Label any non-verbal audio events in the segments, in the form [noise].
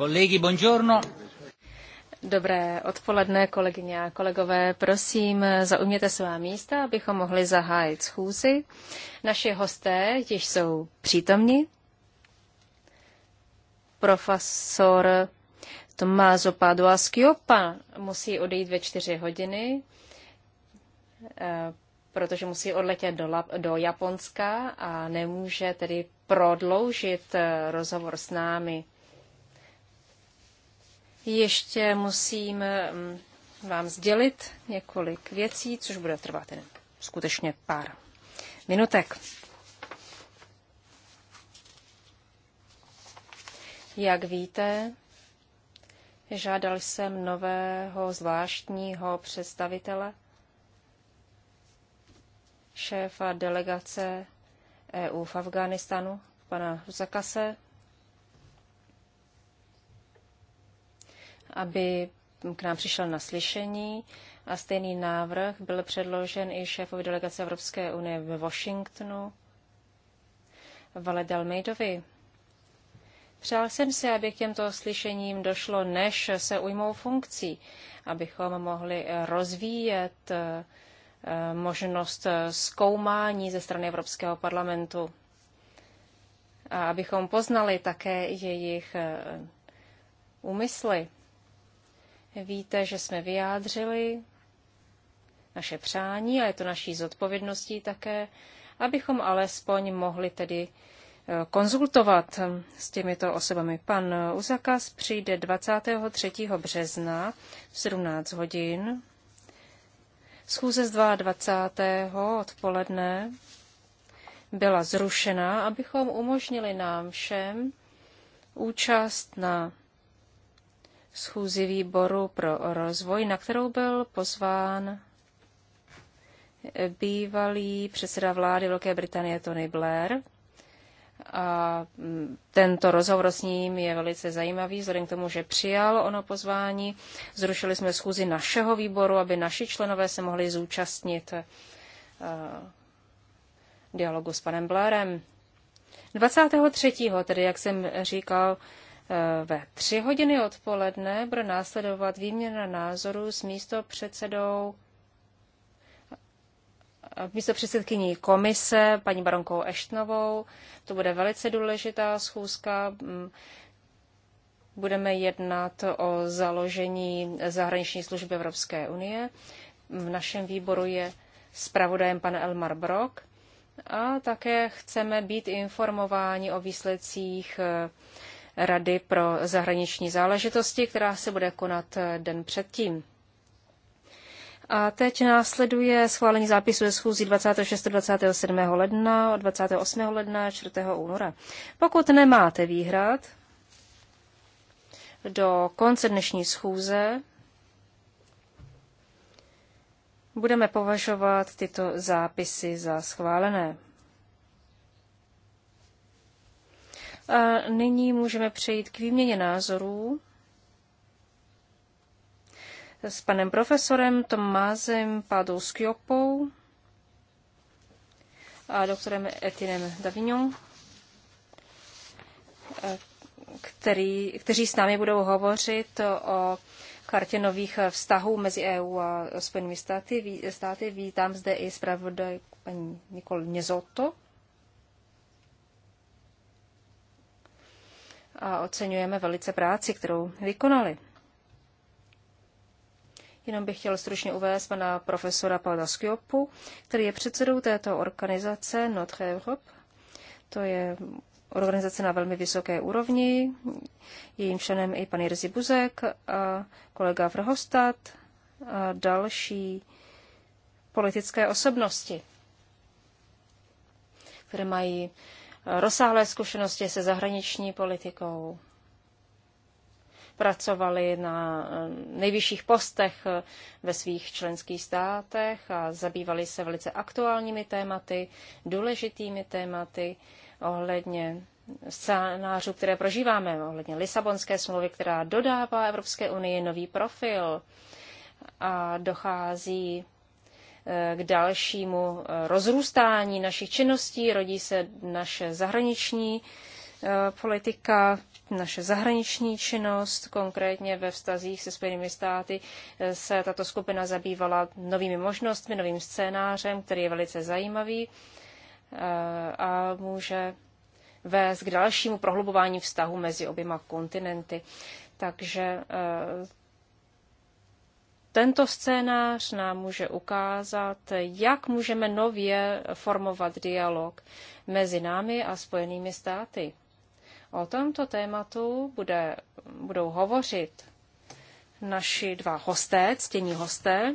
Kolegy, buongiorno. Dobré odpoledne, kolegyně a kolegové. Prosím, zaujměte svá místa, abychom mohli zahájit schůzi. Naši hosté již jsou přítomni. Profesor Tommaso Padua Schioppa musí odejít ve čtyři hodiny, eh, protože musí odletět do, Lab, do Japonska a nemůže tedy prodloužit eh, rozhovor s námi. Ještě musím mm, vám sdělit několik věcí, což bude trvat jen skutečně pár minutek. Jak víte, žádal jsem nového zvláštního představitele, šéfa delegace EU v Afghánistánu, pana Zakase, aby k nám přišel na slyšení a stejný návrh byl předložen i šéfovi delegace Evropské unie ve Washingtonu, Vale Dalmejdovi. Přál jsem si, aby k těmto slyšením došlo, než se ujmou funkcí, abychom mohli rozvíjet eh, možnost zkoumání ze strany Evropského parlamentu a abychom poznali také jejich eh, úmysly. Víte, že jsme vyjádřili naše přání a je to naší zodpovědností také, abychom alespoň mohli tedy eh, konzultovat s těmito osobami. Pan Uzakas přijde 23. března v 17 hodin. Schůze z 22. odpoledne byla zrušena, abychom umožnili nám všem účast na schůzi výboru pro rozvoj, na kterou byl pozván bývalý předseda vlády Velké Británie Tony Blair. A mm, tento rozhovor s ním je velice zajímavý, vzhledem k tomu, že přijal ono pozvání. Zrušili jsme schůzi našeho výboru, aby naši členové se mohli zúčastnit eh, dialogu s panem Blairem. 23. tedy, jak jsem říkal, ve tři hodiny odpoledne bude následovat výměna názorů s místo předsedou místo předsedkyní komise, paní baronkou Eštnovou. To bude velice důležitá schůzka. Mm, budeme jednat o založení zahraniční služby Evropské unie. V našem výboru je zpravodajem pan Elmar Brok. A také chceme být informováni o výsledcích Rady pro zahraniční záležitosti, která se bude konat eh, den předtím. A teď následuje schválení zápisu ze schůzí 26. 27. ledna, 28. ledna, 4. února. Pokud nemáte výhrad do konce dnešní schůze, budeme považovat tyto zápisy za schválené. A nyní můžeme přejít k výměně názorů s panem profesorem Tomázem Pádou a doktorem Etinem Davignon, který, kteří s námi budou hovořit o kartě nových vztahů mezi EU a Spojenými státy. státy. Vítám zde i zpravodaj paní Nikol Nězoto. a oceňujeme velice práci, kterou vykonali. Jenom bych chtěl stručně uvést pana profesora Pada Skjopu, který je předsedou této organizace Notre Europe. To je organizace na velmi vysoké úrovni, jejím členem i pan Jerzy Buzek, a kolega Vrhostat a další politické osobnosti, které mají rozsáhlé zkušenosti se zahraniční politikou. Pracovali na eh, nejvyšších postech eh, ve svých členských státech a zabývali se velice aktuálními tématy, důležitými tématy ohledně scénářů, které prožíváme, ohledně Lisabonské smlouvy, která dodává Evropské unii nový profil a dochází Eh, k dalšímu eh, rozrůstání našich činností, rodí se naše zahraniční eh, politika, naše zahraniční činnost, konkrétně ve vztazích se Spojenými státy se tato skupina zabývala novými možnostmi, novým scénářem, který je velice zajímavý a může vést k dalšímu prohlubování vztahu mezi oběma kontinenty. Takže tento scénář nám může ukázat, jak můžeme nově formovat dialog mezi námi a Spojenými státy. O tomto tématu bude, budou hovořit naši dva hosté, ctění hosté.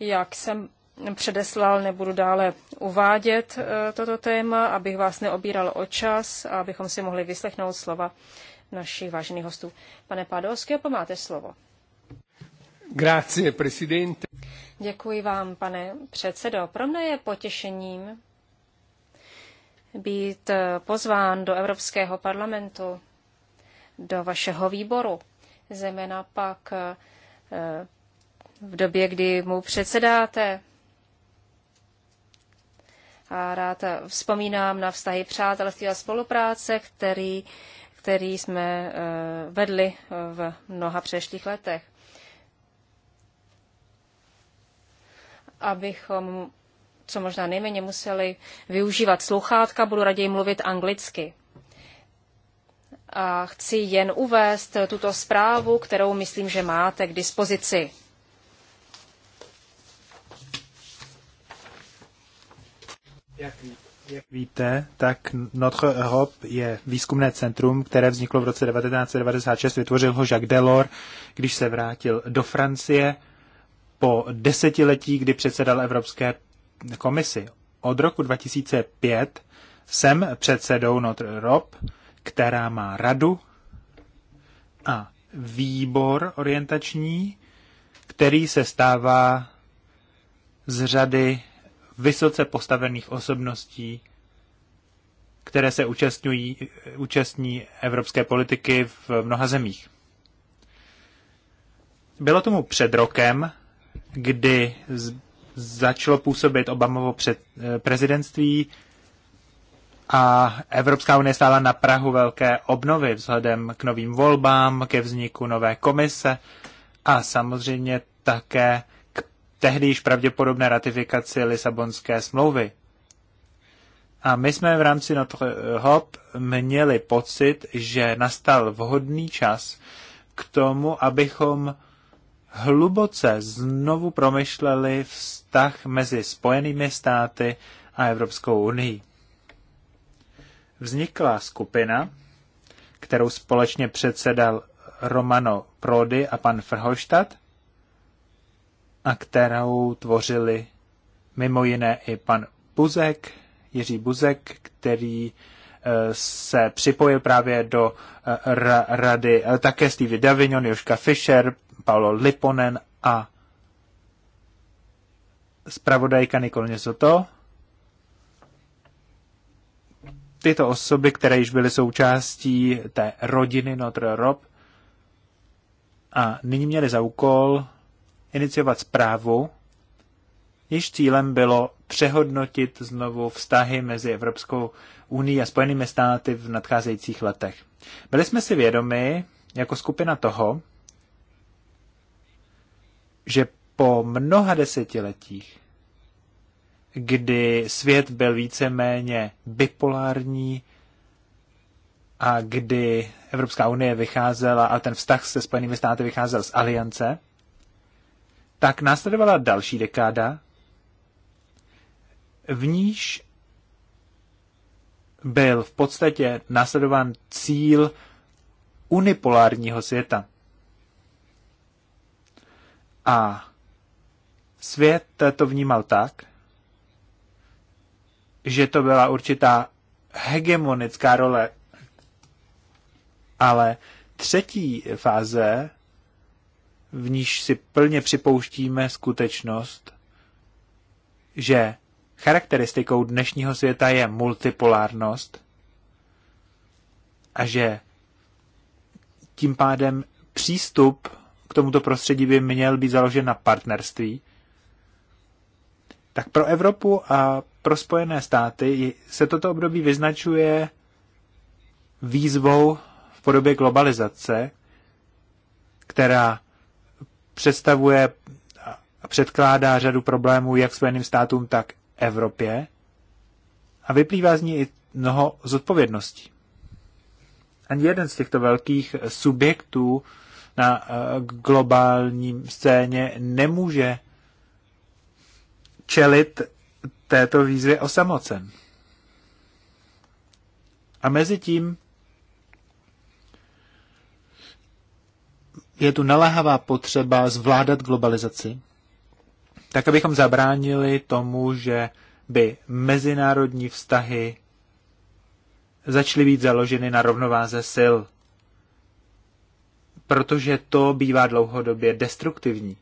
Jak jsem předeslal, nebudu dále uvádět eh, toto téma, abych vás neobíral o čas a abychom si mohli vyslechnout slova našich vážených hostů. Pane Padovský, máte slovo. Grazie, presidente. Děkuji vám, pane předsedo. Pro mne je potěšením být pozván do Evropského parlamentu, do vašeho výboru, zejména pak eh, v době, kdy mu předsedáte. A rád vzpomínám na vztahy přátelství a spolupráce, který který jsme eh, vedli eh, v mnoha přešlých letech. Abychom co možná nejméně museli využívat sluchátka, budu raději mluvit anglicky. A chci jen uvést tuto zprávu, kterou myslím, že máte k dispozici. Jak, jak víte, tak Notre Europe je výzkumné centrum, které vzniklo v roce 1996. Vytvořil ho Jacques Delors, když se vrátil do Francie po desetiletí, kdy předsedal Evropské komisi. Od roku 2005 jsem předsedou Notre Europe, která má radu a výbor orientační, který se stává z řady vysoce postavených osobností, které se účastňují, účastní evropské politiky v mnoha zemích. Bylo tomu před rokem, kdy začalo působit Obamovo před, eh, prezidentství a Evropská unie stála na Prahu velké obnovy vzhledem k novým volbám, ke vzniku nové komise a samozřejmě také tehdy již pravděpodobné ratifikaci Lisabonské smlouvy. A my jsme v rámci Notre Hop měli pocit, že nastal vhodný čas k tomu, abychom hluboce znovu promyšleli vztah mezi Spojenými státy a Evropskou unii. Vznikla skupina, kterou společně předsedal Romano Prody a pan Frhoštat, a kterou tvořili mimo jiné i pan Buzek, Jiří Buzek, který eh, se připojil právě do eh, rady eh, také Stevie Davignon, Joška Fischer, Paolo Liponen a zpravodajka Nikolně Soto. Tyto osoby, které již byly součástí té rodiny Notre Rob a nyní měli za úkol iniciovat zprávu, jejíž cílem bylo přehodnotit znovu vztahy mezi Evropskou unii a Spojenými státy v nadcházejících letech. Byli jsme si vědomi jako skupina toho, že po mnoha desetiletích, kdy svět byl víceméně bipolární a kdy Evropská unie vycházela a ten vztah se Spojenými státy vycházel z aliance, tak následovala další dekáda, v níž byl v podstatě následován cíl unipolárního světa. A svět to vnímal tak, že to byla určitá hegemonická role. Ale třetí fáze v níž si plně připouštíme skutečnost, že charakteristikou dnešního světa je multipolárnost a že tím pádem přístup k tomuto prostředí by měl být založen na partnerství, tak pro Evropu a pro Spojené státy se toto období vyznačuje výzvou v podobě globalizace, která představuje a předkládá řadu problémů jak Spojeným státům, tak Evropě a vyplývá z ní i mnoho zodpovědností. Ani jeden z těchto velkých subjektů na eh, globální scéně nemůže čelit této výzvy osamocen. A mezi tím je tu naléhavá potřeba zvládat globalizaci, tak abychom zabránili tomu, že by mezinárodní vztahy začaly být založeny na rovnováze sil, protože to bývá dlouhodobě destruktivní.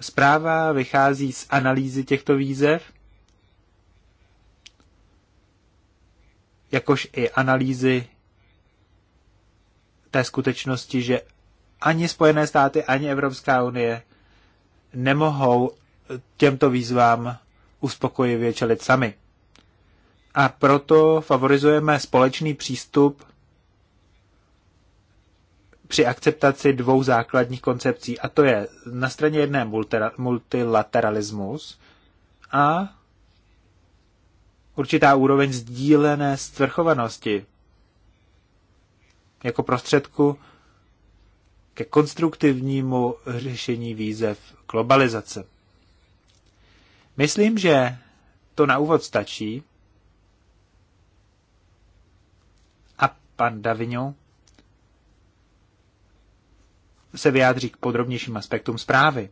Zpráva vychází z analýzy těchto výzev, jakož i analýzy té skutečnosti, že ani Spojené státy, ani Evropská unie nemohou těmto výzvám uspokojivě čelit sami. A proto favorizujeme společný přístup při akceptaci dvou základních koncepcí, a to je na straně jedné multilateralismus a určitá úroveň sdílené stvrchovanosti jako prostředku ke konstruktivnímu řešení výzev globalizace. Myslím, že to na úvod stačí. A pan Davinu se vyjádří k podrobnějším aspektům zprávy.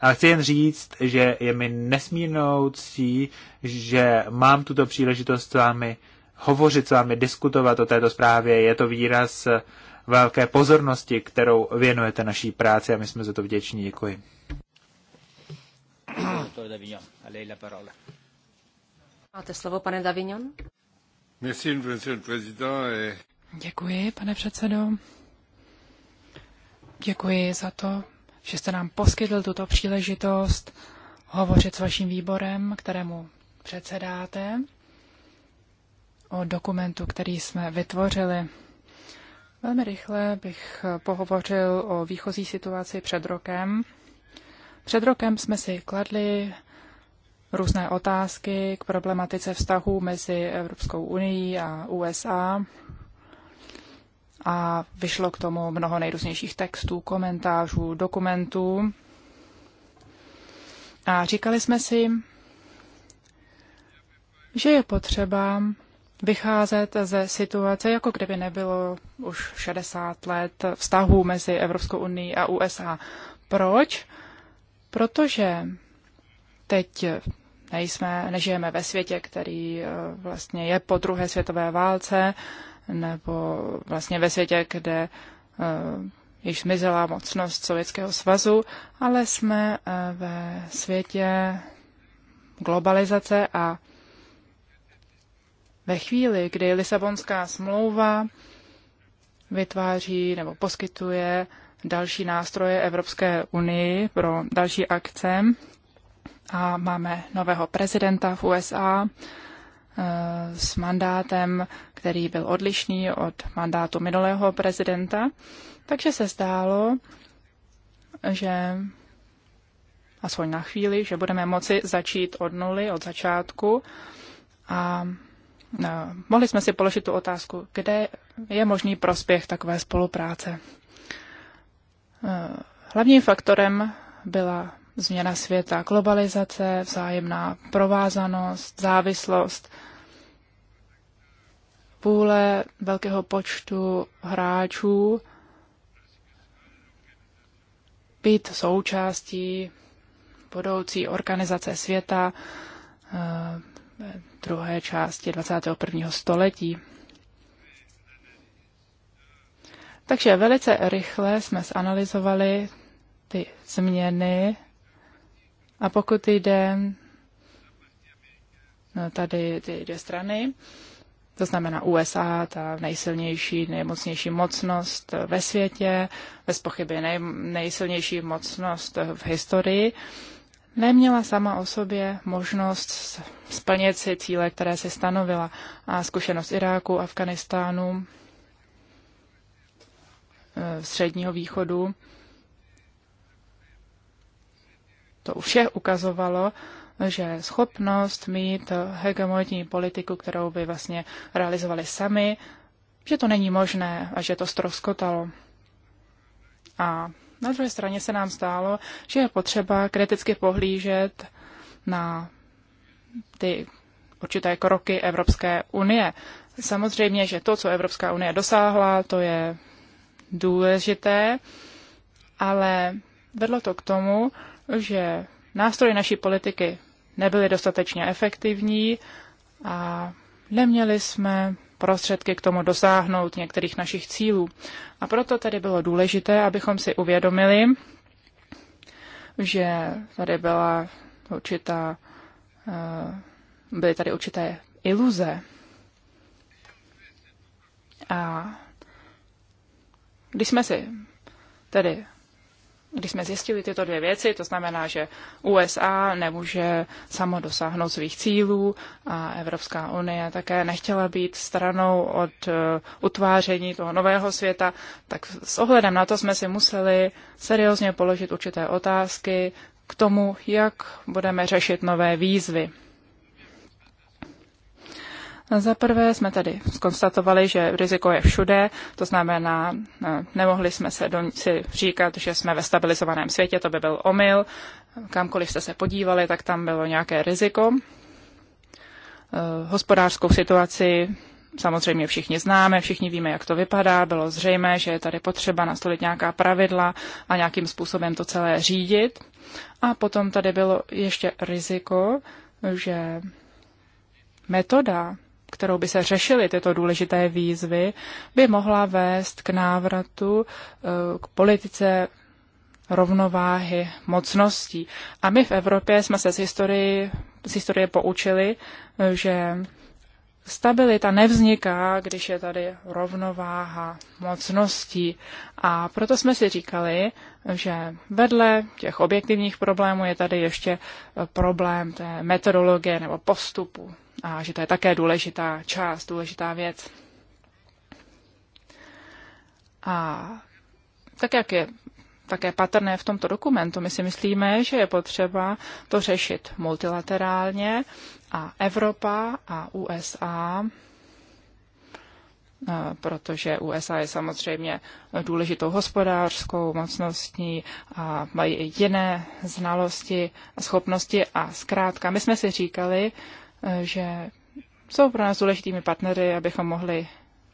Ale chci jen říct, že je mi nesmírnoucí, že mám tuto příležitost s vámi hovořit s vámi, diskutovat o této zprávě. Je to výraz velké pozornosti, kterou věnujete naší práci a my jsme za to vděční. Děkuji. Máte slovo, pane Davignon. Děkuji, pane předsedo. Děkuji za to, že jste nám poskytl tuto příležitost hovořit s vaším výborem, kterému předsedáte o dokumentu, který jsme vytvořili. Velmi rychle bych pohovořil o výchozí situaci před rokem. Před rokem jsme si kladli různé otázky k problematice vztahů mezi Evropskou unii a USA a vyšlo k tomu mnoho nejrůznějších textů, komentářů, dokumentů. A říkali jsme si, že je potřeba vycházet ze situace, jako kdyby nebylo už 60 let vztahů mezi Evropskou unii a USA. Proč? Protože teď nejsme, nežijeme ve světě, který eh, vlastně je po druhé světové válce, nebo vlastně ve světě, kde eh, již zmizela mocnost Sovětského svazu, ale jsme eh, ve světě globalizace a ve chvíli, kdy Lisabonská smlouva vytváří nebo poskytuje další nástroje Evropské unii pro další akce a máme nového prezidenta v USA eh, s mandátem, který byl odlišný od mandátu minulého prezidenta. Takže se stálo, že aspoň na chvíli, že budeme moci začít od nuly, od začátku a Eh, mohli jsme si položit tu otázku, kde je možný prospěch takové spolupráce. Eh, hlavním faktorem byla změna světa, globalizace, vzájemná provázanost, závislost, vůle velkého počtu hráčů být součástí budoucí organizace světa, eh, druhé části 21. století. Takže velice rychle jsme zanalizovali ty změny a pokud jde no, tady ty dvě strany, to znamená USA, ta nejsilnější, nejmocnější mocnost ve světě, bez pochyby nej, nejsilnější mocnost v historii, neměla sama o sobě možnost splnit si cíle, které si stanovila. A zkušenost Iráku, Afganistánu, e, Středního východu, to vše ukazovalo, že schopnost mít hegemonitní politiku, kterou by vlastně realizovali sami, že to není možné a že to stroskotalo. A na druhé straně se nám stálo, že je potřeba kriticky pohlížet na ty určité kroky Evropské unie. Samozřejmě, že to, co Evropská unie dosáhla, to je důležité, ale vedlo to k tomu, že nástroje naší politiky nebyly dostatečně efektivní a neměli jsme prostředky k tomu dosáhnout některých našich cílů. A proto tedy bylo důležité, abychom si uvědomili, že tady byla určitá, eh, byly tady určité iluze. A když jsme si tedy když jsme zjistili tyto dvě věci, to znamená, že USA nemůže samo dosáhnout svých cílů a Evropská unie také nechtěla být stranou od eh, utváření toho nového světa, tak s ohledem na to jsme si museli seriózně položit určité otázky k tomu, jak budeme řešit nové výzvy. Za prvé jsme tedy skonstatovali, že riziko je všude, to znamená, eh, nemohli jsme se do, si říkat, že jsme ve stabilizovaném světě, to by byl omyl. Kamkoliv jste se podívali, tak tam bylo nějaké riziko. Eh, hospodářskou situaci samozřejmě všichni známe, všichni víme, jak to vypadá. Bylo zřejmé, že je tady potřeba nastolit nějaká pravidla a nějakým způsobem to celé řídit. A potom tady bylo ještě riziko, že metoda kterou by se řešily tyto důležité výzvy, by mohla vést k návratu eh, k politice rovnováhy mocností. A my v Evropě jsme se z historie, z historie poučili, eh, že Stabilita nevzniká, když je tady rovnováha mocností. A proto jsme si říkali, že vedle těch objektivních problémů je tady ještě eh, problém té metodologie nebo postupu a že to je také důležitá část, důležitá věc. A tak, jak je také patrné v tomto dokumentu, my si myslíme, že je potřeba to řešit multilaterálně a Evropa a USA eh, protože USA je samozřejmě důležitou hospodářskou mocností a mají i jiné znalosti a schopnosti. A zkrátka, my jsme si říkali, že jsou pro nás důležitými partnery, abychom mohli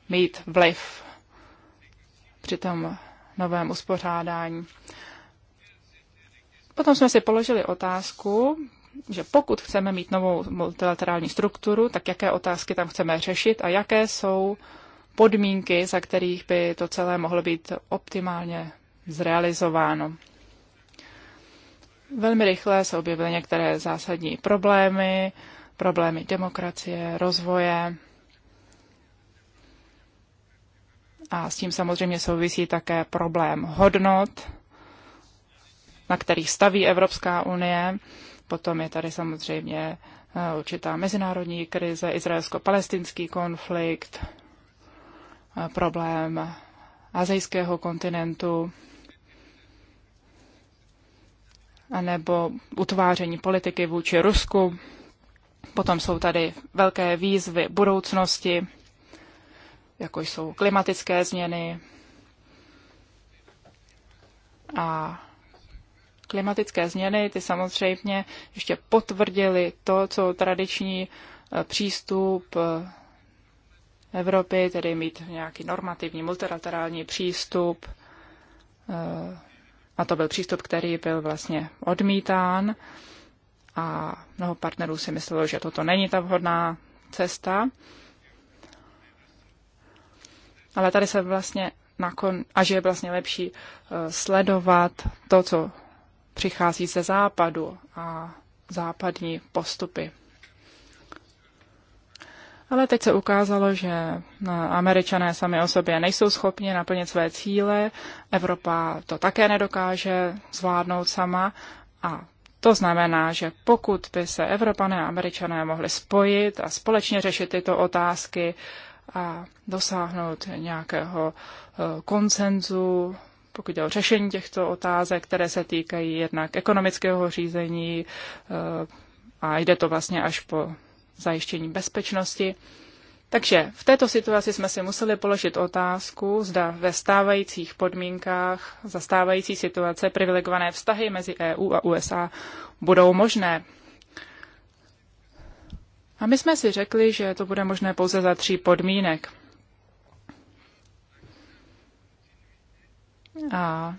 mít vliv při tom novém uspořádání. Potom jsme si položili otázku, že pokud chceme mít novou multilaterální strukturu, tak jaké otázky tam chceme řešit a jaké jsou podmínky, za kterých by to celé mohlo být optimálně zrealizováno. Velmi rychle se objevily některé zásadní problémy, problémy demokracie, rozvoje. A s tím samozřejmě souvisí také problém hodnot, na kterých staví Evropská unie. Potom je tady samozřejmě eh, určitá mezinárodní krize, izraelsko-palestinský konflikt, eh, problém azijského kontinentu, anebo utváření politiky vůči Rusku. Potom jsou tady velké výzvy budoucnosti, jako jsou klimatické změny a klimatické změny, ty samozřejmě ještě potvrdily to, co tradiční eh, přístup eh, Evropy, tedy mít nějaký normativní multilaterální přístup. Eh, a to byl přístup, který byl vlastně odmítán a mnoho partnerů si myslelo, že toto není ta vhodná cesta. Ale tady se vlastně nakon, a že je vlastně lepší eh, sledovat to, co přichází ze západu a západní postupy. Ale teď se ukázalo, že eh, američané sami o sobě nejsou schopni naplnit své cíle, Evropa to také nedokáže zvládnout sama a to znamená, že pokud by se Evropané a Američané mohli spojit a společně řešit tyto otázky a dosáhnout nějakého eh, koncenzu, pokud jde o řešení těchto otázek, které se týkají jednak ekonomického řízení eh, a jde to vlastně až po zajištění bezpečnosti, takže v této situaci jsme si museli položit otázku, zda ve stávajících podmínkách za stávající situace privilegované vztahy mezi EU a USA budou možné. A my jsme si řekli, že to bude možné pouze za tří podmínek. A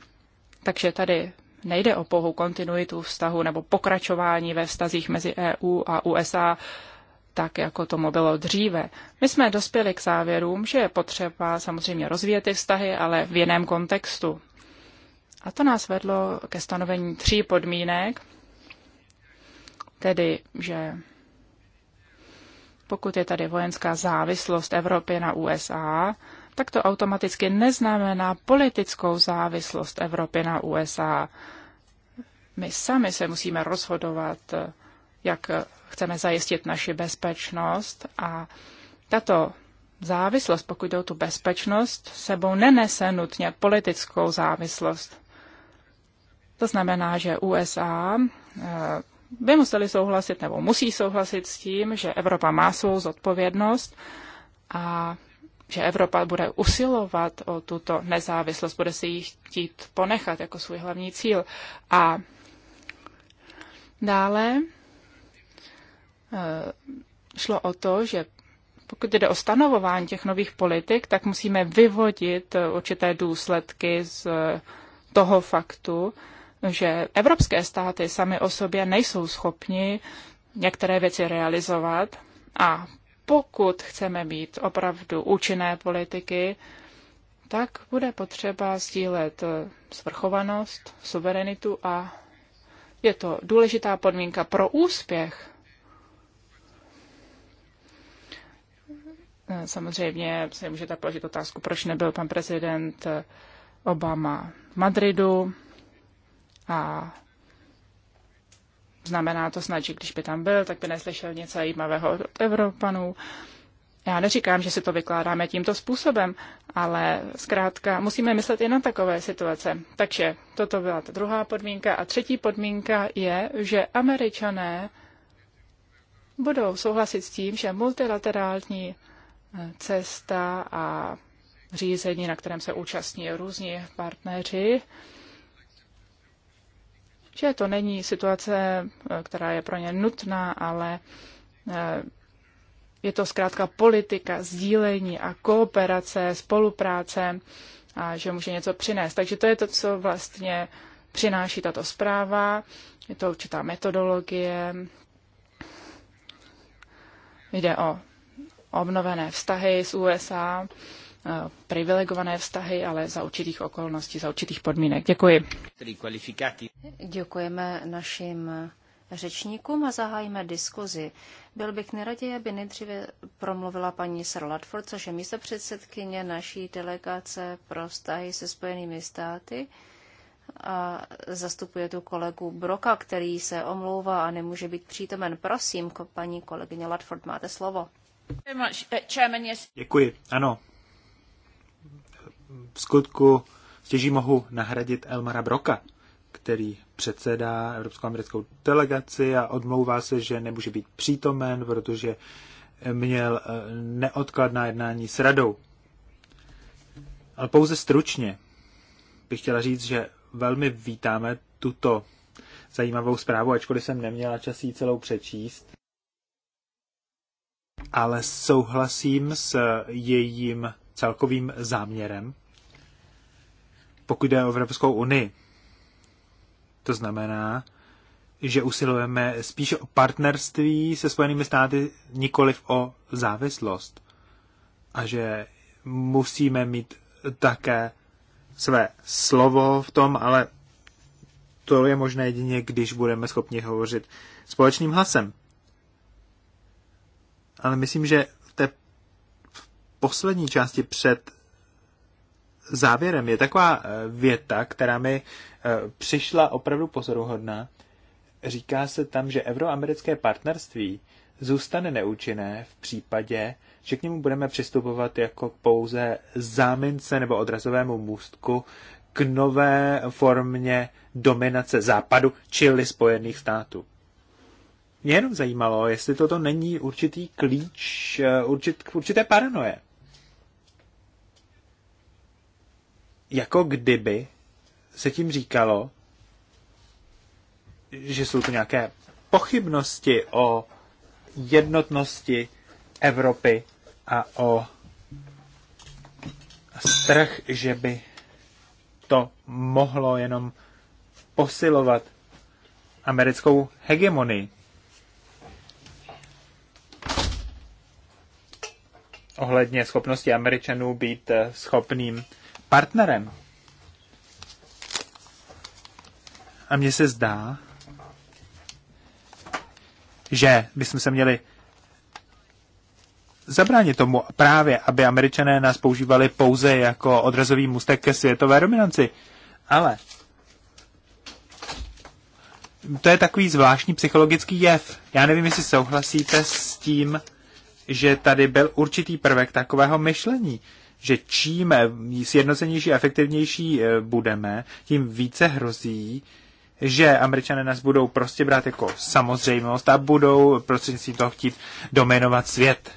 takže tady nejde o pouhou kontinuitu vztahu nebo pokračování ve vztazích mezi EU a USA tak, jako tomu bylo dříve. My jsme dospěli k závěrům, že je potřeba samozřejmě rozvíjet ty vztahy, ale v jiném kontextu. A to nás vedlo ke stanovení tří podmínek, tedy, že pokud je tady vojenská závislost Evropy na USA, tak to automaticky neznamená politickou závislost Evropy na USA. My sami se musíme rozhodovat, jak chceme zajistit naši bezpečnost a tato závislost, pokud jde o tu bezpečnost, sebou nenese nutně politickou závislost. To znamená, že USA eh, by museli souhlasit nebo musí souhlasit s tím, že Evropa má svou zodpovědnost a že Evropa bude usilovat o tuto nezávislost, bude si ji chtít ponechat jako svůj hlavní cíl. A dále Eh, šlo o to, že pokud jde o stanovování těch nových politik, tak musíme vyvodit eh, určité důsledky z eh, toho faktu, že evropské státy sami o sobě nejsou schopni některé věci realizovat a pokud chceme mít opravdu účinné politiky, tak bude potřeba sdílet svrchovanost, suverenitu a je to důležitá podmínka pro úspěch Samozřejmě se můžete položit otázku, proč nebyl pan prezident Obama v Madridu a znamená to snad, že když by tam byl, tak by neslyšel nic zajímavého od Evropanů. Já neříkám, že si to vykládáme tímto způsobem, ale zkrátka musíme myslet i na takové situace. Takže toto byla ta druhá podmínka. A třetí podmínka je, že američané budou souhlasit s tím, že multilaterální cesta a řízení, na kterém se účastní různí partneři, že to není situace, která je pro ně nutná, ale eh, je to zkrátka politika, sdílení a kooperace, spolupráce a že může něco přinést. Takže to je to, co vlastně přináší tato zpráva. Je to určitá metodologie. Jde o obnovené vztahy s USA, eh, privilegované vztahy, ale za určitých okolností, za určitých podmínek. Děkuji. Děkujeme našim řečníkům a zahájíme diskuzi. Byl bych neraději, aby nejdříve promluvila paní Sir Ladford, což je místo předsedkyně naší delegace pro vztahy se Spojenými státy a zastupuje tu kolegu Broka, který se omlouvá a nemůže být přítomen. Prosím, paní kolegyně Ladford, máte slovo. Děkuji, ano. V skutku stěží mohu nahradit Elmara Broka, který předsedá evropsko americkou delegaci a odmlouvá se, že nemůže být přítomen, protože měl eh, neodkladná jednání s radou. Ale pouze stručně bych chtěla říct, že velmi vítáme tuto zajímavou zprávu, ačkoliv jsem neměla čas ji celou přečíst ale souhlasím s jejím celkovým záměrem, pokud jde o Evropskou unii. To znamená, že usilujeme spíše o partnerství se Spojenými státy, nikoliv o závislost. A že musíme mít také své slovo v tom, ale to je možné jedině, když budeme schopni hovořit společným hlasem ale myslím, že v té poslední části před závěrem je taková eh, věta, která mi eh, přišla opravdu pozoruhodná. Říká se tam, že euroamerické partnerství zůstane neúčinné v případě, že k němu budeme přistupovat jako pouze zámince nebo odrazovému můstku k nové formě dominace západu, čili Spojených států. Mě jenom zajímalo, jestli toto není určitý klíč eh, určit, určité paranoje. Jako kdyby se tím říkalo, že jsou tu nějaké pochybnosti o jednotnosti Evropy a o strach, že by to mohlo jenom posilovat americkou hegemonii. ohledně schopnosti Američanů být eh, schopným partnerem. A mně se zdá, že bychom se měli zabránit tomu právě, aby američané nás používali pouze jako odrazový mustek ke světové dominanci. Ale to je takový zvláštní psychologický jev. Já nevím, jestli souhlasíte s tím, že tady byl určitý prvek takového myšlení, že čím eh, sjednocenější a efektivnější eh, budeme, tím více hrozí, že američané nás budou prostě brát jako samozřejmost a budou prostřednictvím toho chtít dominovat svět.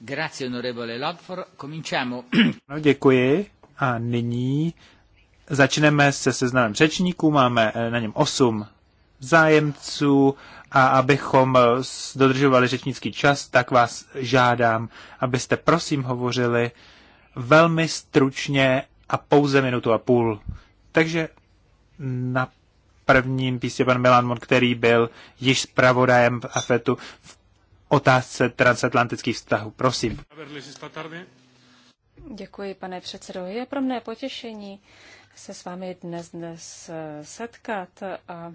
Grazie, onorevole Lodfor. Cominciamo. [clears throat] No, děkuji. A nyní začneme se seznamem řečníků. Máme eh, na něm osm zájemců a abychom eh, dodržovali řečnický čas, tak vás žádám, abyste prosím hovořili velmi stručně a pouze minutu a půl. Takže na prvním písně pan Milan Mon, který byl již zpravodajem v AFETu v otázce transatlantických vztahů. Prosím. Děkuji, pane předsedo. Je pro mne potěšení se s vámi dnes, dnes eh, setkat a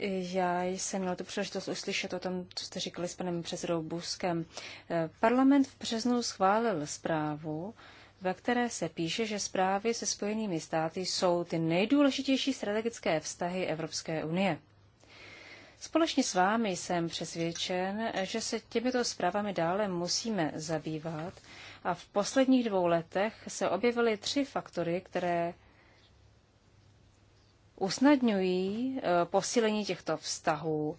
já jsem měl tu příležitost uslyšet o tom, co jste říkali s panem předsedou Buskem. Eh, Parlament v březnu schválil zprávu, ve které se píše, že zprávy se Spojenými státy jsou ty nejdůležitější strategické vztahy Evropské unie. Společně s vámi jsem přesvědčen, že se těmito zprávami dále musíme zabývat a v posledních dvou letech se objevily tři faktory, které usnadňují eh, posílení těchto vztahů.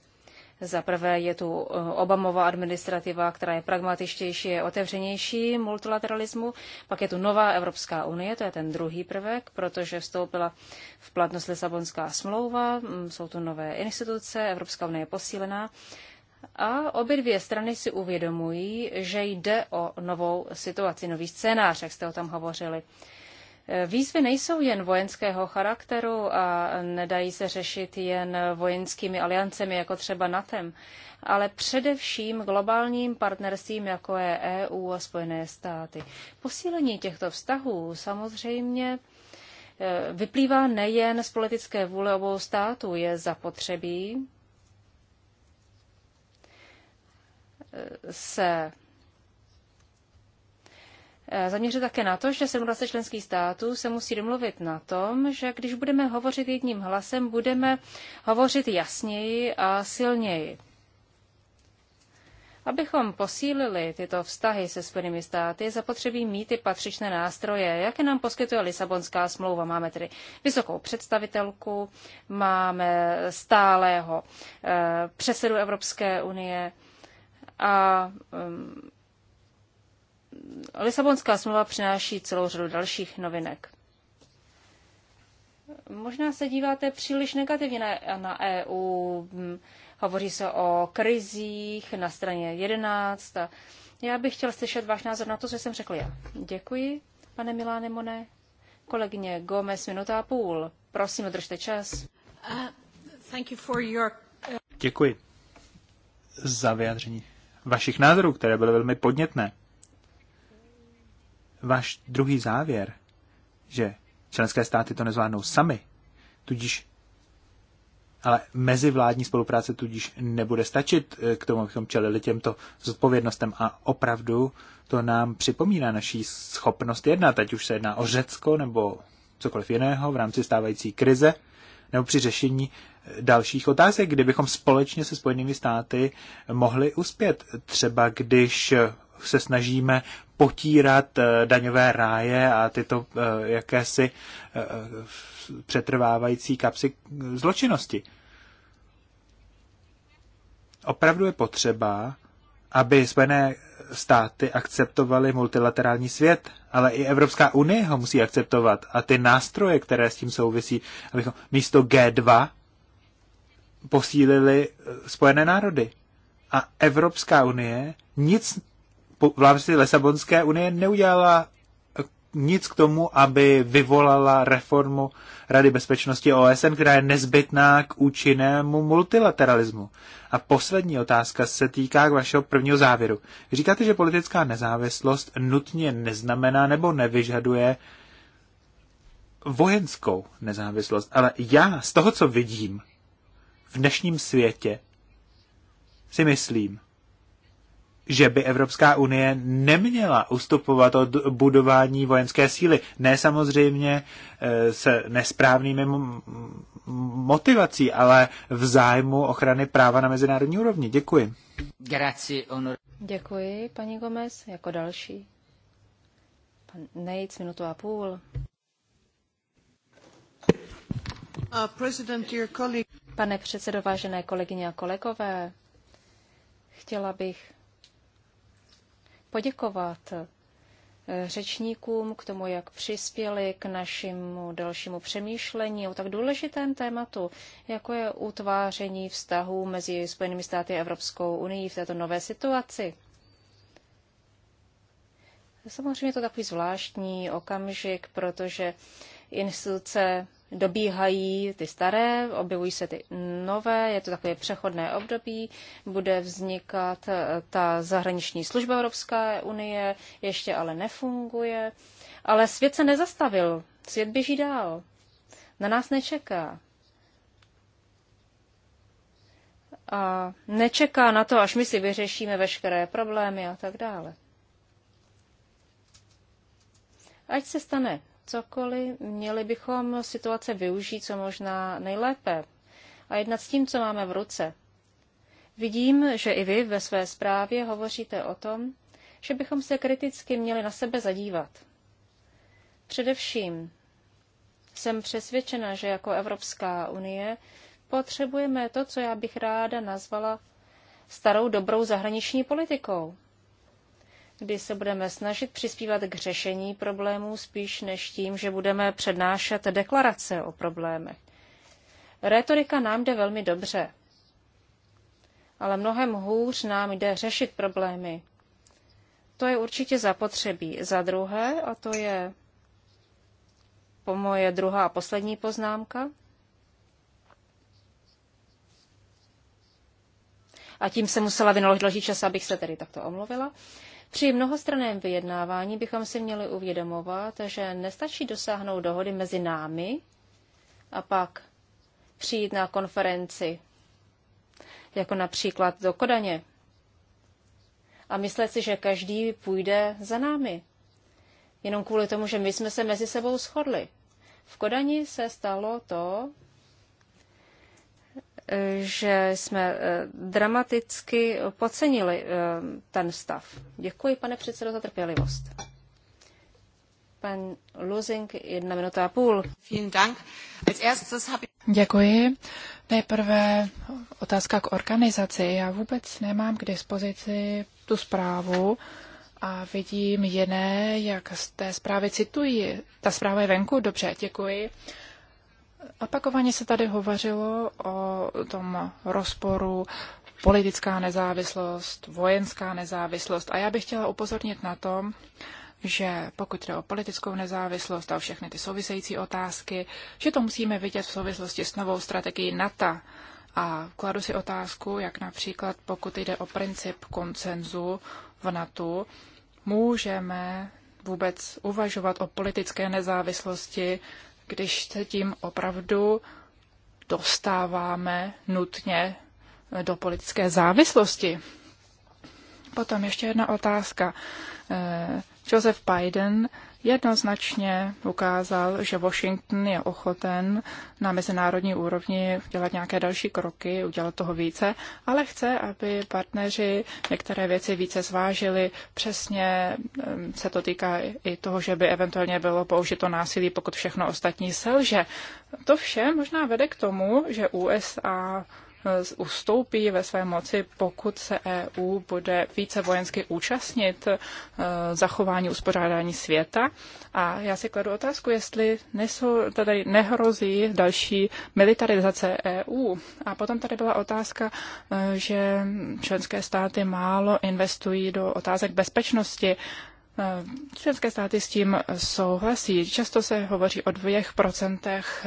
Za prvé je tu eh, Obamova administrativa, která je pragmatičtější, je otevřenější multilateralismu. Pak je tu nová Evropská unie, to je ten druhý prvek, protože vstoupila v platnost Lisabonská smlouva, mm, jsou tu nové instituce, Evropská unie je posílená. A obě dvě strany si uvědomují, že jde o novou situaci, nový scénář, jak jste o tom hovořili. Výzvy nejsou jen vojenského charakteru a nedají se řešit jen vojenskými aliancemi, jako třeba NATEM, ale především globálním partnerstvím, jako je EU a Spojené státy. Posílení těchto vztahů samozřejmě eh, vyplývá nejen z politické vůle obou států, je zapotřebí eh, se Eh, zaměřit také na to, že 27 členských států se musí domluvit na tom, že když budeme hovořit jedním hlasem, budeme hovořit jasněji a silněji. Abychom posílili tyto vztahy se Spojenými státy, zapotřebí mít i patřičné nástroje, jaké nám poskytuje Lisabonská smlouva. Máme tedy vysokou představitelku, máme stálého eh, předsedu Evropské unie a mm, Lisabonská smlouva přináší celou řadu dalších novinek. Možná se díváte příliš negativně na, na EU. Hmm, hovoří se o krizích na straně 11. já bych chtěl slyšet váš názor na to, co jsem řekl já. Děkuji, pane Miláne Moné. Kolegyně Gomez, minuta a půl. Prosím, držte čas. Uh, uh, Děkuji za vyjádření vašich názorů, které byly velmi podnětné váš druhý závěr, že členské státy to nezvládnou sami, tudíž ale mezivládní spolupráce tudíž nebude stačit eh, k tomu, abychom čelili těmto zodpovědnostem a opravdu to nám připomíná naší schopnost jednat, ať už se jedná o Řecko nebo cokoliv jiného v rámci stávající krize nebo při řešení dalších otázek, bychom společně se Spojenými státy mohli uspět. Třeba když se snažíme potírat eh, daňové ráje a tyto eh, jakési eh, přetrvávající kapsy zločinnosti. Opravdu je potřeba, aby Spojené státy akceptovaly multilaterální svět, ale i Evropská unie ho musí akceptovat a ty nástroje, které s tím souvisí, abychom místo G2 posílili eh, Spojené národy. A Evropská unie nic v rámci unie neudělala nic k tomu, aby vyvolala reformu Rady bezpečnosti OSN, která je nezbytná k účinnému multilateralismu. A poslední otázka se týká k vašeho prvního závěru. říkáte, že politická nezávislost nutně neznamená nebo nevyžaduje vojenskou nezávislost. Ale já z toho, co vidím v dnešním světě, si myslím, že by Evropská unie neměla ustupovat od budování vojenské síly. Ne samozřejmě e, s nesprávnými motivací, ale v zájmu ochrany práva na mezinárodní úrovni. Děkuji. Děkuji, paní Gomez. Jako další. Pan Nejc, minutu a půl. Uh, Pane předsedo, vážené kolegyně a kolegové, chtěla bych poděkovat eh, řečníkům k tomu, jak přispěli k našemu dalšímu přemýšlení o tak důležitém tématu, jako je utváření vztahů mezi Spojenými státy a Evropskou unii v této nové situaci. Samozřejmě je to takový zvláštní okamžik, protože instituce dobíhají ty staré, objevují se ty nové, je to takové přechodné období, bude vznikat eh, ta zahraniční služba Evropské unie, ještě ale nefunguje. Ale svět se nezastavil, svět běží dál, na nás nečeká. A nečeká na to, až my si vyřešíme veškeré problémy a tak dále. Ať se stane cokoliv, měli bychom situace využít co možná nejlépe a jednat s tím, co máme v ruce. Vidím, že i vy ve své zprávě hovoříte o tom, že bychom se kriticky měli na sebe zadívat. Především jsem přesvědčena, že jako Evropská unie potřebujeme to, co já bych ráda nazvala starou dobrou zahraniční politikou kdy se budeme snažit přispívat k řešení problémů spíš než tím, že budeme přednášet deklarace o problémech. Rétorika nám jde velmi dobře, ale mnohem hůř nám jde řešit problémy. To je určitě zapotřebí. Za druhé, a to je po moje druhá a poslední poznámka, a tím se musela vynaložit dlouhý čas, abych se tedy takto omluvila. Uh, při mnohostraném vyjednávání bychom si měli uvědomovat, že nestačí dosáhnout dohody mezi námi a pak přijít na konferenci, jako například do Kodaně, a myslet si, že každý půjde za námi. Jenom kvůli tomu, že my jsme se mezi sebou shodli. V Kodani se stalo to, že jsme eh, dramaticky podcenili eh, ten stav. Děkuji, pane předsedo, za trpělivost. Pan Lusing, jedna minuta a půl. Děkuji. Nejprve otázka k organizaci. Já vůbec nemám k dispozici tu zprávu a vidím jiné, jak z té zprávy citují. Ta zpráva je venku, dobře, děkuji. Opakovaně se tady hovořilo o tom rozporu politická nezávislost, vojenská nezávislost a já bych chtěla upozornit na to, že pokud jde o politickou nezávislost a o všechny ty související otázky, že to musíme vidět v souvislosti s novou strategií NATO. A kladu si otázku, jak například pokud jde o princip koncenzu v NATO, můžeme vůbec uvažovat o politické nezávislosti když se tím opravdu dostáváme nutně do politické závislosti. Potom ještě jedna otázka. Eh, Joseph Biden jednoznačně ukázal, že Washington je ochoten na mezinárodní úrovni dělat nějaké další kroky, udělat toho více, ale chce, aby partneři některé věci více zvážili. Přesně se to týká i toho, že by eventuálně bylo použito násilí, pokud všechno ostatní selže. To vše možná vede k tomu, že USA ustoupí ve své moci, pokud se EU bude více vojensky účastnit eh, zachování uspořádání světa. A já si kladu otázku, jestli nesou, tady nehrozí další militarizace EU. A potom tady byla otázka, eh, že členské státy málo investují do otázek bezpečnosti. Eh, členské státy s tím souhlasí. Často se hovoří o dvěch procentech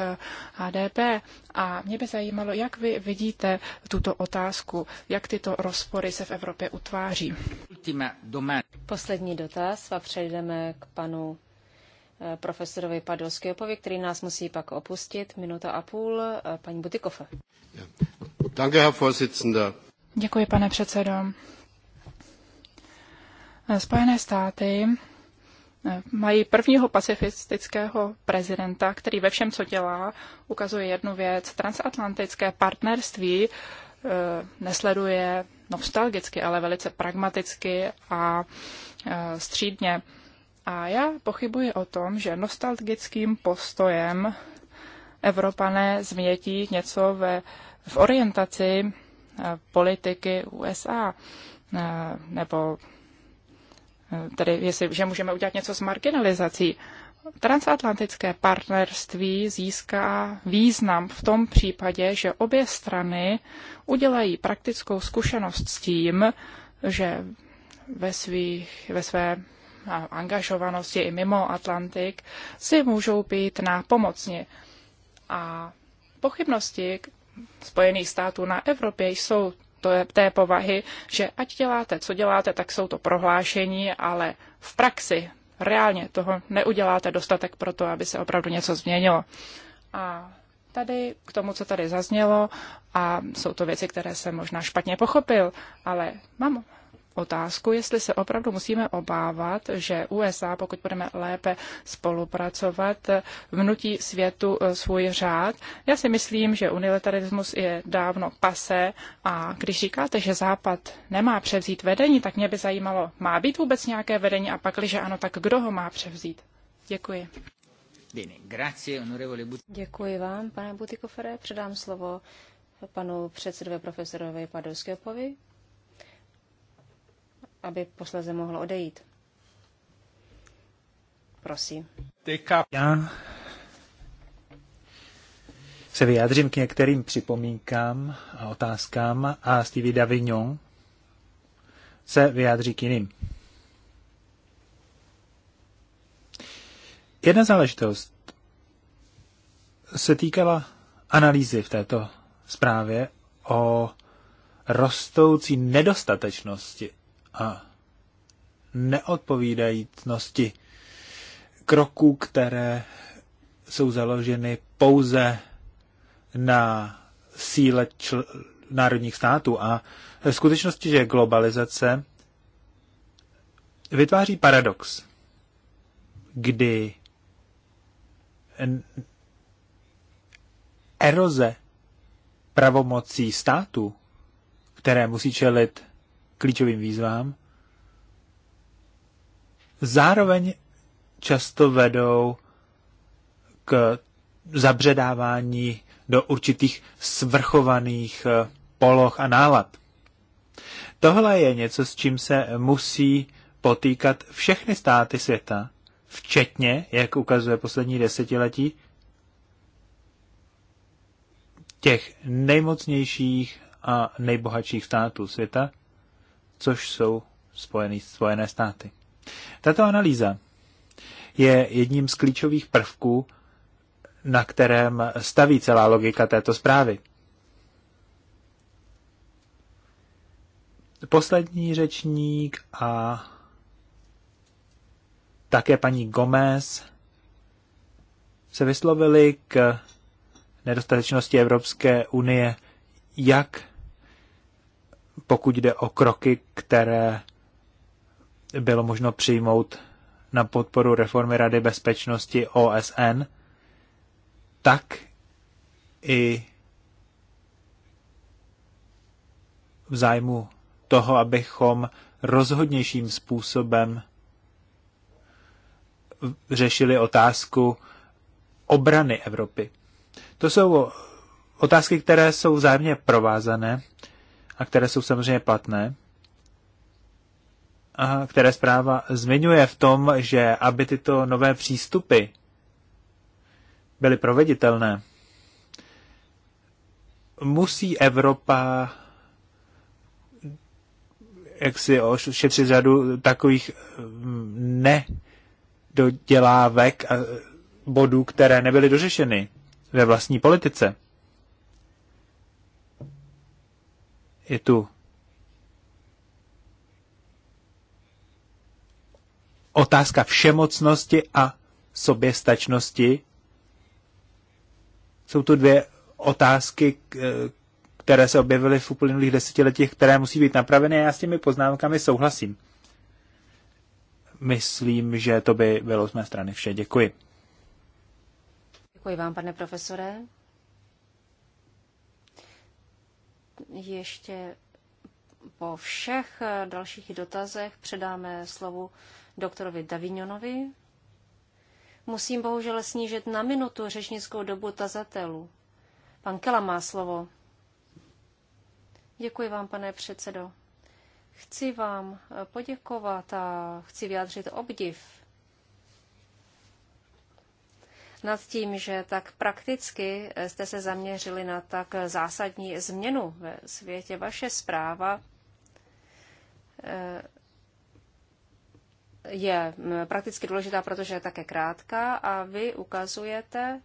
HDP eh, a mě by zajímalo, jak vy vidíte tuto otázku, jak tyto rozpory se v Evropě utváří. Poslední dotaz a přejdeme k panu eh, profesorovi Padovského, který nás musí pak opustit. Minuta a půl. Paní Butikofe. Děkuji, pane předsedo. Spojené státy eh, mají prvního pacifistického prezidenta, který ve všem, co dělá, ukazuje jednu věc. Transatlantické partnerství eh, nesleduje nostalgicky, ale velice pragmaticky a eh, střídně. A já pochybuji o tom, že nostalgickým postojem Evropané změtí něco ve, v orientaci politiky USA nebo Eh, tedy jestli, že můžeme udělat něco s marginalizací. Transatlantické partnerství získá význam v tom případě, že obě strany udělají praktickou zkušenost s tím, že ve, svých, ve své angažovanosti i mimo Atlantik si můžou být na pomocni. A pochybnosti Spojených států na Evropě jsou to je té povahy, že ať děláte, co děláte, tak jsou to prohlášení, ale v praxi reálně toho neuděláte dostatek pro to, aby se opravdu něco změnilo. A tady k tomu, co tady zaznělo, a jsou to věci, které jsem možná špatně pochopil, ale mám otázku, jestli se opravdu musíme obávat, že USA, pokud budeme lépe spolupracovat, vnutí světu e, svůj řád. Já si myslím, že unilateralismus je dávno pase a když říkáte, že Západ nemá převzít vedení, tak mě by zajímalo, má být vůbec nějaké vedení a pak, když ano, tak kdo ho má převzít? Děkuji. Děkuji vám, pane Butikofere. Předám slovo panu předsedovi profesorovi Padovského aby posleze mohl odejít. Prosím. Já se vyjádřím k některým připomínkám a otázkám a Stevie Davignon se vyjádří k jiným. Jedna záležitost se týkala analýzy v této zprávě o rostoucí nedostatečnosti a neodpovídajícnosti kroků, které jsou založeny pouze na síle čl- národních států a v skutečnosti, že globalizace vytváří paradox, kdy eroze pravomocí států, které musí čelit klíčovým výzvám, zároveň často vedou k zabředávání do určitých svrchovaných eh, poloh a nálad. Tohle je něco, s čím se musí potýkat všechny státy světa, včetně, jak ukazuje poslední desetiletí, těch nejmocnějších a nejbohatších států světa, což jsou Spojený, Spojené státy. Tato analýza je jedním z klíčových prvků, na kterém staví celá logika této zprávy. Poslední řečník a také paní Gomez se vyslovili k nedostatečnosti Evropské unie jak pokud jde o kroky, které bylo možno přijmout na podporu reformy Rady bezpečnosti OSN, tak i v zájmu toho, abychom rozhodnějším způsobem řešili otázku obrany Evropy. To jsou otázky, které jsou vzájemně provázané a které jsou samozřejmě platné, a které zpráva zmiňuje v tom, že aby tyto nové přístupy byly proveditelné, musí Evropa jak si ošetřit řadu takových mm, nedodělávek a bodů, které nebyly dořešeny ve vlastní politice. je tu otázka všemocnosti a soběstačnosti. Jsou to dvě otázky, které se objevily v uplynulých desetiletích, které musí být napraveny a já s těmi poznámkami souhlasím. Myslím, že to by bylo z mé strany vše. Děkuji. Děkuji vám, pane profesore. ještě po všech eh, dalších dotazech předáme slovu doktorovi Davignonovi. Musím bohužel snížit na minutu řečnickou dobu tazatelů. Pan Kela má slovo. Děkuji vám, pane předsedo. Chci vám eh, poděkovat a chci vyjádřit obdiv nad tím, že tak prakticky jste se zaměřili na tak zásadní změnu ve světě. Vaše zpráva eh, je mm, prakticky důležitá, protože je také krátká a vy ukazujete,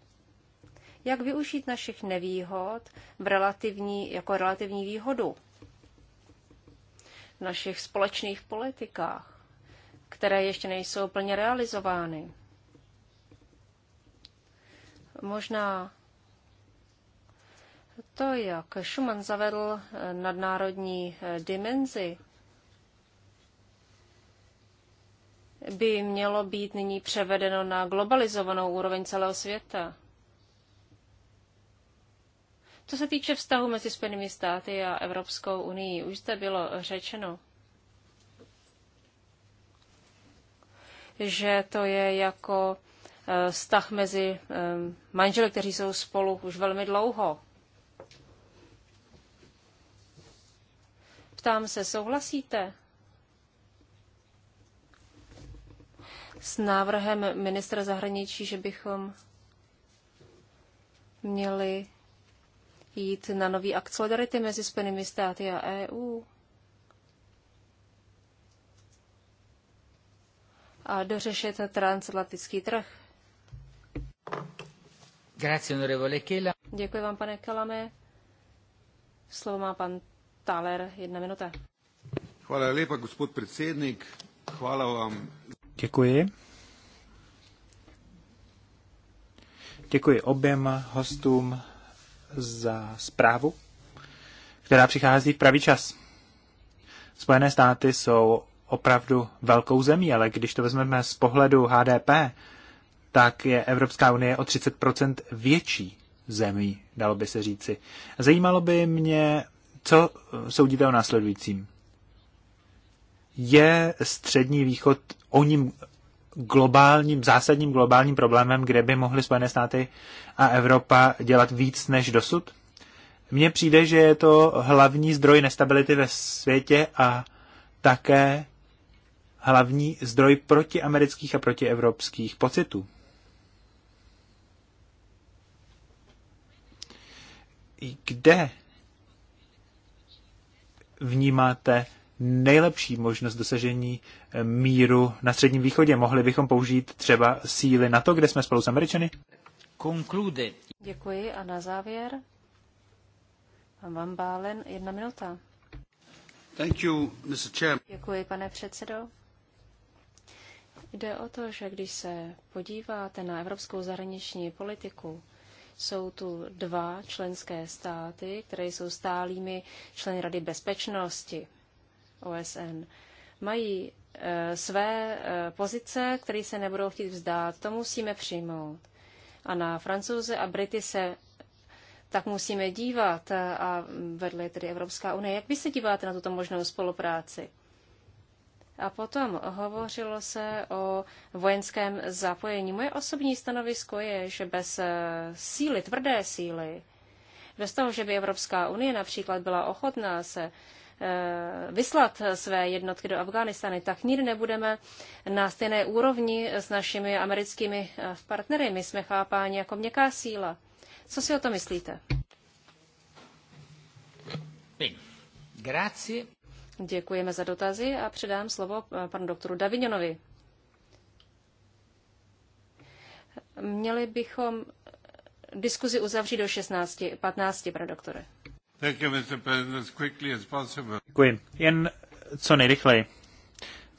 jak využít našich nevýhod v relativní, jako relativní výhodu v našich společných politikách, které ještě nejsou plně realizovány. Možná to, jak Schumann zavedl nadnárodní eh, dimenzi, by mělo být nyní převedeno na globalizovanou úroveň celého světa. Co se týče vztahu mezi Spojenými státy a Evropskou unii, už zde bylo řečeno, že to je jako Eh, vztah mezi eh, manželi, kteří jsou spolu už velmi dlouho. Ptám se, souhlasíte s návrhem ministra zahraničí, že bychom měli jít na nový akt solidarity mezi Spojenými státy a EU? a dořešit transatlantický trh. Děkuji vám, pane Kelame. Slovo má pan Thaler, jedna minuta. Hvala lepa, gospod predsednik. Hvala vám. Děkuji. Děkuji oběma hostům za zprávu, která přichází v pravý čas. Spojené státy jsou opravdu velkou zemí, ale když to vezmeme z pohledu HDP, tak je Evropská unie o 30% větší zemí, dalo by se říci. Zajímalo by mě, co eh, soudíte o následujícím. Je střední východ o ním globálním, zásadním globálním problémem, kde by mohly Spojené státy a Evropa dělat víc než dosud? Mně přijde, že je to hlavní zdroj nestability ve světě a také hlavní zdroj protiamerických a protievropských pocitů. kde vnímáte nejlepší možnost dosažení eh, míru na Středním východě? Mohli bychom použít třeba síly na to, kde jsme spolu s Američany? Děkuji a na závěr vám Bálen, jedna minuta. Thank you, Mr. Chair. Děkuji, pane předsedo. Jde o to, že když se podíváte na evropskou zahraniční politiku, jsou tu dva členské státy, které jsou stálými členy Rady bezpečnosti OSN. Mají e, své e, pozice, které se nebudou chtít vzdát. To musíme přijmout. A na Francouze a Brity se tak musíme dívat eh, a vedle tedy Evropská unie. Jak vy se díváte na tuto možnou spolupráci? A potom hovořilo se o vojenském zapojení. Moje osobní stanovisko je, že bez eh, síly, tvrdé síly, bez toho, že by Evropská unie například byla ochotná se eh, vyslat své jednotky do Afghánistány, tak nikdy nebudeme na stejné úrovni s našimi americkými eh, partnery. My jsme chápáni jako měkká síla. Co si o to myslíte? Grazie. Děkujeme za dotazy a předám slovo eh, panu doktoru Davignonovi. Měli bychom eh, diskuzi uzavřít do 16, 15, pane doktore. Děkuji. Jen co nejrychleji.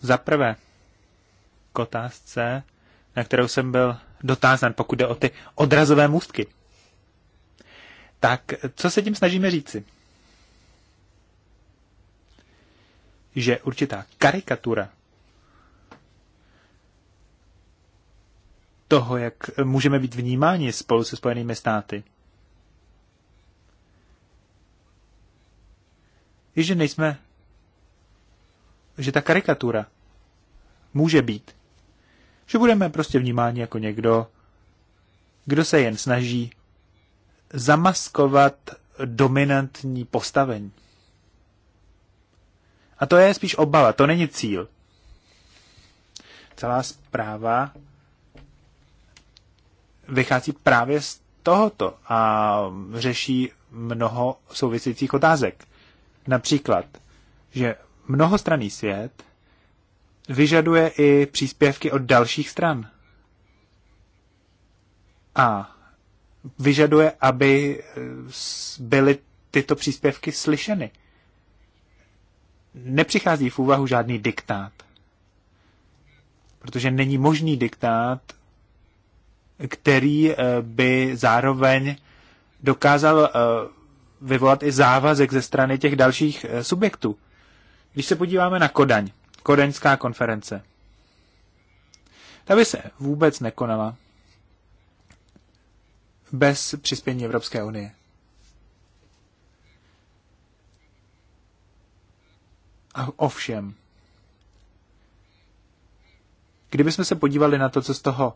Za prvé, k otázce, na kterou jsem byl dotázán, pokud jde o ty odrazové můstky. Tak co se tím snažíme říci? že určitá karikatura toho, jak můžeme být vnímáni spolu se Spojenými státy, je, že nejsme, že ta karikatura může být, že budeme prostě vnímáni jako někdo, kdo se jen snaží zamaskovat dominantní postavení. A to je spíš obava, to není cíl. Celá zpráva vychází právě z tohoto a řeší mnoho souvisejících otázek. Například, že mnohostranný svět vyžaduje i příspěvky od dalších stran. A vyžaduje, aby byly tyto příspěvky slyšeny nepřichází v úvahu žádný diktát. Protože není možný diktát, který eh, by zároveň dokázal eh, vyvolat i závazek ze strany těch dalších eh, subjektů. Když se podíváme na Kodaň, Kodaňská konference, ta by se vůbec nekonala bez přispění Evropské unie. Ovšem, kdybychom se podívali na to, co z toho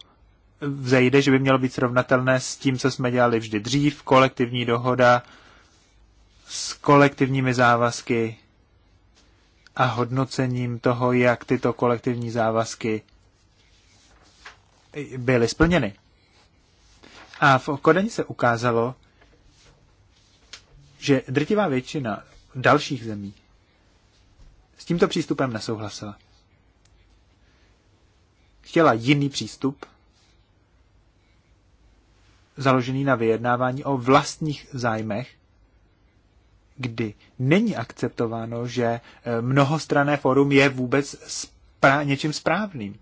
vzejde, že by mělo být srovnatelné s tím, co jsme dělali vždy dřív, kolektivní dohoda s kolektivními závazky a hodnocením toho, jak tyto kolektivní závazky byly splněny. A v Kodani se ukázalo, že drtivá většina dalších zemí s tímto přístupem nesouhlasila. Chtěla jiný přístup, založený na vyjednávání o vlastních zájmech, kdy není akceptováno, že eh, mnohostrané forum je vůbec sprá- něčím správným.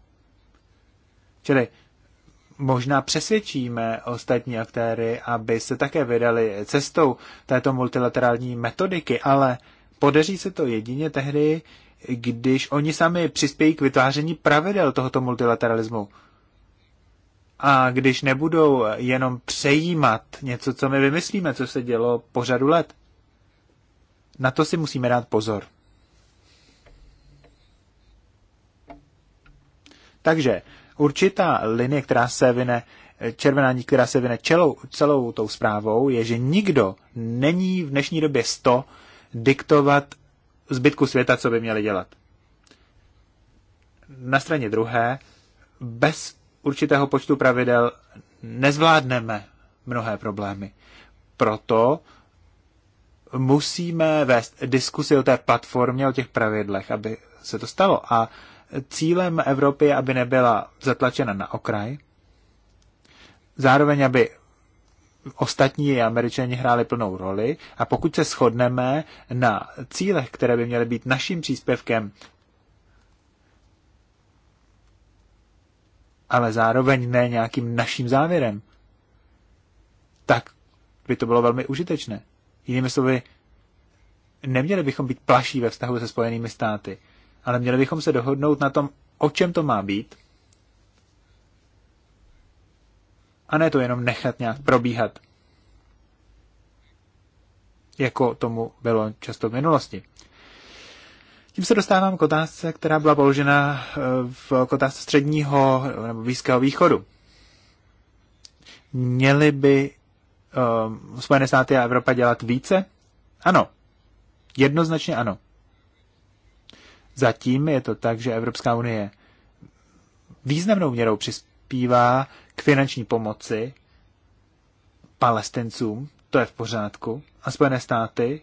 Čili možná přesvědčíme ostatní aktéry, aby se také vydali cestou této multilaterální metodiky, ale Podaří se to jedině tehdy, když oni sami přispějí k vytváření pravidel tohoto multilateralismu. A když nebudou jenom přejímat něco, co my vymyslíme, co se dělo po řadu let. Na to si musíme dát pozor. Takže určitá linie, která se vyne, červená linie, která se vyne celou, celou tou zprávou, je, že nikdo není v dnešní době 100 diktovat zbytku světa, co by měli dělat. Na straně druhé, bez určitého počtu pravidel nezvládneme mnohé problémy. Proto musíme vést diskusi o té platformě, o těch pravidlech, aby se to stalo. A cílem Evropy je, aby nebyla zatlačena na okraj, zároveň, aby ostatní američani hráli plnou roli a pokud se shodneme na cílech, které by měly být naším příspěvkem, ale zároveň ne nějakým naším závěrem, tak by to bylo velmi užitečné. Jinými slovy, neměli bychom být plaší ve vztahu se Spojenými státy, ale měli bychom se dohodnout na tom, o čem to má být – A ne to jenom nechat nějak probíhat, jako tomu bylo často v minulosti. Tím se dostávám k otázce, která byla položena eh, v otázce středního eh, nebo blízkého východu. Měly by um, Spojené státy a Evropa dělat více? Ano. Jednoznačně ano. Zatím je to tak, že Evropská unie významnou měrou přispívá k finanční pomoci palestincům, to je v pořádku, a Spojené státy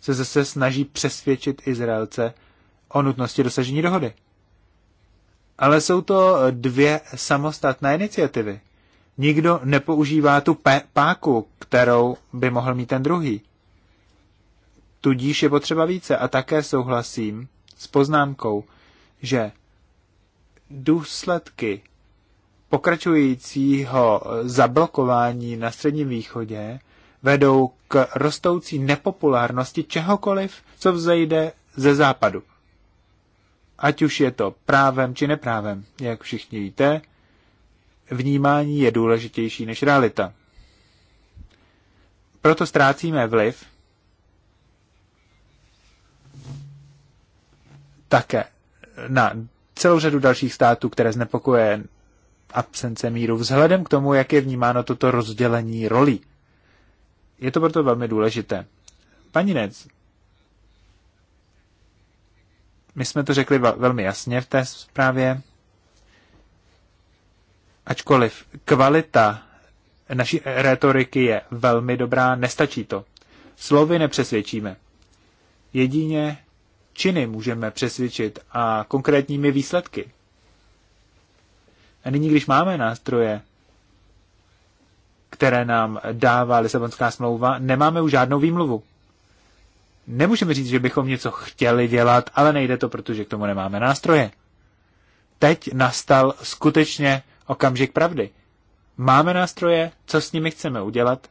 se zase snaží přesvědčit Izraelce o nutnosti dosažení dohody. Ale jsou to dvě samostatné iniciativy. Nikdo nepoužívá tu páku, kterou by mohl mít ten druhý. Tudíž je potřeba více a také souhlasím s poznámkou, že důsledky pokračujícího zablokování na Středním východě vedou k rostoucí nepopulárnosti čehokoliv, co vzejde ze západu. Ať už je to právem či neprávem, jak všichni víte, vnímání je důležitější než realita. Proto ztrácíme vliv také na celou řadu dalších států, které znepokoje absence míru, vzhledem k tomu, jak je vnímáno toto rozdělení rolí. Je to proto velmi důležité. Paní Nec, my jsme to řekli velmi jasně v té zprávě, ačkoliv kvalita naší retoriky je velmi dobrá, nestačí to. Slovy nepřesvědčíme. Jedině činy můžeme přesvědčit a konkrétními výsledky. A nyní, když máme nástroje, které nám dává Lisabonská smlouva, nemáme už žádnou výmluvu. Nemůžeme říct, že bychom něco chtěli dělat, ale nejde to, protože k tomu nemáme nástroje. Teď nastal skutečně okamžik pravdy. Máme nástroje, co s nimi chceme udělat?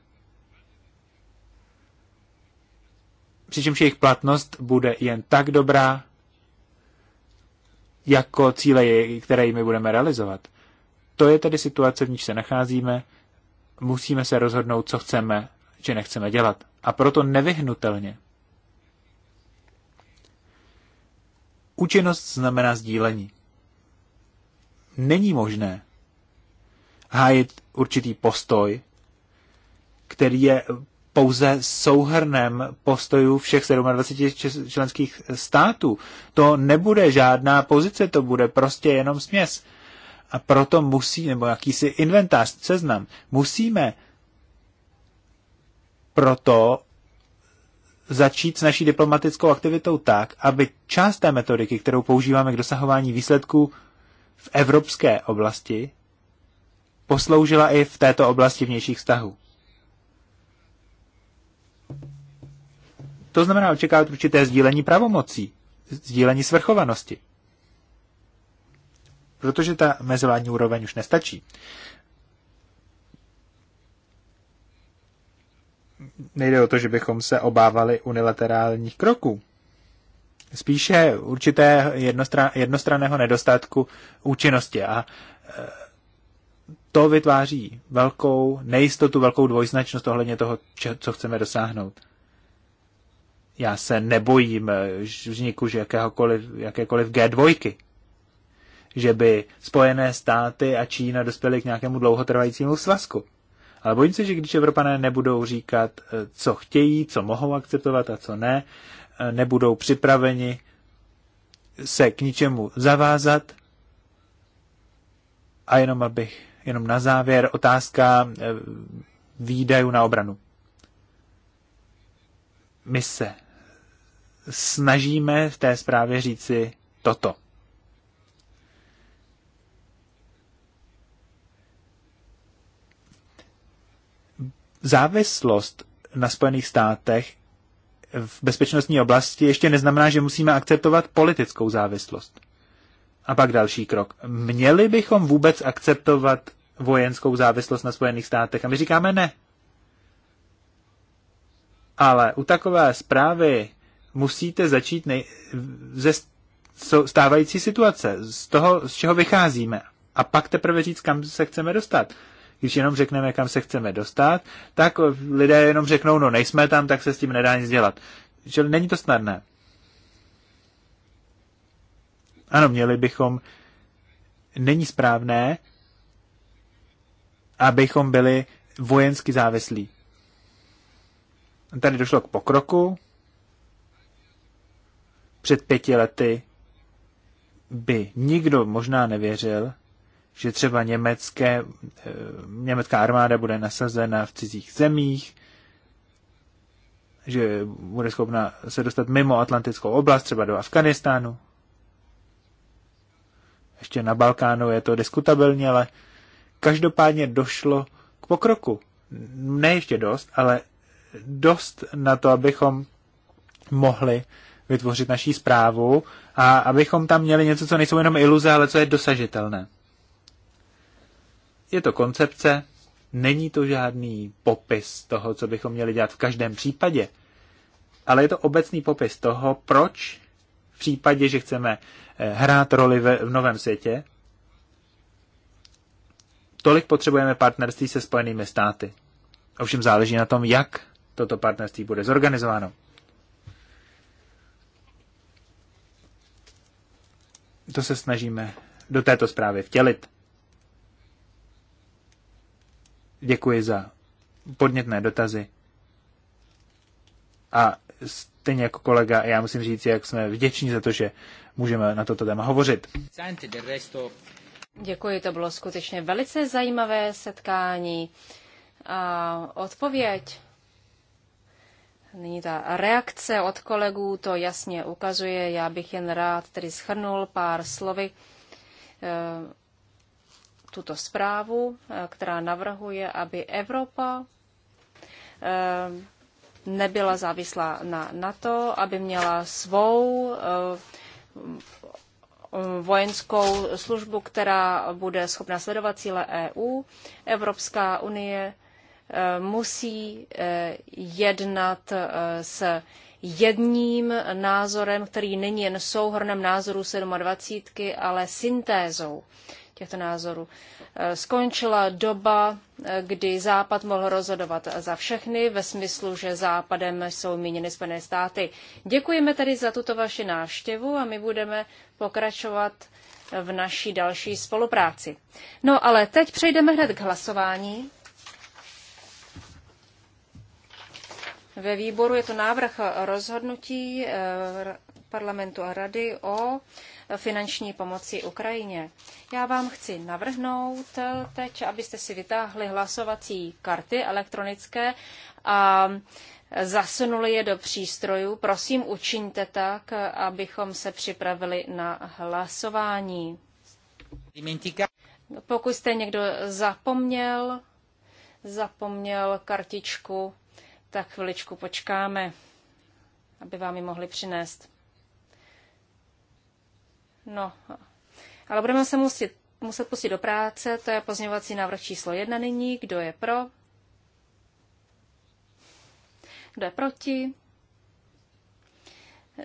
Přičemž jejich platnost bude jen tak dobrá, jako cíle, které jimi budeme realizovat. To je tedy situace, v níž se nacházíme. Musíme se rozhodnout, co chceme či nechceme dělat. A proto nevyhnutelně. Účinnost znamená sdílení. Není možné hájit určitý postoj, který je pouze souhrnem postojů všech 27 členských států. To nebude žádná pozice, to bude prostě jenom směs a proto musí, nebo jakýsi inventář, seznam, musíme proto začít s naší diplomatickou aktivitou tak, aby část té metodiky, kterou používáme k dosahování výsledků v evropské oblasti, posloužila i v této oblasti vnějších vztahů. To znamená očekávat určité sdílení pravomocí, sdílení svrchovanosti protože ta mezivládní úroveň už nestačí. Nejde o to, že bychom se obávali unilaterálních kroků. Spíše určité jednostraného jednostranného nedostatku účinnosti. A e, to vytváří velkou nejistotu, velkou dvojznačnost ohledně toho, co chceme dosáhnout já se nebojím e, vzniku že jakékoliv G2 že by Spojené státy a Čína dospěly k nějakému dlouhotrvajícímu svazku. Ale bojím se, že když Evropané nebudou říkat, eh, co chtějí, co mohou akceptovat a co ne, eh, nebudou připraveni se k ničemu zavázat. A jenom abych, jenom na závěr, otázka eh, výdajů na obranu. My se snažíme v té zprávě říci toto. závislost na Spojených státech v bezpečnostní oblasti ještě neznamená, že musíme akceptovat politickou závislost. A pak další krok. Měli bychom vůbec akceptovat vojenskou závislost na Spojených státech? A my říkáme ne. Ale u takové zprávy musíte začít nej- ze stávající situace, z toho, z čeho vycházíme. A pak teprve říct, kam se chceme dostat. Když jenom řekneme, kam se chceme dostat, tak lidé jenom řeknou, no nejsme tam, tak se s tím nedá nic dělat. Že není to snadné. Ano, měli bychom. Není správné, abychom byli vojensky závislí. Tady došlo k pokroku. Před pěti lety by nikdo možná nevěřil, že třeba německé, eh, německá armáda bude nasazena v cizích zemích, že bude schopna se dostat mimo Atlantickou oblast, třeba do Afganistánu. Ještě na Balkánu je to diskutabilní, ale každopádně došlo k pokroku. Ne ještě dost, ale dost na to, abychom mohli vytvořit naší zprávu a abychom tam měli něco, co nejsou jenom iluze, ale co je dosažitelné je to koncepce, není to žádný popis toho, co bychom měli dělat v každém případě, ale je to obecný popis toho, proč v případě, že chceme eh, hrát roli v novém světě, tolik potřebujeme partnerství se Spojenými státy. Ovšem záleží na tom, jak toto partnerství bude zorganizováno. To se snažíme do této zprávy vtělit. Děkuji za podnětné dotazy. A stejně jako kolega, já musím říct, jak jsme vděční za to, že můžeme na toto téma hovořit. Děkuji, to bylo skutečně velice zajímavé setkání. A odpověď, nyní ta reakce od kolegů to jasně ukazuje. Já bych jen rád tedy schrnul pár slovy tuto zprávu, eh, která navrhuje, aby Evropa eh, nebyla závislá na NATO, aby měla svou eh, vojenskou službu, která bude schopna sledovat cíle EU. Evropská unie musí jednat s jedním názorem, který není jen souhrnem názorů 27, ale syntézou těchto názorů. Eh, skončila doba, eh, kdy Západ mohl rozhodovat za všechny ve smyslu, že Západem jsou míněny Spojené státy. Děkujeme tedy za tuto vaši návštěvu a my budeme pokračovat v naší další spolupráci. No ale teď přejdeme hned k hlasování. Ve výboru je to návrh rozhodnutí eh, parlamentu a rady o finanční pomoci Ukrajině. Já vám chci navrhnout eh, teď, abyste si vytáhli hlasovací karty elektronické a zasunuli je do přístrojů. Prosím, učiňte tak, abychom se připravili na hlasování. Pokud jste někdo zapomněl, zapomněl kartičku, tak chviličku počkáme, aby vám ji mohli přinést. No, ale budeme se muset, muset pustit do práce, to je pozměňovací návrh číslo jedna nyní. Kdo je pro? Kdo je proti?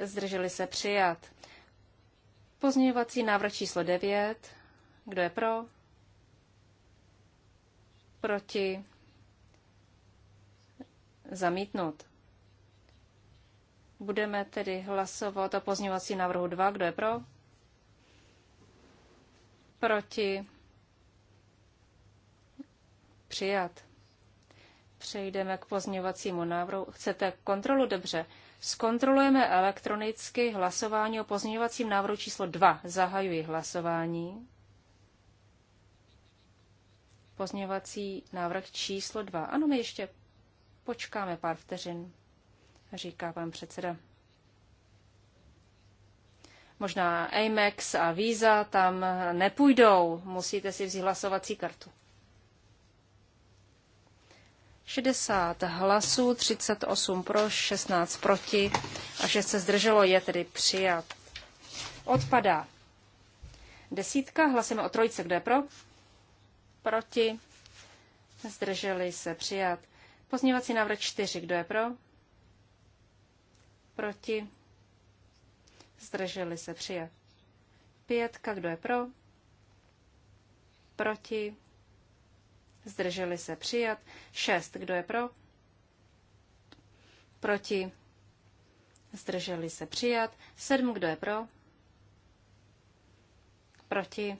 Zdrželi se přijat. Pozměňovací návrh číslo 9. Kdo je pro? Proti? Zamítnut. Budeme tedy hlasovat o pozměňovací návrhu 2. Kdo je pro? proti, přijat. Přejdeme k pozměňovacímu návrhu. Chcete kontrolu? Dobře. Zkontrolujeme elektronicky hlasování o pozměňovacím návrhu číslo 2. Zahajuji hlasování. Pozměňovací návrh číslo 2. Ano, my ještě počkáme pár vteřin, říká pan předseda. Možná Amex a Visa tam nepůjdou, musíte si vzít hlasovací kartu. 60 hlasů, 38 pro, 16 proti a 6 se zdrželo, je tedy přijat. Odpadá. Desítka, hlasujeme o trojce, kdo je pro? Proti. Zdrželi se přijat. Pozměňovací návrh 4, kdo je pro? Proti zdrželi se přijat. Pětka, kdo je pro, proti, zdrželi se přijat. Šest, kdo je pro, proti, zdrželi se přijat. Sedm, kdo je pro, proti,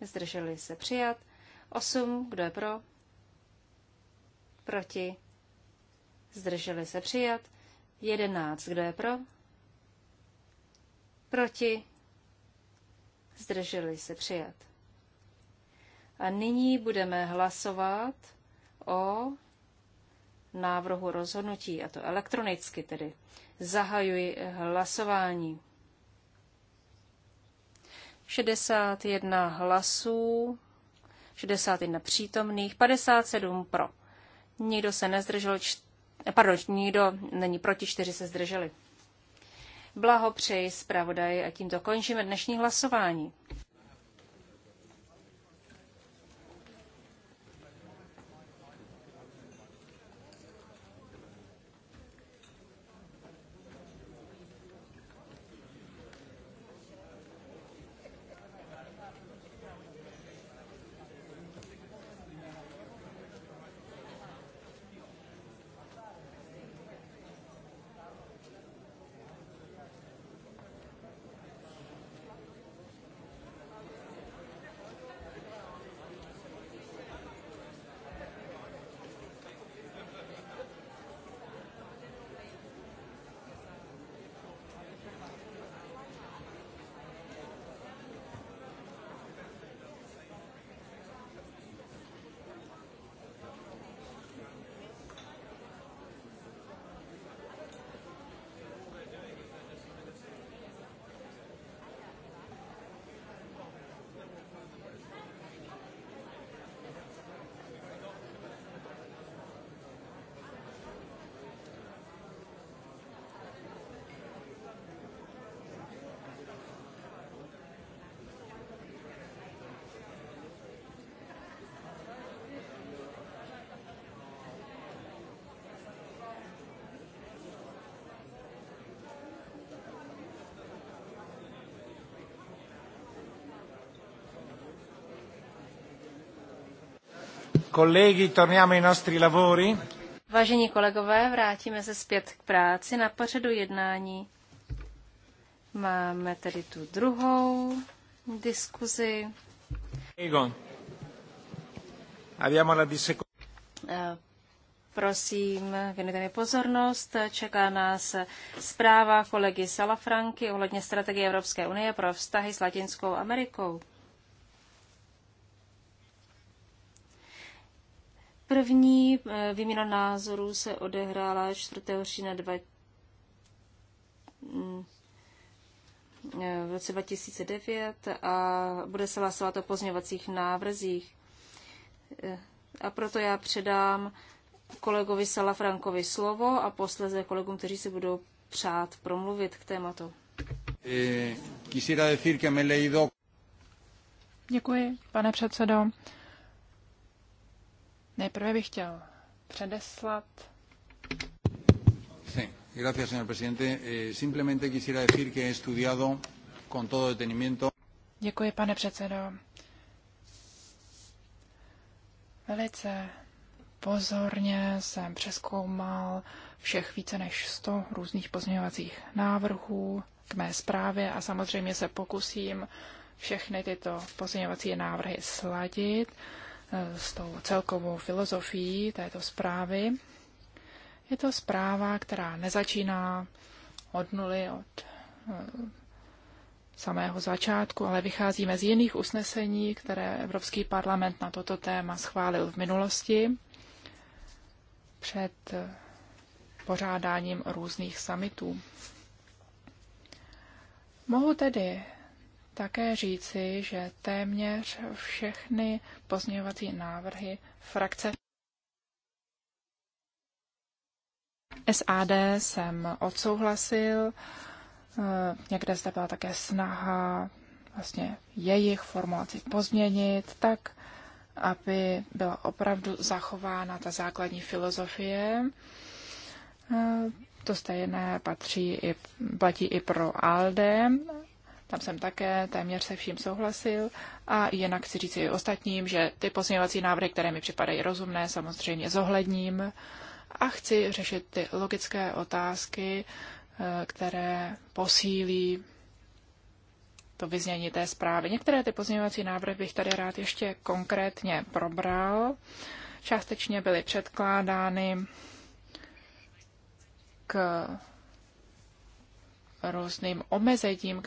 zdrželi se přijat. Osm, kdo je pro, proti, zdrželi se přijat. Jedenáct, kdo je pro, Proti? Zdrželi se přijat. A nyní budeme hlasovat o návrhu rozhodnutí, a to elektronicky tedy. Zahajuji hlasování. 61 hlasů, 61 přítomných, 57 pro. Nikdo se nezdržel, eh, pardon, nikdo není proti, čtyři se zdrželi. Blahopřeji zpravodaji a tímto končíme dnešní hlasování. Colleghi, torniamo nostri lavori. Vážení kolegové, vrátíme se zpět k práci na pořadu jednání. Máme tedy tu druhou diskuzi. Abbiamo la eh, Prosím, věnujte mi pozornost. Čeká nás zpráva kolegy Salafranky ohledně strategie Evropské unie pro vztahy s Latinskou Amerikou. První eh, výměna názorů se odehrála 4. října dva... Mm, eh, v roce 2009 a bude se hlasovat o pozměvacích návrzích. Eh, a proto já předám kolegovi Frankovi slovo a posleze kolegům, kteří se budou přát promluvit k tématu. Děkuji, pane předsedo. Nejprve bych chtěl předeslat. Sí, gracias, señor presidente. Eh, simplemente quisiera decir que he estudiado con todo detenimiento. Děkuji, pane předsedo. Velice pozorně jsem přeskoumal všech více než 100 různých pozměňovacích návrhů k mé zprávě a samozřejmě se pokusím všechny tyto pozměňovací návrhy sladit s tou celkovou filozofií této zprávy. Je to zpráva, která nezačíná od nuly, od eh, samého začátku, ale vycházíme z jiných usnesení, které Evropský parlament na toto téma schválil v minulosti před eh, pořádáním různých summitů. Mohu tedy také říci, že téměř všechny pozměňovací návrhy frakce SAD jsem odsouhlasil. Eh, někde zde byla také snaha vlastně jejich formulaci pozměnit tak, aby byla opravdu zachována ta základní filozofie. Eh, to stejné patří i, platí i pro ALDE tam jsem také téměř se vším souhlasil a jinak chci říct i ostatním, že ty pozměňovací návrhy, které mi připadají rozumné, samozřejmě zohledním a chci řešit ty logické otázky, eh, které posílí to vyznění té zprávy. Některé ty pozměňovací návrhy bych tady rád ještě konkrétně probral. Částečně byly předkládány k různým omezením,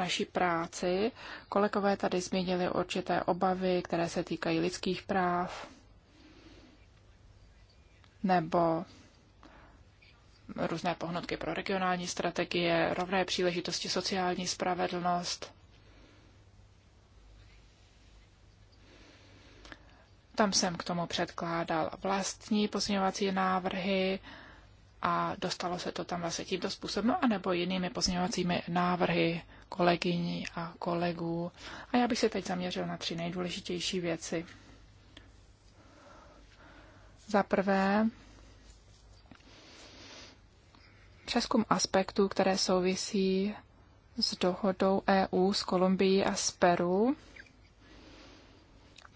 naší práci. Kolegové tady zmínili určité obavy, které se týkají lidských práv nebo různé pohnutky pro regionální strategie, rovné příležitosti, sociální spravedlnost. Tam jsem k tomu předkládal vlastní pozměňovací návrhy, a dostalo se to tam vlastně tímto způsobem, no, anebo jinými pozměňovacími návrhy kolegyní a kolegů. A já bych se teď zaměřil na tři nejdůležitější věci. Za prvé, přeskum aspektů, které souvisí s dohodou EU s Kolumbií a s Peru.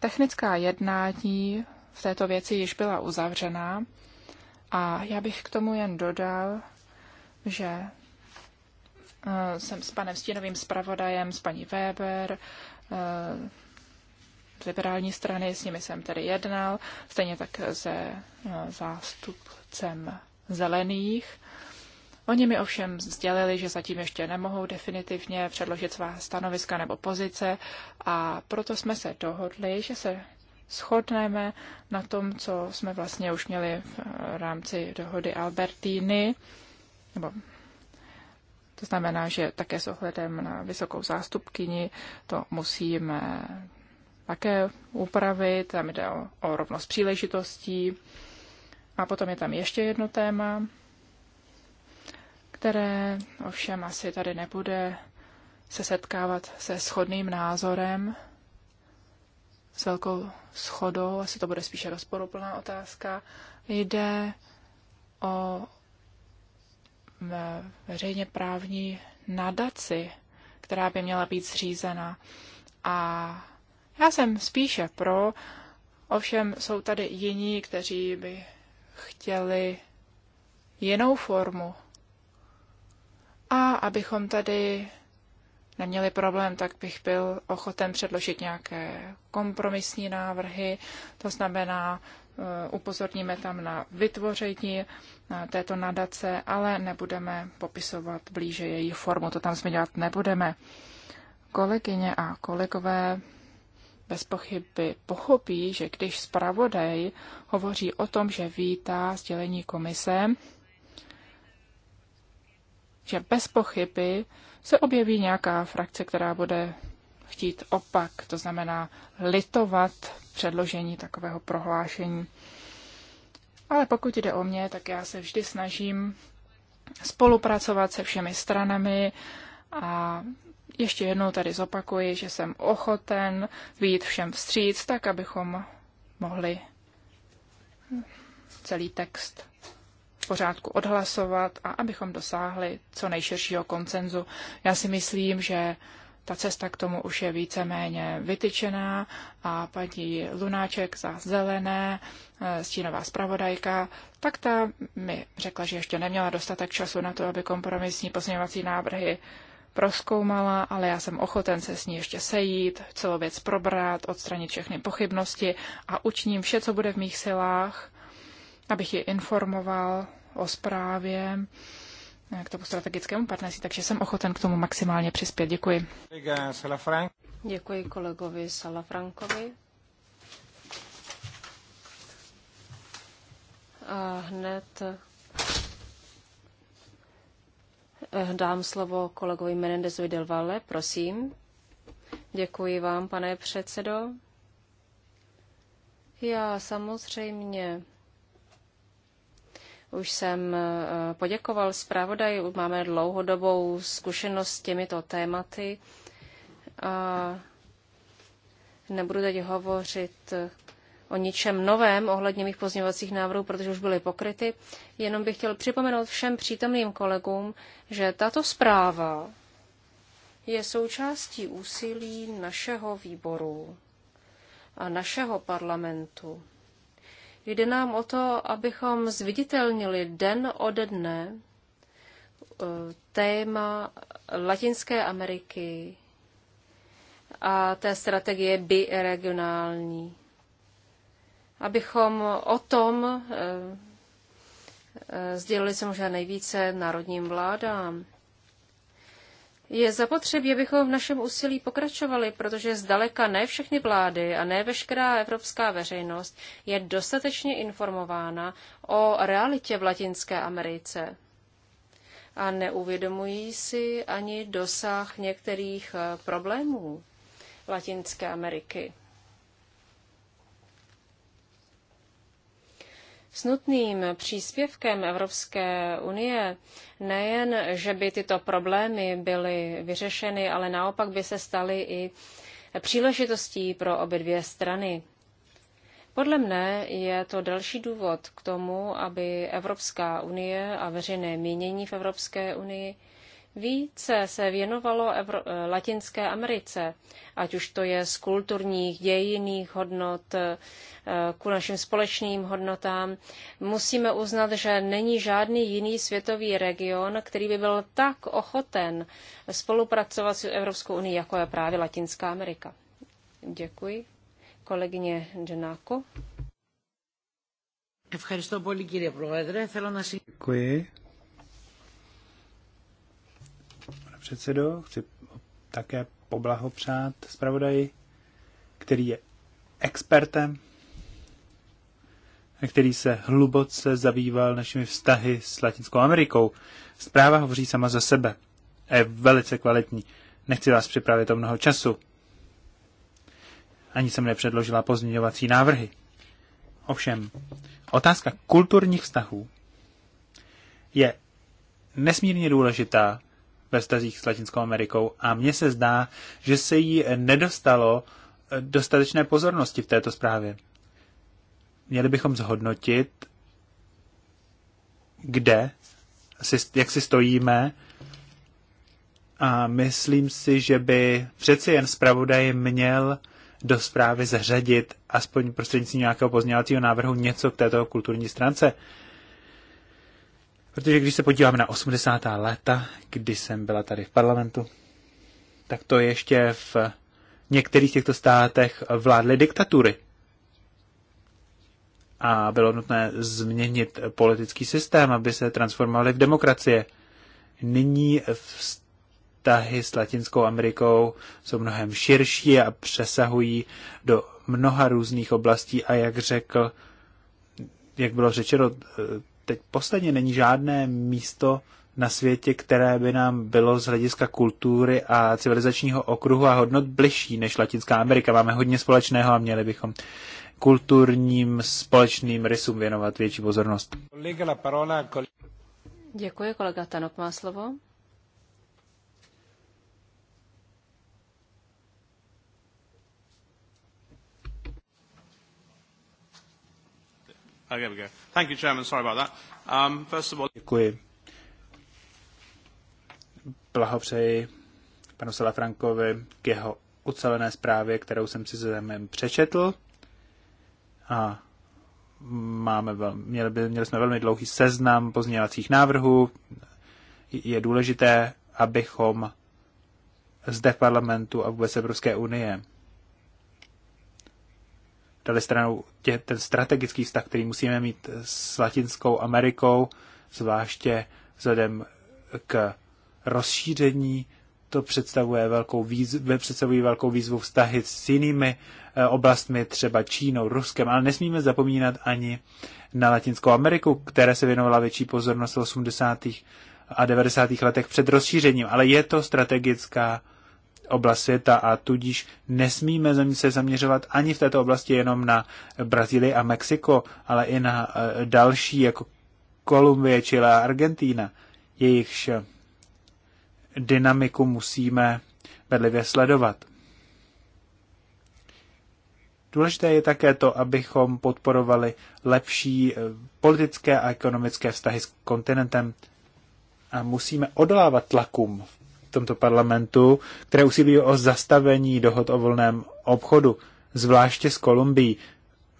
Technická jednání v této věci již byla uzavřena a já bych k tomu jen dodal, že eh, jsem s panem Stínovým zpravodajem, s paní Weber, eh, z liberální strany, s nimi jsem tedy jednal, stejně tak se eh, zástupcem zelených. Oni mi ovšem sdělili, že zatím ještě nemohou definitivně předložit svá stanoviska nebo pozice a proto jsme se dohodli, že se shodneme na tom, co jsme vlastně už měli v eh, rámci dohody Albertíny, nebo to znamená, že také s ohledem na vysokou zástupkyni to musíme také upravit, tam jde o, o rovnost příležitostí. A potom je tam ještě jedno téma, které ovšem asi tady nebude se setkávat se shodným názorem, s velkou schodou, asi to bude spíše rozporuplná otázka, jde o eh, veřejně právní nadaci, která by měla být zřízena. A já jsem spíše pro, ovšem jsou tady jiní, kteří by chtěli jinou formu. A abychom tady neměli problém, tak bych byl ochoten předložit nějaké kompromisní návrhy. To znamená, eh, upozorníme tam na vytvoření eh, této nadace, ale nebudeme popisovat blíže její formu, to tam zmiňovat nebudeme. Kolegyně a kolegové bez pochyby pochopí, že když zpravodaj hovoří o tom, že vítá sdělení komise, že bez pochyby se objeví nějaká frakce, která bude chtít opak, to znamená litovat předložení takového prohlášení. Ale pokud jde o mě, tak já se vždy snažím spolupracovat se všemi stranami a ještě jednou tady zopakuji, že jsem ochoten výjít všem vstříc, tak abychom mohli celý text v pořádku odhlasovat a abychom dosáhli co nejširšího koncenzu. Já si myslím, že ta cesta k tomu už je víceméně vytyčená a paní Lunáček za zelené, eh, stínová zpravodajka, tak ta mi řekla, že ještě neměla dostatek času na to, aby kompromisní pozměňovací návrhy proskoumala, ale já jsem ochoten se s ní ještě sejít, celou věc probrat, odstranit všechny pochybnosti a učním vše, co bude v mých silách, abych ji informoval o zprávě eh, k tomu strategickému partnerství, takže jsem ochoten k tomu maximálně přispět. Děkuji. Děkuji kolegovi Salafrankovi. A hned eh, dám slovo kolegovi Menendezovi del Valle, prosím. Děkuji vám, pane předsedo. Já samozřejmě už jsem eh, poděkoval zpravodaji, máme dlouhodobou zkušenost s těmito tématy. A nebudu teď hovořit eh, o ničem novém ohledně mých pozměňovacích návrhů, protože už byly pokryty. Jenom bych chtěl připomenout všem přítomným kolegům, že tato zpráva je součástí úsilí našeho výboru a našeho parlamentu Jde nám o to, abychom zviditelnili den ode dne eh, téma Latinské Ameriky a té strategie biregionální. Abychom o tom eh, eh, sdělili se možná nejvíce národním vládám. Je zapotřebí, abychom v našem úsilí pokračovali, protože zdaleka ne všechny vlády a ne veškerá evropská veřejnost je dostatečně informována o realitě v Latinské Americe. A neuvědomují si ani dosah některých eh, problémů Latinské Ameriky. S nutným příspěvkem Evropské unie nejen, že by tyto problémy byly vyřešeny, ale naopak by se staly i příležitostí pro obě dvě strany. Podle mne je to další důvod k tomu, aby Evropská unie a veřejné mínění v Evropské unii více se věnovalo Evro- eh, Latinské Americe, ať už to je z kulturních, dějiných hodnot, eh, ku našim společným hodnotám. Musíme uznat, že není žádný jiný světový region, který by byl tak ochoten spolupracovat s Evropskou unii, jako je právě Latinská Amerika. Děkuji. Kolegyně Dženáko. Děkuji. předsedo. Chci také poblahopřát zpravodaji, který je expertem, který se hluboce zabýval našimi vztahy s Latinskou Amerikou. Zpráva hovoří sama za sebe. A je velice kvalitní. Nechci vás připravit o mnoho času. Ani jsem nepředložila pozměňovací návrhy. Ovšem, otázka kulturních vztahů je nesmírně důležitá ve stazích s Latinskou Amerikou a mně se zdá, že se jí nedostalo eh, dostatečné pozornosti v této zprávě. Měli bychom zhodnotit, kde, jak si stojíme a myslím si, že by přeci jen zpravodaj měl do zprávy zařadit aspoň prostřednictvím nějakého pozměňovacího návrhu něco k této kulturní stránce. Protože když se podíváme na 80. léta, kdy jsem byla tady v parlamentu, tak to ještě v některých těchto státech vládly diktatury. A bylo nutné změnit politický systém, aby se transformovaly v demokracie. Nyní vztahy s Latinskou Amerikou jsou mnohem širší a přesahují do mnoha různých oblastí a jak řekl, jak bylo řečeno, teď posledně není žádné místo na světě, které by nám bylo z hlediska kultury a civilizačního okruhu a hodnot bližší než Latinská Amerika. Máme hodně společného a měli bychom kulturním společným rysům věnovat větší pozornost. Děkuji, kolega Tanok má slovo. okay. Um, Děkuji. Blahopřeji panu Salafrankovi k jeho ucelené zprávě, kterou jsem si zemem přečetl. A máme vel, měli, by, měli jsme velmi dlouhý seznam pozměňovacích návrhů. Je důležité, abychom zde v parlamentu a vůbec Evropské unie dali stranou tě, ten strategický vztah, který musíme mít s Latinskou Amerikou, zvláště vzhledem k rozšíření, to představuje velkou výzvu, představují velkou výzvu vztahy s jinými eh, oblastmi, třeba Čínou, Ruskem, ale nesmíme zapomínat ani na Latinskou Ameriku, které se věnovala větší pozornost v 80. a 90. letech před rozšířením, ale je to strategická oblast světa a tudíž nesmíme se zaměřovat ani v této oblasti jenom na Brazílii a Mexiko, ale i na e, další jako Kolumbie, Chile a Argentína. Jejichž dynamiku musíme vedlivě sledovat. Důležité je také to, abychom podporovali lepší e, politické a ekonomické vztahy s kontinentem a musíme odolávat tlakům v tomto parlamentu, které usilují o zastavení dohod o volném obchodu, zvláště s Kolumbií,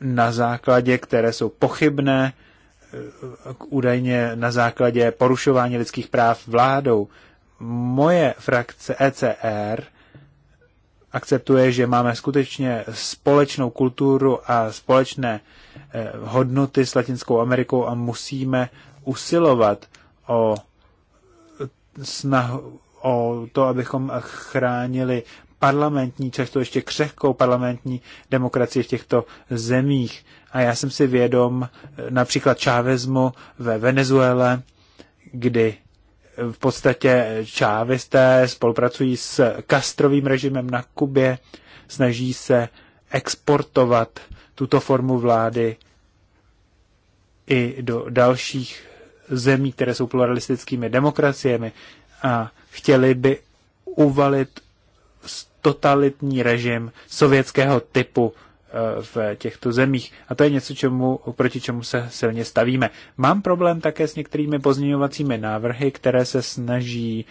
na základě, které jsou pochybné, eh, údajně na základě porušování lidských práv vládou. Moje frakce ECR akceptuje, že máme skutečně společnou kulturu a společné eh, hodnoty s Latinskou Amerikou a musíme usilovat o snahu o to, abychom chránili parlamentní, často ještě křehkou parlamentní demokracii v těchto zemích. A já jsem si vědom například čávezmu ve Venezuele, kdy v podstatě čávisté spolupracují s kastrovým režimem na Kubě, snaží se exportovat tuto formu vlády i do dalších zemí, které jsou pluralistickými demokraciemi. A Chtěli by uvalit totalitní režim sovětského typu eh, v těchto zemích. A to je něco, čemu, proti čemu se silně stavíme. Mám problém také s některými pozměňovacími návrhy, které se snaží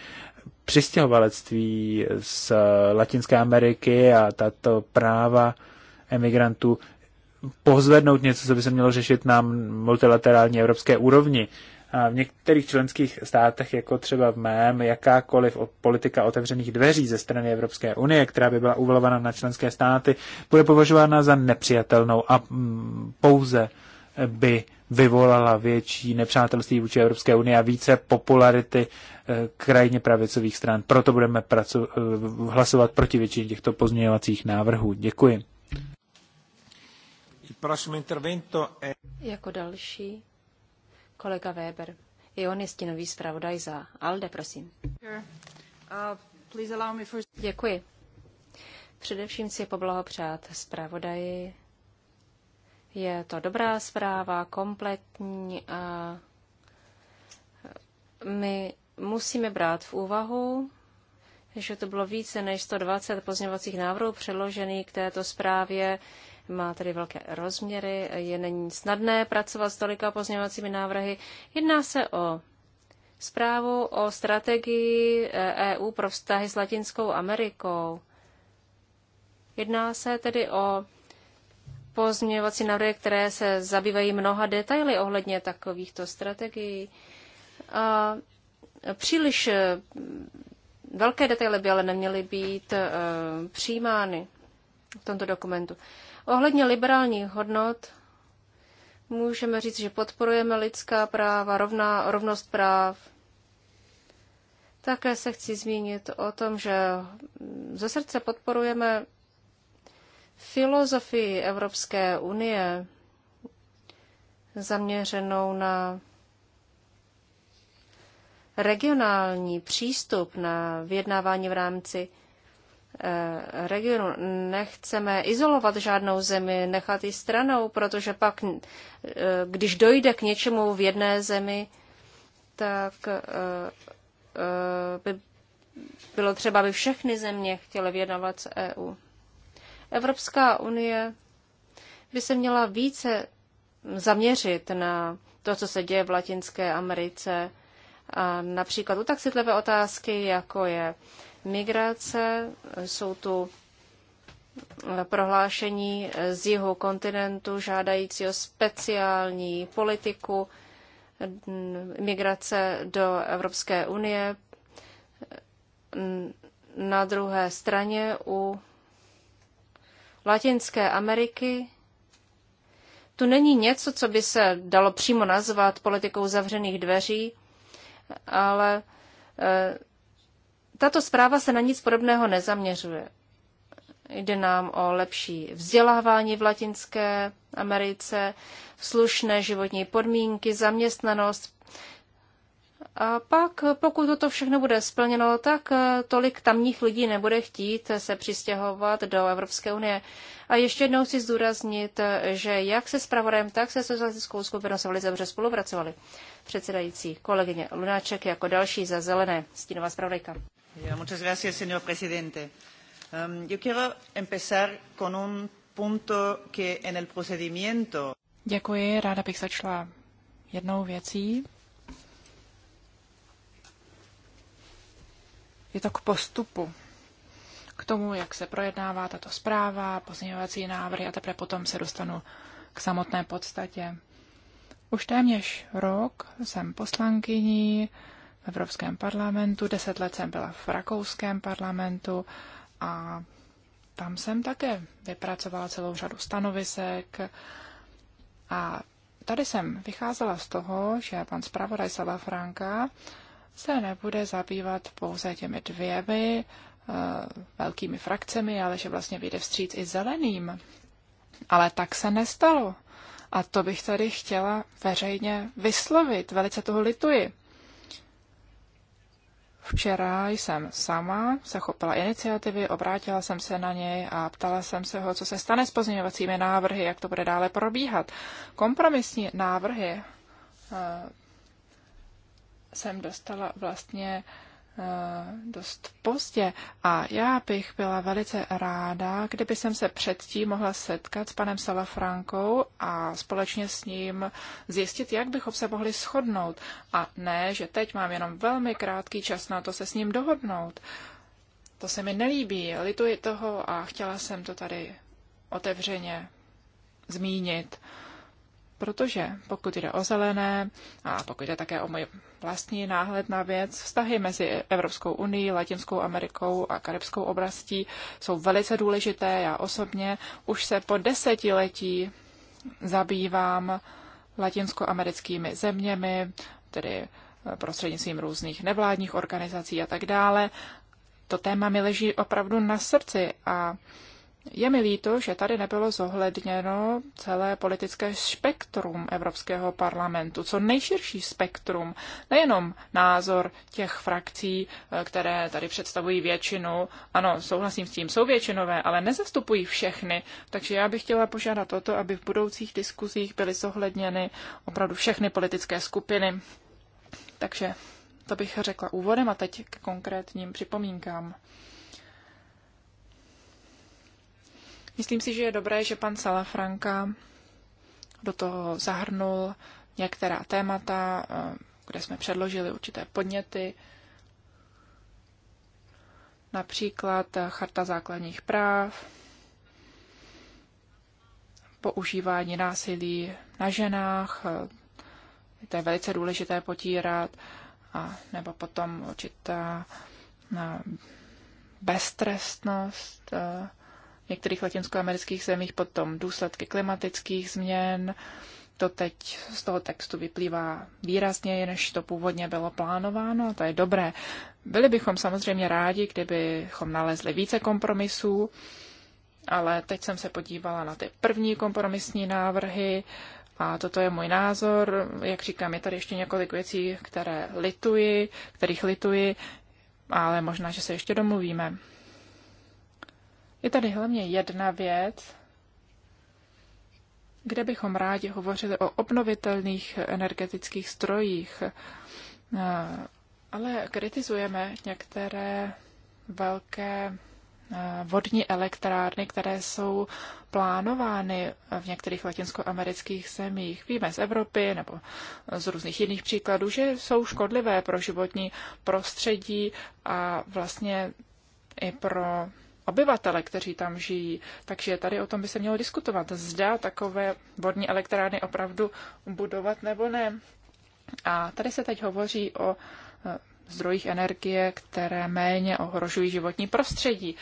přistěhovalectví z Latinské Ameriky a tato práva emigrantů pozvednout něco, co by se mělo řešit na multilaterální evropské úrovni v některých členských státech, jako třeba v mém, jakákoliv politika otevřených dveří ze strany Evropské unie, která by byla uvalována na členské státy, bude považována za nepřijatelnou a mm, pouze by vyvolala větší nepřátelství vůči Evropské unii a více popularity e, krajně pravicových stran. Proto budeme e, hlasovat proti většině těchto pozměňovacích návrhů. Děkuji. Jako další Kolega Weber. I on je stínový zpravodaj za ALDE, prosím. Uh, Děkuji. Především si poblahopřát zpravodaji. Je to dobrá zpráva, kompletní a my musíme brát v úvahu, že to bylo více než 120 pozměňovacích návrhů předložených k této zprávě má tedy velké rozměry, je není snadné pracovat s tolika pozměňovacími návrhy. Jedná se o zprávu o strategii EU eh, e pro vztahy s Latinskou Amerikou. Jedná se tedy o pozměňovací návrhy, které se zabývají mnoha detaily ohledně takovýchto strategií. A příliš eh, velké detaily by ale neměly být eh, přijímány v tomto dokumentu. Ohledně liberálních hodnot můžeme říct, že podporujeme lidská práva, rovná, rovnost práv. Také se chci zmínit o tom, že ze srdce podporujeme filozofii Evropské unie zaměřenou na regionální přístup na vyjednávání v rámci Eh, regionu. Nechceme izolovat žádnou zemi, nechat ji stranou, protože pak, eh, když dojde k něčemu v jedné zemi, tak eh, by bylo třeba, aby všechny země chtěly vyjednávat z EU. Evropská unie by se měla více zaměřit na to, co se děje v Latinské Americe, a například u tak citlivé otázky, jako je migrace. Jsou tu eh, prohlášení eh, z jihu kontinentu žádající o speciální politiku mm, migrace do Evropské unie. Mm, na druhé straně u Latinské Ameriky tu není něco, co by se dalo přímo nazvat politikou zavřených dveří, ale eh, tato zpráva se na nic podobného nezaměřuje. Jde nám o lepší vzdělávání v Latinské Americe, slušné životní podmínky, zaměstnanost. A pak, pokud toto všechno bude splněno, tak eh, tolik tamních lidí nebude chtít se přistěhovat do Evropské unie. A ještě jednou chci zdůraznit, eh, že jak se zpravodajem, tak se socialistickou skupinou se velice dobře spolupracovali. Předsedající kolegyně Lunáček jako další za zelené stínová zpravodajka señor presidente. yo quiero empezar con un punto que en el procedimiento. Děkuji, ráda bych začala jednou věcí. Je to k postupu, k tomu, jak se projednává tato zpráva, pozměňovací návrhy a teprve potom se dostanu k samotné podstatě. Už téměř rok jsem poslankyní, v Evropském parlamentu, deset let jsem byla v Rakouském parlamentu a tam jsem také vypracovala celou řadu stanovisek a tady jsem vycházela z toho, že pan zpravodaj Sala Franka se nebude zabývat pouze těmi dvěmi uh, velkými frakcemi, ale že vlastně vyjde vstříc i zeleným. Ale tak se nestalo. A to bych tady chtěla veřejně vyslovit. Velice toho lituji. Včera jsem sama se chopila iniciativy, obrátila jsem se na něj a ptala jsem se ho, co se stane s pozměňovacími návrhy, jak to bude dále probíhat. Kompromisní návrhy eh, jsem dostala vlastně Eh, dost pozdě a já bych byla velice ráda, kdyby jsem se předtím mohla setkat s panem Salafrankou a společně s ním zjistit, jak bychom se mohli shodnout. A ne, že teď mám jenom velmi krátký čas na to se s ním dohodnout. To se mi nelíbí, lituji toho a chtěla jsem to tady otevřeně zmínit protože pokud jde o zelené a pokud jde také o můj vlastní náhled na věc, vztahy mezi Evropskou unii, Latinskou Amerikou a Karibskou oblastí jsou velice důležité. Já osobně už se po desetiletí zabývám latinskoamerickými zeměmi, tedy eh, prostřednictvím různých nevládních organizací a tak dále. To téma mi leží opravdu na srdci a je mi líto, že tady nebylo zohledněno celé politické spektrum Evropského parlamentu, co nejširší spektrum, nejenom názor těch frakcí, eh, které tady představují většinu. Ano, souhlasím s tím, jsou většinové, ale nezastupují všechny, takže já bych chtěla požádat o to, aby v budoucích diskuzích byly zohledněny opravdu všechny politické skupiny. Takže to bych řekla úvodem a teď k konkrétním připomínkám. Myslím si, že je dobré, že pan Salafranka do toho zahrnul některá témata, eh, kde jsme předložili určité podněty, například eh, Charta základních práv, používání násilí na ženách, eh, to je velice důležité potírat, a nebo potom určitá bestrestnost, v některých latinskoamerických zemích, potom důsledky klimatických změn. To teď z toho textu vyplývá výrazně, než to původně bylo plánováno, a to je dobré. Byli bychom samozřejmě rádi, kdybychom nalezli více kompromisů, ale teď jsem se podívala na ty první kompromisní návrhy a toto je můj názor. Jak říkám, je tady ještě několik věcí, které lituji, kterých lituji, ale možná, že se ještě domluvíme. Je tady hlavně jedna věc, kde bychom rádi hovořili o obnovitelných energetických strojích, eh, ale kritizujeme některé velké eh, vodní elektrárny, které jsou plánovány v některých latinskoamerických zemích. Víme z Evropy nebo z různých jiných příkladů, že jsou škodlivé pro životní prostředí a vlastně i pro obyvatele, kteří tam žijí. Takže tady o tom by se mělo diskutovat. Zda takové vodní elektrárny opravdu budovat nebo ne. A tady se teď hovoří o e, zdrojích energie, které méně ohrožují životní prostředí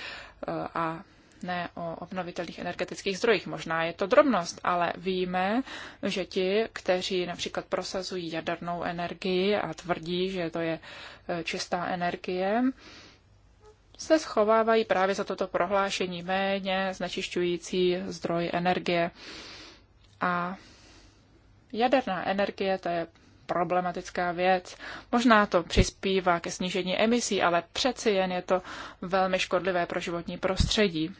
e, a ne o obnovitelných energetických zdrojích. Možná je to drobnost, ale víme, že ti, kteří například prosazují jadernou energii a tvrdí, že to je e, čistá energie, se schovávají právě za toto prohlášení méně znečišťující zdroj energie. A jaderná energie, to je problematická věc. Možná to přispívá ke snížení emisí, ale přeci jen je to velmi škodlivé pro životní prostředí.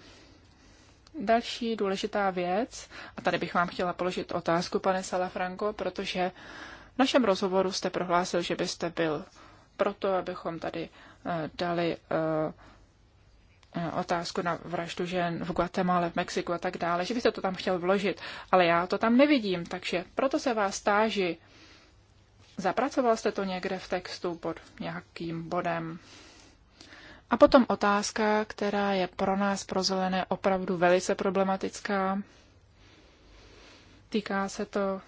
Další důležitá věc, a tady bych vám chtěla položit otázku, pane Salafranco, protože v našem rozhovoru jste prohlásil, že byste byl proto, abychom tady eh, dali eh, Eh, otázku na vraždu žen v Guatemala, v Mexiku a tak dále, že byste to tam chtěl vložit, ale já to tam nevidím, takže proto se vás stáži. Zapracoval jste to někde v textu pod nějakým bodem? A potom otázka, která je pro nás, pro zelené, opravdu velice problematická. Týká se to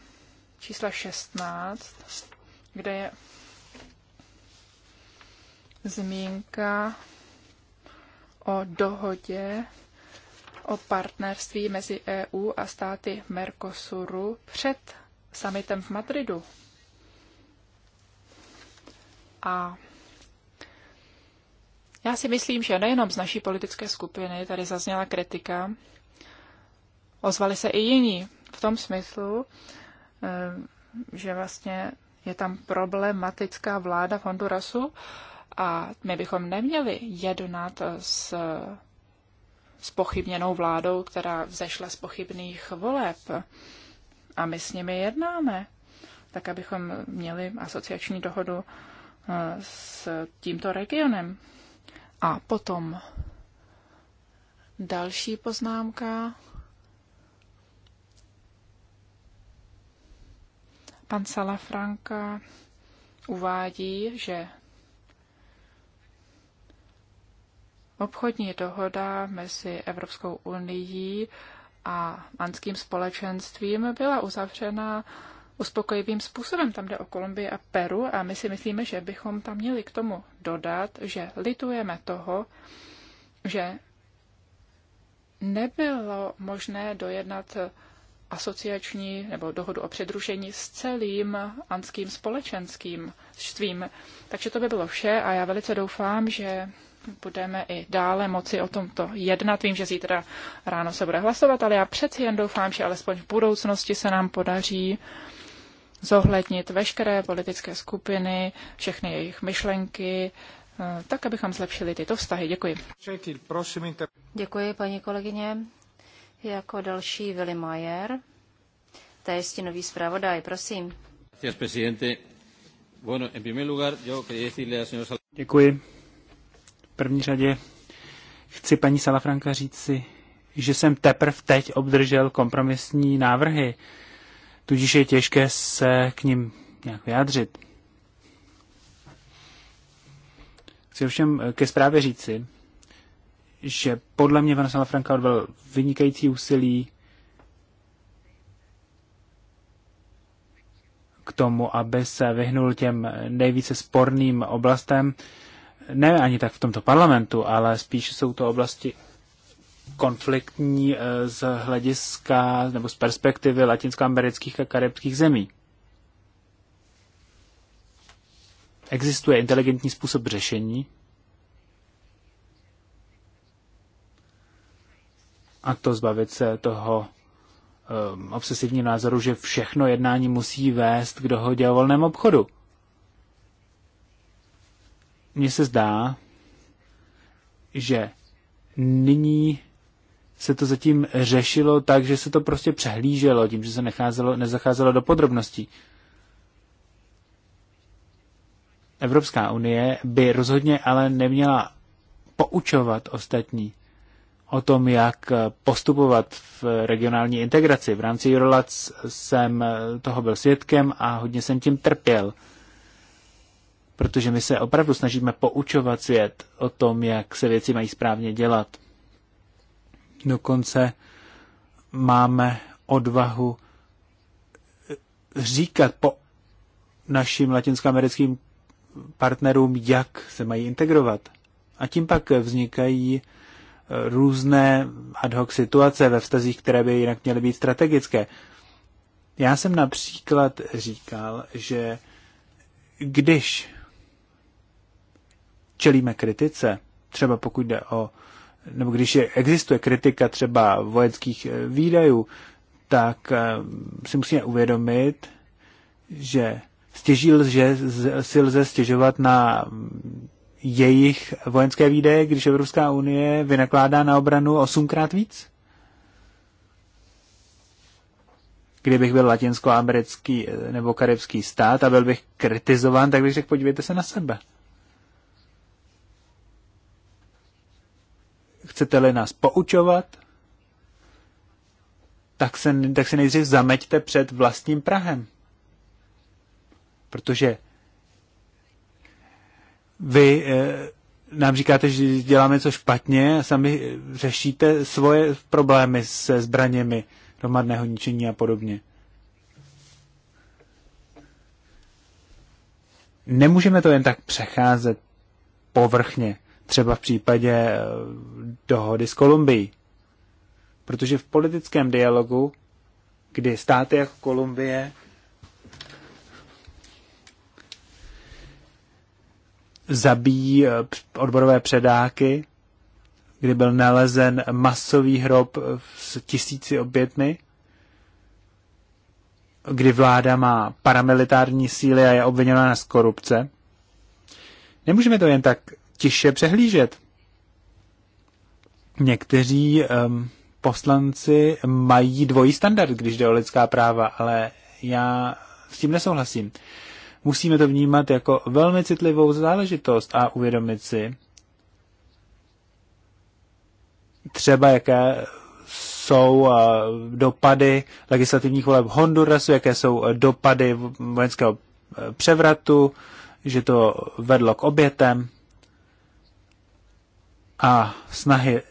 čísla 16, kde je zmínka o dohodě o partnerství mezi EU a státy Mercosuru před summitem v Madridu. A já si myslím, že nejenom z naší politické skupiny tady zazněla kritika, ozvali se i jiní v tom smyslu, eh, že vlastně je tam problematická vláda v Hondurasu a my bychom neměli jednat s s pochybněnou vládou, která vzešla z pochybných voleb. A my s nimi jednáme, tak abychom měli asociační dohodu eh, s tímto regionem. A potom další poznámka. Pan Salafranka uvádí, že Obchodní dohoda mezi Evropskou unii a manským společenstvím byla uzavřena uspokojivým způsobem. Tam jde o Kolumbii a Peru a my si myslíme, že bychom tam měli k tomu dodat, že litujeme toho, že nebylo možné dojednat asociační nebo dohodu o předrušení s celým anským společenským stvím, Takže to by bylo vše a já velice doufám, že budeme i dále moci o tomto jednat. Vím, že zítra ráno se bude hlasovat, ale já přeci jen doufám, že alespoň v budoucnosti se nám podaří zohlednit veškeré politické skupiny, všechny jejich myšlenky, eh, tak, abychom zlepšili tyto vztahy. Děkuji. Děkuji, paní kolegyně. Jako další Willy Mayer, to je nový zpravodaj, prosím. Děkuji. V první řadě chci paní Salafranka říct si, že jsem teprve teď obdržel kompromisní návrhy, tudíž je těžké se k ním nějak vyjádřit. Chci ovšem eh, ke zprávě říci, že podle mě pan Salafranka odvedl vynikající úsilí k tomu, aby se vyhnul těm nejvíce sporným oblastem, ne ani tak v tomto parlamentu, ale spíše jsou to oblasti konfliktní eh, z hlediska nebo z perspektivy latinskoamerických a karibských zemí. Existuje inteligentní způsob řešení, a to zbavit se toho um, obsesivního názoru, že všechno jednání musí vést k dohodě o volném obchodu mně se zdá, že nyní se to zatím řešilo tak, že se to prostě přehlíželo tím, že se necházelo, nezacházelo do podrobností. Evropská unie by rozhodně ale neměla poučovat ostatní o tom, jak postupovat v regionální integraci. V rámci Eurolac jsem toho byl svědkem a hodně jsem tím trpěl protože my se opravdu snažíme poučovat svět o tom, jak se věci mají správně dělat. Dokonce máme odvahu říkat po našim latinskoamerickým partnerům, jak se mají integrovat. A tím pak vznikají eh, různé ad hoc situace ve vztazích, které by jinak měly být strategické. Já jsem například říkal, že když čelíme kritice, třeba pokud jde o, nebo když je, existuje kritika třeba vojenských eh, výdajů, tak eh, si musíme uvědomit, že stěží lze, si lze stěžovat na mm, jejich vojenské výdaje, když Evropská unie vynakládá na obranu osmkrát víc? Kdybych byl latinskoamerický eh, nebo karibský stát a byl bych kritizován, tak bych řekl, podívejte se na sebe. Chcete-li nás poučovat, tak se, tak se nejdřív zameďte před vlastním Prahem. Protože vy e, nám říkáte, že děláme co špatně a sami řešíte svoje problémy se zbraněmi hromadného ničení a podobně. Nemůžeme to jen tak přecházet povrchně třeba v případě eh, dohody s Kolumbií. Protože v politickém dialogu, kdy státy jako Kolumbie zabíjí eh, odborové předáky, kdy byl nalezen masový hrob eh, s tisíci obětmi, kdy vláda má paramilitární síly a je obviněna z korupce. Nemůžeme to jen tak tiše přehlížet. Někteří um, poslanci mají dvojí standard, když jde o lidská práva, ale já s tím nesouhlasím. Musíme to vnímat jako velmi citlivou záležitost a uvědomit si třeba jaké jsou eh, dopady legislativních voleb Hondurasu, jaké jsou eh, dopady vojenského eh, převratu, že to vedlo k obětem a snahy eh,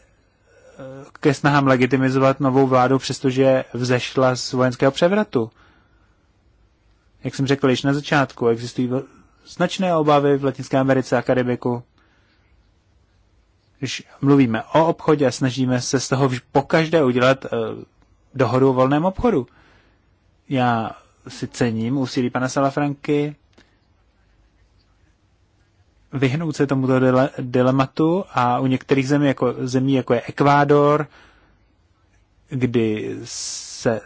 ke snahám legitimizovat novou vládu, přestože vzešla z vojenského převratu. Jak jsem řekl již na začátku, existují značné obavy v Latinské Americe a Karibiku. Když mluvíme o obchodě a snažíme se z toho pokaždé udělat eh, dohodu o volném obchodu. Já si cením úsilí pana Salafranky, vyhnout se tomuto dile dilematu a u některých zemí jako, zemí, jako je Ekvádor, kdy se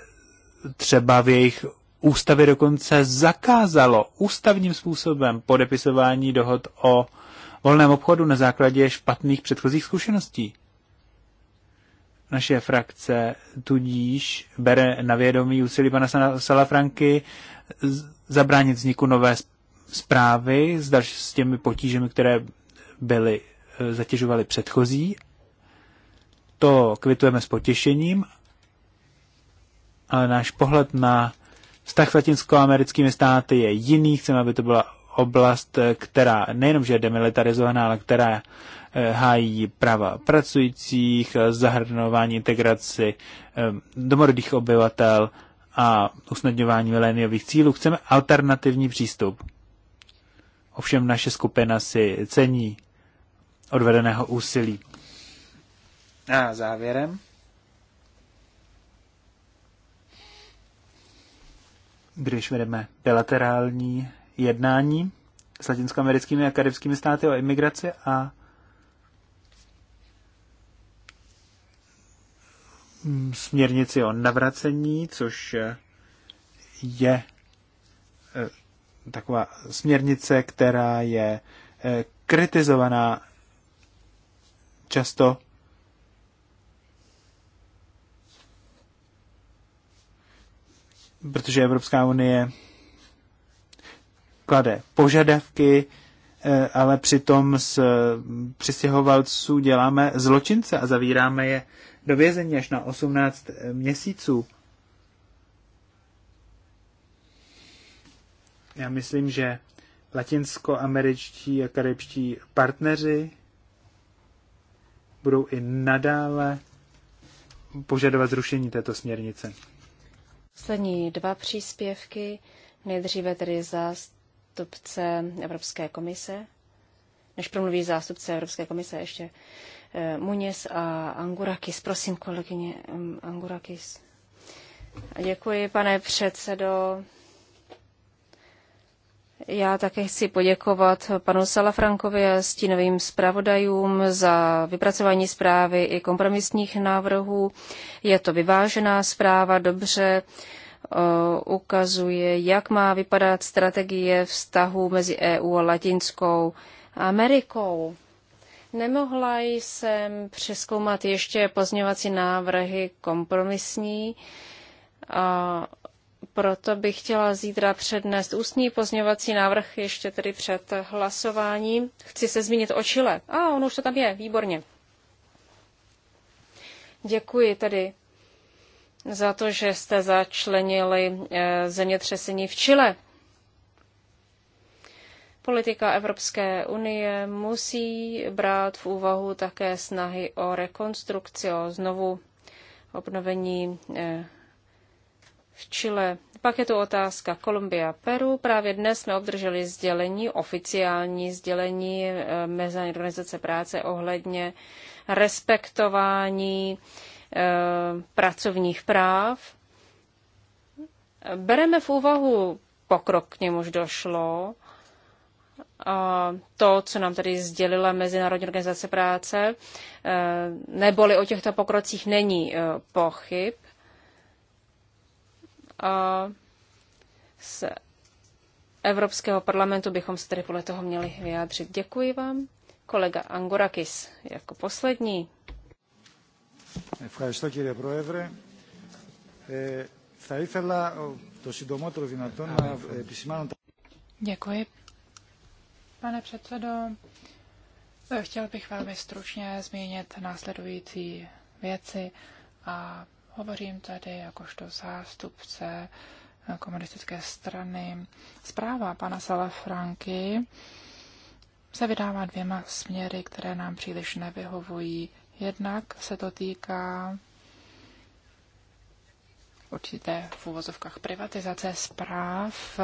třeba v jejich ústavě dokonce zakázalo ústavním způsobem podepisování dohod o volném obchodu na základě špatných předchozích zkušeností. Naše frakce tudíž bere na vědomí úsilí pana Salafranky zabránit vzniku nové zprávy s, s těmi potížemi, které byly, e, zatěžovaly předchozí. To kvitujeme s potěšením, ale náš pohled na vztah s latinskoamerickými státy je jiný. Chceme, aby to byla oblast, e, která nejenom, že je demilitarizovaná, ale která e, hájí práva pracujících, zahrnování integraci domorodých obyvatel a usnadňování mileniových cílů. Chceme alternativní přístup. Ovšem naše skupina si cení odvedeného úsilí. A závěrem. Když vedeme bilaterální jednání s latinskoamerickými a karibskými státy o imigraci a směrnici o navracení, což je eh, taková směrnice, která je eh, kritizovaná často protože Evropská unie klade požadavky, eh, ale přitom z eh, přistěhovalců děláme zločince a zavíráme je do vězení až na 18 měsíců. Já myslím, že latinskoameričtí a karibští partneři budou i nadále požadovat zrušení této směrnice. Poslední dva příspěvky, nejdříve tedy zástupce Evropské komise, než promluví zástupce Evropské komise ještě eh, Muněs a Angurakis. Prosím, kolegyně mm, Angurakis. Děkuji, pane předsedo. Já také chci poděkovat panu Salafrankovi a stínovým zpravodajům za vypracování zprávy i kompromisních návrhů. Je to vyvážená zpráva, dobře e, ukazuje, jak má vypadat strategie vztahu mezi EU a Latinskou Amerikou. Nemohla jsem přeskoumat ještě pozměňovací návrhy kompromisní, a proto bych chtěla zítra přednést ústní pozměňovací návrh ještě tedy před hlasováním. Chci se zmínit o Chile. A ah, ono už to tam je, výborně. Děkuji tedy za to, že jste začlenili eh, zemětřesení v Chile. Politika Evropské unie musí brát v úvahu také snahy o rekonstrukci, o znovu obnovení eh, v Chile. Pak je tu otázka Kolumbia Peru. Právě dnes jsme obdrželi sdělení, oficiální sdělení eh, Mezinárodní organizace práce ohledně respektování eh, pracovních práv. Bereme v úvahu pokrok, k němuž došlo, a to, co nám tady sdělila Mezinárodní organizace práce, eh, neboli o těchto pokrocích není pochyb z Evropského parlamentu bychom se tedy podle toho měli vyjádřit. Děkuji vám. Kolega Angorakis jako poslední. Ευχαριστώ κύριε Πρόεδρε. θα ήθελα το συντομότερο δυνατόν να επισημάνω τα... Děkuji. Pane předsedo, chtěl bych velmi stručně zmínit následující věci a Hovořím tady jakožto zástupce komunistické strany. Zpráva pana Franky se vydává dvěma směry, které nám příliš nevyhovují. Jednak se to týká určité v úvozovkách privatizace zpráv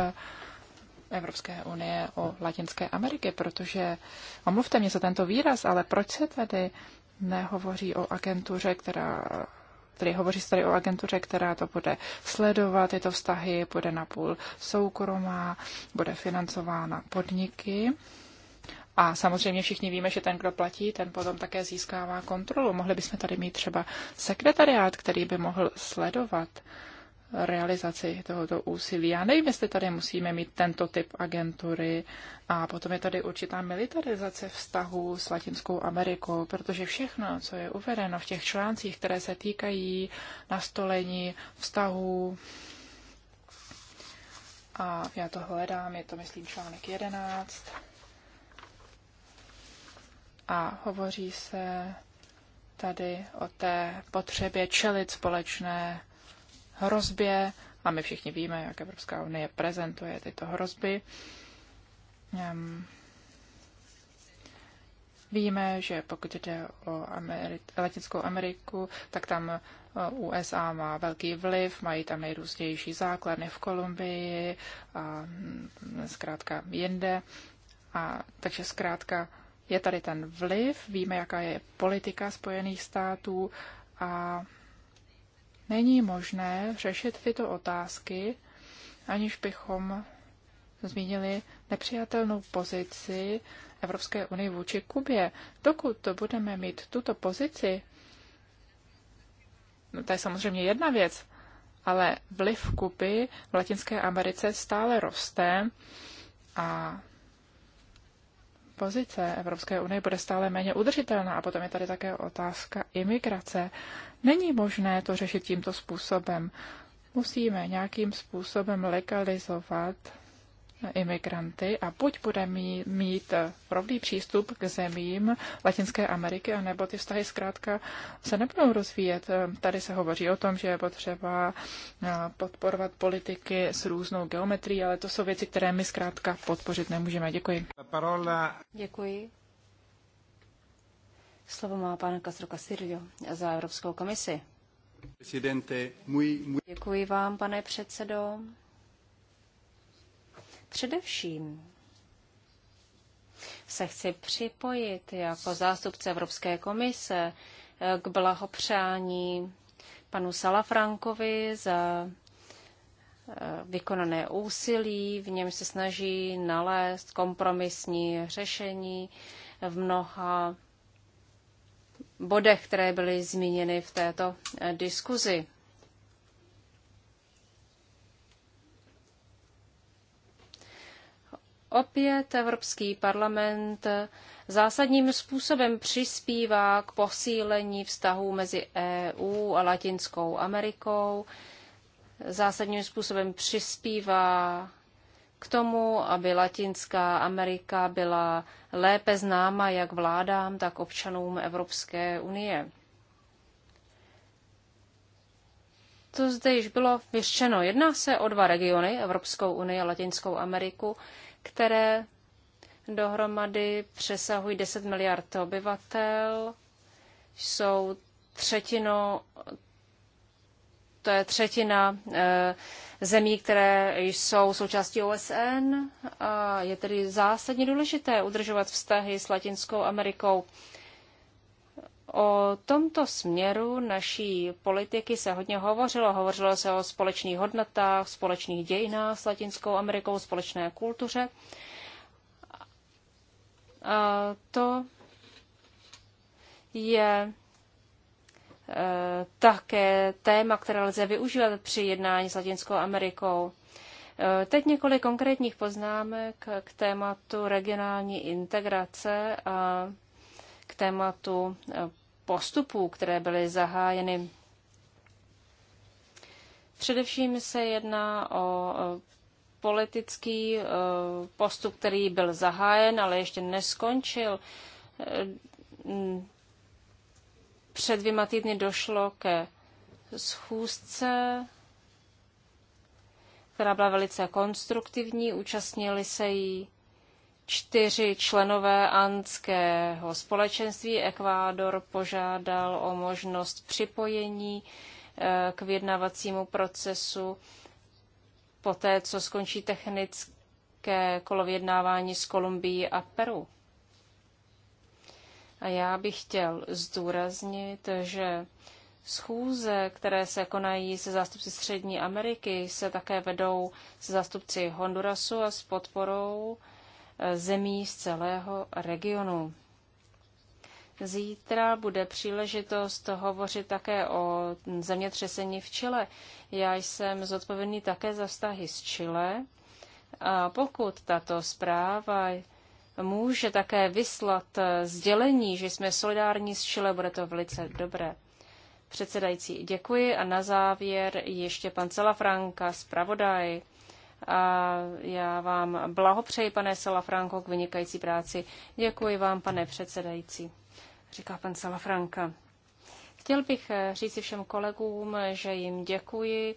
Evropské unie o Latinské Ameriky, protože, omluvte mě za tento výraz, ale proč se tady nehovoří o agentuře, která tedy hovoří se tady o agentuře, která to bude sledovat, tyto vztahy, bude napůl soukromá, bude financována podniky. A samozřejmě všichni víme, že ten, kdo platí, ten potom také získává kontrolu. Mohli bychom tady mít třeba sekretariát, který by mohl sledovat uh, realizaci tohoto úsilí. Já nevím, jestli tady musíme mít tento typ agentury a potom je tady určitá militarizace vztahu s Latinskou Amerikou, protože všechno, co je uvedeno v těch článcích, které se týkají nastolení vztahů, a já to hledám, je to myslím článek 11, a hovoří se tady o té potřebě čelit společné hrozbě a my všichni víme, jak Evropská unie prezentuje tyto hrozby. Ehm, víme, že pokud jde o Ameri- Latinskou Ameriku, tak tam e, USA má velký vliv, mají tam nejrůznější základny v Kolumbii a hm, zkrátka jinde. A, takže zkrátka je tady ten vliv, víme, jaká je politika Spojených států a Není možné řešit tyto otázky, aniž bychom zmínili nepřijatelnou pozici Evropské unie vůči Kubě. Dokud to budeme mít tuto pozici, no to je samozřejmě jedna věc, ale vliv Kuby v Latinské Americe stále roste a pozice Evropské unie bude stále méně udržitelná. A potom je tady také otázka imigrace. Není možné to řešit tímto způsobem. Musíme nějakým způsobem legalizovat imigranty a buď bude mít, mít rovný přístup k zemím Latinské Ameriky, anebo ty vztahy zkrátka se nebudou rozvíjet. Tady se hovoří o tom, že je potřeba eh, podporovat politiky s různou geometrií, ale to jsou věci, které my zkrátka podpořit nemůžeme. Děkuji. Děkuji. Slovo má pan Castro Castillo za Evropskou komisi. Děkuji vám, pane předsedo. Především se chci připojit jako zástupce Evropské komise k blahopřání panu Salafrankovi za eh, vykonané úsilí, v něm se snaží nalézt kompromisní řešení v mnoha bodech, které byly zmíněny v této eh, diskuzi. Opět Evropský parlament eh, zásadním způsobem přispívá k posílení vztahů mezi EU a Latinskou Amerikou, zásadním způsobem přispívá k tomu, aby Latinská Amerika byla lépe známa jak vládám, tak občanům Evropské unie. To zde již bylo vyřčeno. Jedná se o dva regiony, Evropskou unii a Latinskou Ameriku, které dohromady přesahují 10 miliard obyvatel, jsou třetino, to je třetina eh, zemí, které jsou součástí OSN a je tedy zásadně důležité udržovat vztahy s Latinskou Amerikou. O tomto směru naší politiky se hodně hovořilo. Hovořilo se o společných hodnotách, společných dějinách s Latinskou Amerikou, společné kultuře. A to je Eh, také téma, které lze využívat při jednání s Latinskou Amerikou. Eh, teď několik konkrétních poznámek k tématu regionální integrace a k tématu eh, postupů, které byly zahájeny. Především se jedná o politický postup, který byl zahájen, ale ještě neskončil. Před dvěma týdny došlo ke schůzce, která byla velice konstruktivní. Účastnili se jí čtyři členové andského společenství. Ekvádor požádal o možnost připojení eh, k vyjednavacímu procesu poté, co skončí technické kolo vyjednávání s Kolumbií a Peru. A já bych chtěl zdůraznit, že schůze, které se konají se zástupci Střední Ameriky, se také vedou se zástupci Hondurasu a s podporou eh, zemí z celého regionu. Zítra bude příležitost hovořit také o zemětřesení v Chile. Já jsem zodpovědný také za vztahy s Chile. A pokud tato zpráva může také vyslat eh, sdělení, že jsme solidární s Chile, bude to velice dobré. Předsedající, děkuji a na závěr ještě pan Celafranka, zpravodaj. A já vám blahopřeji, pane Salafranko, k vynikající práci. Děkuji vám, pane předsedající, říká pan Salafranka. Chtěl bych eh, říci všem kolegům, že jim děkuji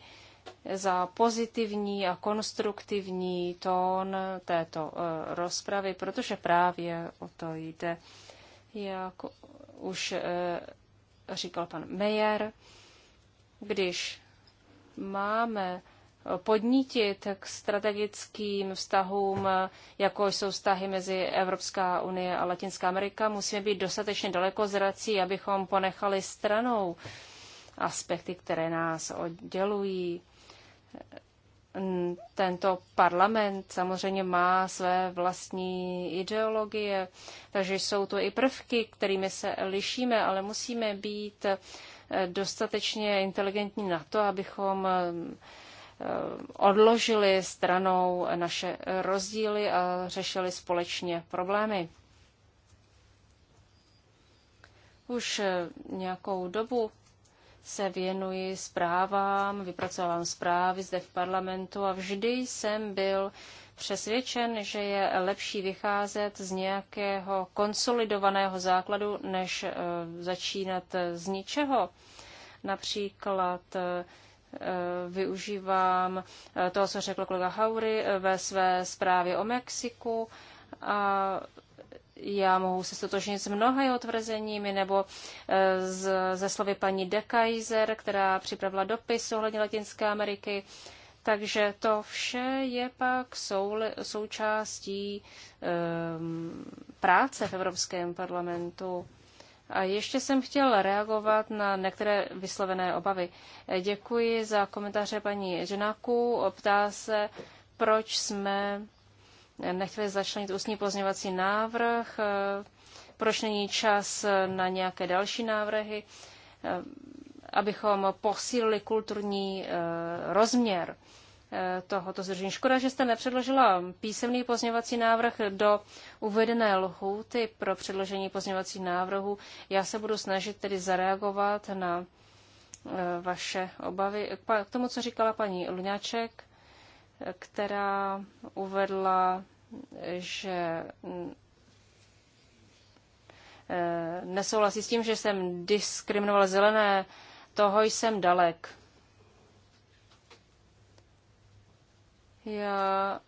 za pozitivní a konstruktivní tón této e, rozpravy, protože právě o to jde, jak už e, říkal pan Meyer, když máme podnítit k strategickým vztahům, jako jsou vztahy mezi Evropská unie a Latinská Amerika, musíme být dostatečně daleko zrací, abychom ponechali stranou aspekty, které nás oddělují tento parlament samozřejmě má své vlastní ideologie, takže jsou to i prvky, kterými se lišíme, ale musíme být eh, dostatečně inteligentní na to, abychom eh, odložili stranou naše rozdíly a řešili společně problémy. Už eh, nějakou dobu se věnuji zprávám, vypracovávám zprávy zde v parlamentu a vždy jsem byl přesvědčen, že je lepší vycházet z nějakého konsolidovaného základu, než e, začínat z ničeho. Například e, využívám e, toho, co řekl kolega Haury ve své zprávě o Mexiku a já mohu se stotožnit s mnoha jeho tvrzeními, nebo e, z, ze slovy paní De Kaiser, která připravila dopis ohledně Latinské Ameriky. Takže to vše je pak sou, součástí um, práce v Evropském parlamentu. A ještě jsem chtěl reagovat na některé vyslovené obavy. E, děkuji za komentáře paní Ženáku. Ptá se, proč jsme nechtěli začlenit ústní pozměňovací návrh, eh, proč není čas eh, na nějaké další návrhy, eh, abychom posílili kulturní rozměr tohoto zdržení Škoda, že jste nepředložila písemný pozměňovací návrh do uvedené lhůty pro předložení pozměňovacích návrhů. Já se budu snažit tedy zareagovat na vaše obavy. K tomu, co říkala paní Lňáček, která uvedla, že eh, nesouhlasí s tím, že jsem diskriminoval zelené, toho jsem dalek. Já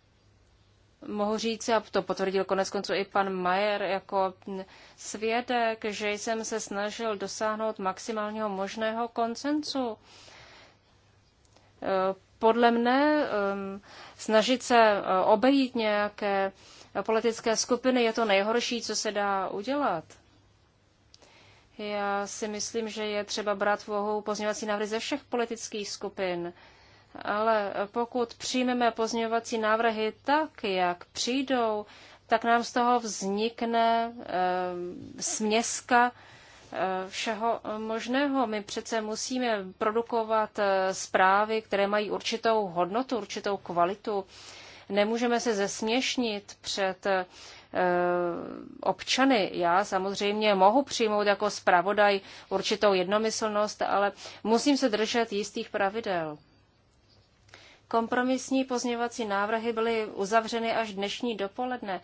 mohu říct, a to potvrdil konec konců i pan Majer jako svědek, že jsem se snažil dosáhnout maximálního možného koncensu eh, podle mne um, snažit se uh, obejít nějaké politické skupiny je to nejhorší, co se dá udělat. Já si myslím, že je třeba brát v úvahu pozměňovací návrhy ze všech politických skupin. Ale pokud přijmeme pozměňovací návrhy tak, jak přijdou, tak nám z toho vznikne e, směska Eh, všeho možného. My přece musíme produkovat eh, zprávy, které mají určitou hodnotu, určitou kvalitu. Nemůžeme se zesměšnit před eh, občany. Já samozřejmě mohu přijmout jako zpravodaj určitou jednomyslnost, ale musím se držet jistých pravidel. Kompromisní pozměňovací návrhy byly uzavřeny až dnešní dopoledne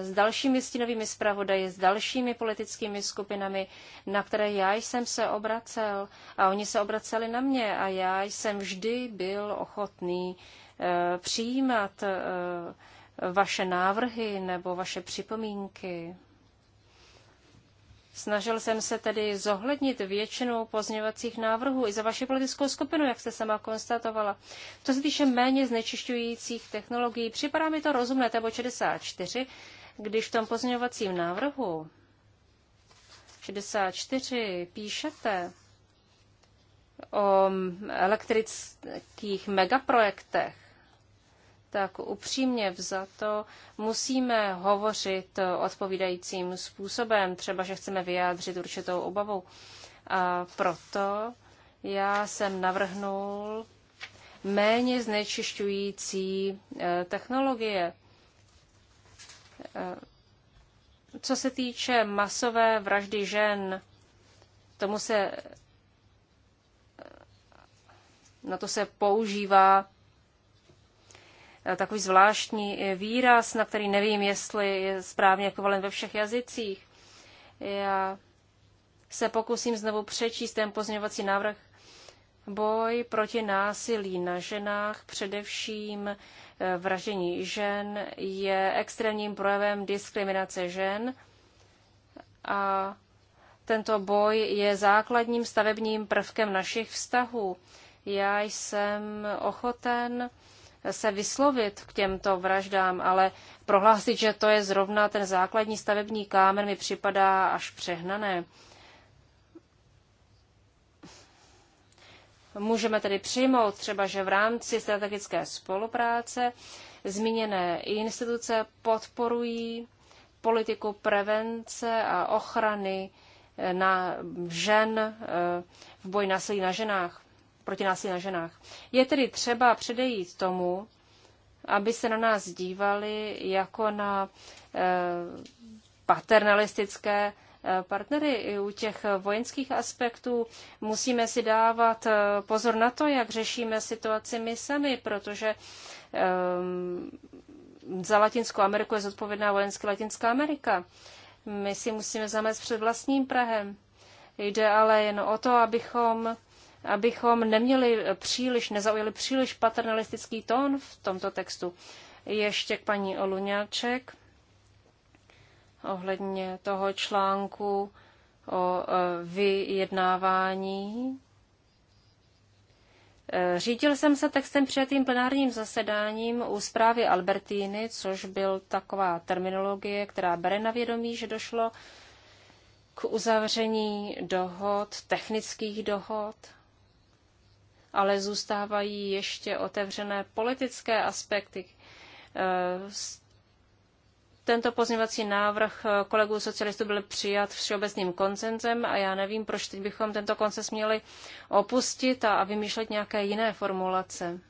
s dalšími stínovými zpravodaji, s dalšími politickými skupinami, na které já jsem se obracel a oni se obraceli na mě a já jsem vždy byl ochotný e, přijímat e, vaše návrhy nebo vaše připomínky. Snažil jsem se tedy zohlednit většinu pozměňovacích návrhů i za vaši politickou skupinu, jak jste sama konstatovala. Co se týče méně znečišťujících technologií, připadá mi to rozumné, nebo 64, když v tom pozměňovacím návrhu 64 píšete o elektrických megaprojektech, tak upřímně vzato musíme hovořit odpovídajícím způsobem, třeba že chceme vyjádřit určitou obavu. A proto já jsem navrhnul méně znečišťující eh, technologie. Eh, co se týče masové vraždy žen, tomu se, eh, na to se používá Eh, takový zvláštní eh, výraz, na který nevím, jestli je správně ekvivalent ve všech jazycích. Já se pokusím znovu přečíst ten pozměňovací návrh. Boj proti násilí na ženách, především eh, vražení žen, je extrémním projevem diskriminace žen a tento boj je základním stavebním prvkem našich vztahů. Já jsem ochoten se vyslovit k těmto vraždám, ale prohlásit, že to je zrovna ten základní stavební kámen, mi připadá až přehnané. Můžeme tedy přijmout třeba, že v rámci strategické spolupráce zmíněné instituce podporují politiku prevence a ochrany eh, na žen eh, v boji násilí na ženách proti násilí na ženách. Je tedy třeba předejít tomu, aby se na nás dívali jako na eh, paternalistické eh, partnery i u těch vojenských aspektů. Musíme si dávat eh, pozor na to, jak řešíme situaci my sami, protože ehm, za Latinskou Ameriku je zodpovědná vojenská Latinská Amerika. My si musíme zamést před vlastním Prahem. Jde ale jen o to, abychom abychom neměli příliš, nezaujali příliš paternalistický tón v tomto textu. Ještě k paní Oluňáček ohledně toho článku o e, vyjednávání. E, řídil jsem se textem přijatým plenárním zasedáním u zprávy Albertíny, což byl taková terminologie, která bere na vědomí, že došlo k uzavření dohod, technických dohod ale zůstávají ještě otevřené politické aspekty. Eh, tento pozměňovací návrh kolegů socialistů byl přijat všeobecným koncenzem a já nevím, proč teď bychom tento koncens měli opustit a vymýšlet nějaké jiné formulace.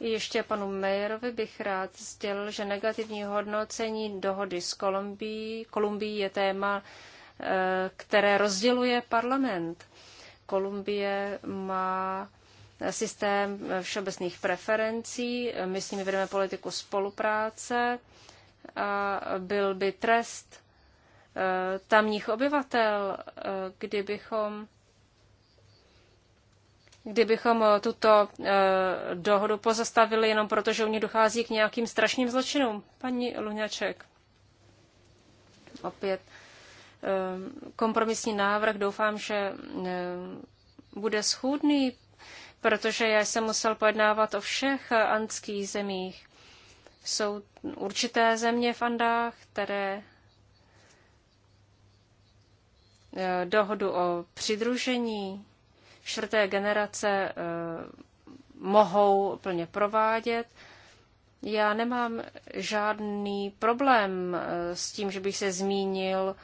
Ještě panu Mayerovi bych rád sdělil, že negativní hodnocení dohody s Kolumbií, Kolumbií je téma, Eh, které rozděluje parlament. Kolumbie má systém všeobecných preferencí, my s nimi vedeme politiku spolupráce a byl by trest eh, tamních obyvatel, eh, kdybychom kdybychom tuto dohodu pozastavili jenom proto, že u ní dochází k nějakým strašným zločinům. Paní Luňaček, opět Ehm, kompromisní návrh. Doufám, že ehm, bude schůdný, protože já jsem musel pojednávat o všech andských zemích. Jsou určité země v Andách, které ehm, dohodu o přidružení čtvrté generace mohou plně provádět. Já nemám žádný problém s tím, že bych se zmínil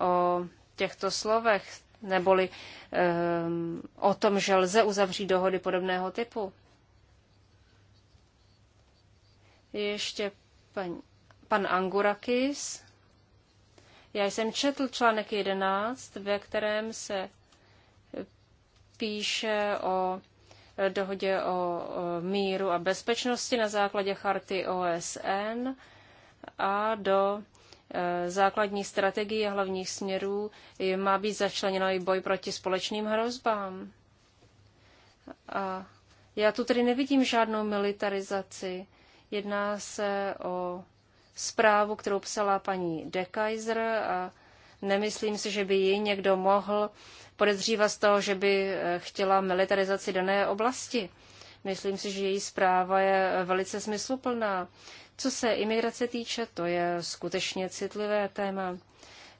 o těchto slovech, neboli um, o tom, že lze uzavřít dohody podobného typu. Ještě pan, pan Angurakis. Já jsem četl článek 11, ve kterém se píše o dohodě o míru a bezpečnosti na základě charty OSN a do Eh, základní strategii a hlavních směrů má být začleněno i boj proti společným hrozbám. A já tu tedy nevidím žádnou militarizaci. Jedná se o zprávu, kterou psala paní De Kaiser a nemyslím si, že by ji někdo mohl podezřívat z toho, že by eh, chtěla militarizaci dané oblasti. Myslím si, že její zpráva je velice smysluplná. Co se imigrace týče, to je skutečně citlivé téma.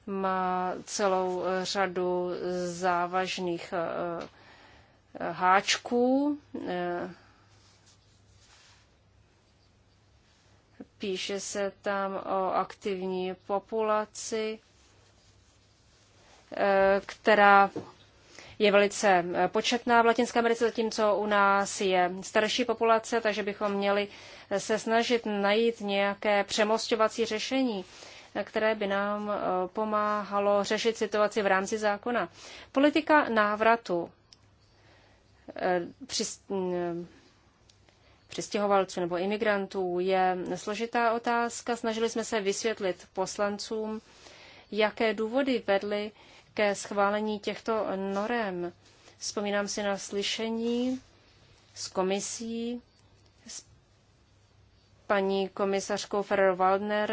Má celou řadu závažných eh, háčků. Eh, píše se tam o aktivní populaci, eh, která je velice eh, početná v Latinské Americe, zatímco u nás je starší populace, takže bychom měli eh, se snažit najít nějaké přemostovací řešení eh, které by nám pomáhalo řešit situaci v rámci zákona. Politika návratu mm, přistěhovalců nebo imigrantů je složitá otázka. Snažili jsme se vysvětlit poslancům, jaké důvody vedly ke schválení těchto norem. Vzpomínám si na slyšení s komisí, s paní komisařkou Ferrer-Waldner,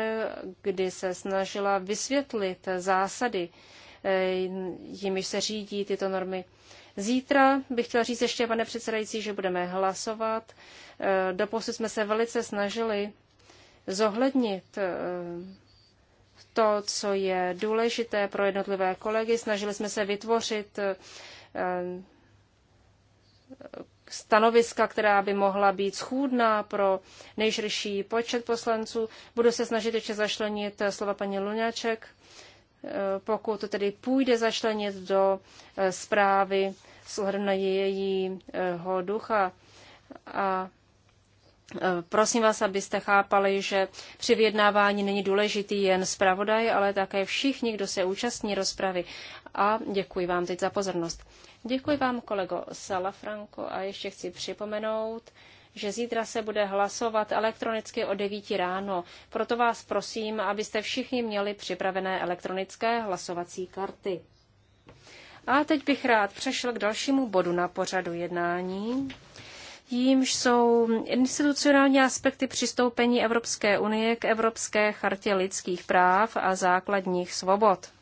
kdy se snažila vysvětlit zásady, eh, jimiž se řídí tyto normy. Zítra bych chtěla říct ještě, pane předsedající, že budeme hlasovat. Eh, Doposud jsme se velice snažili zohlednit eh, to, co je důležité pro jednotlivé kolegy. Snažili jsme se vytvořit eh, stanoviska, která by mohla být schůdná pro nejširší počet poslanců. Budu se snažit ještě zašlenit slova paní Luňáček, eh, pokud to tedy půjde zašlenit do eh, zprávy s ohledem na jejího ducha. A Prosím vás, abyste chápali, že při vyjednávání není důležitý jen zpravodaj, ale také všichni, kdo se účastní rozpravy. A děkuji vám teď za pozornost. Děkuji vám, kolego Salafranko, a ještě chci připomenout, že zítra se bude hlasovat elektronicky o 9 ráno. Proto vás prosím, abyste všichni měli připravené elektronické hlasovací karty. A teď bych rád přešel k dalšímu bodu na pořadu jednání jímž jsou institucionální aspekty přistoupení Evropské unie k Evropské chartě lidských práv a základních svobod.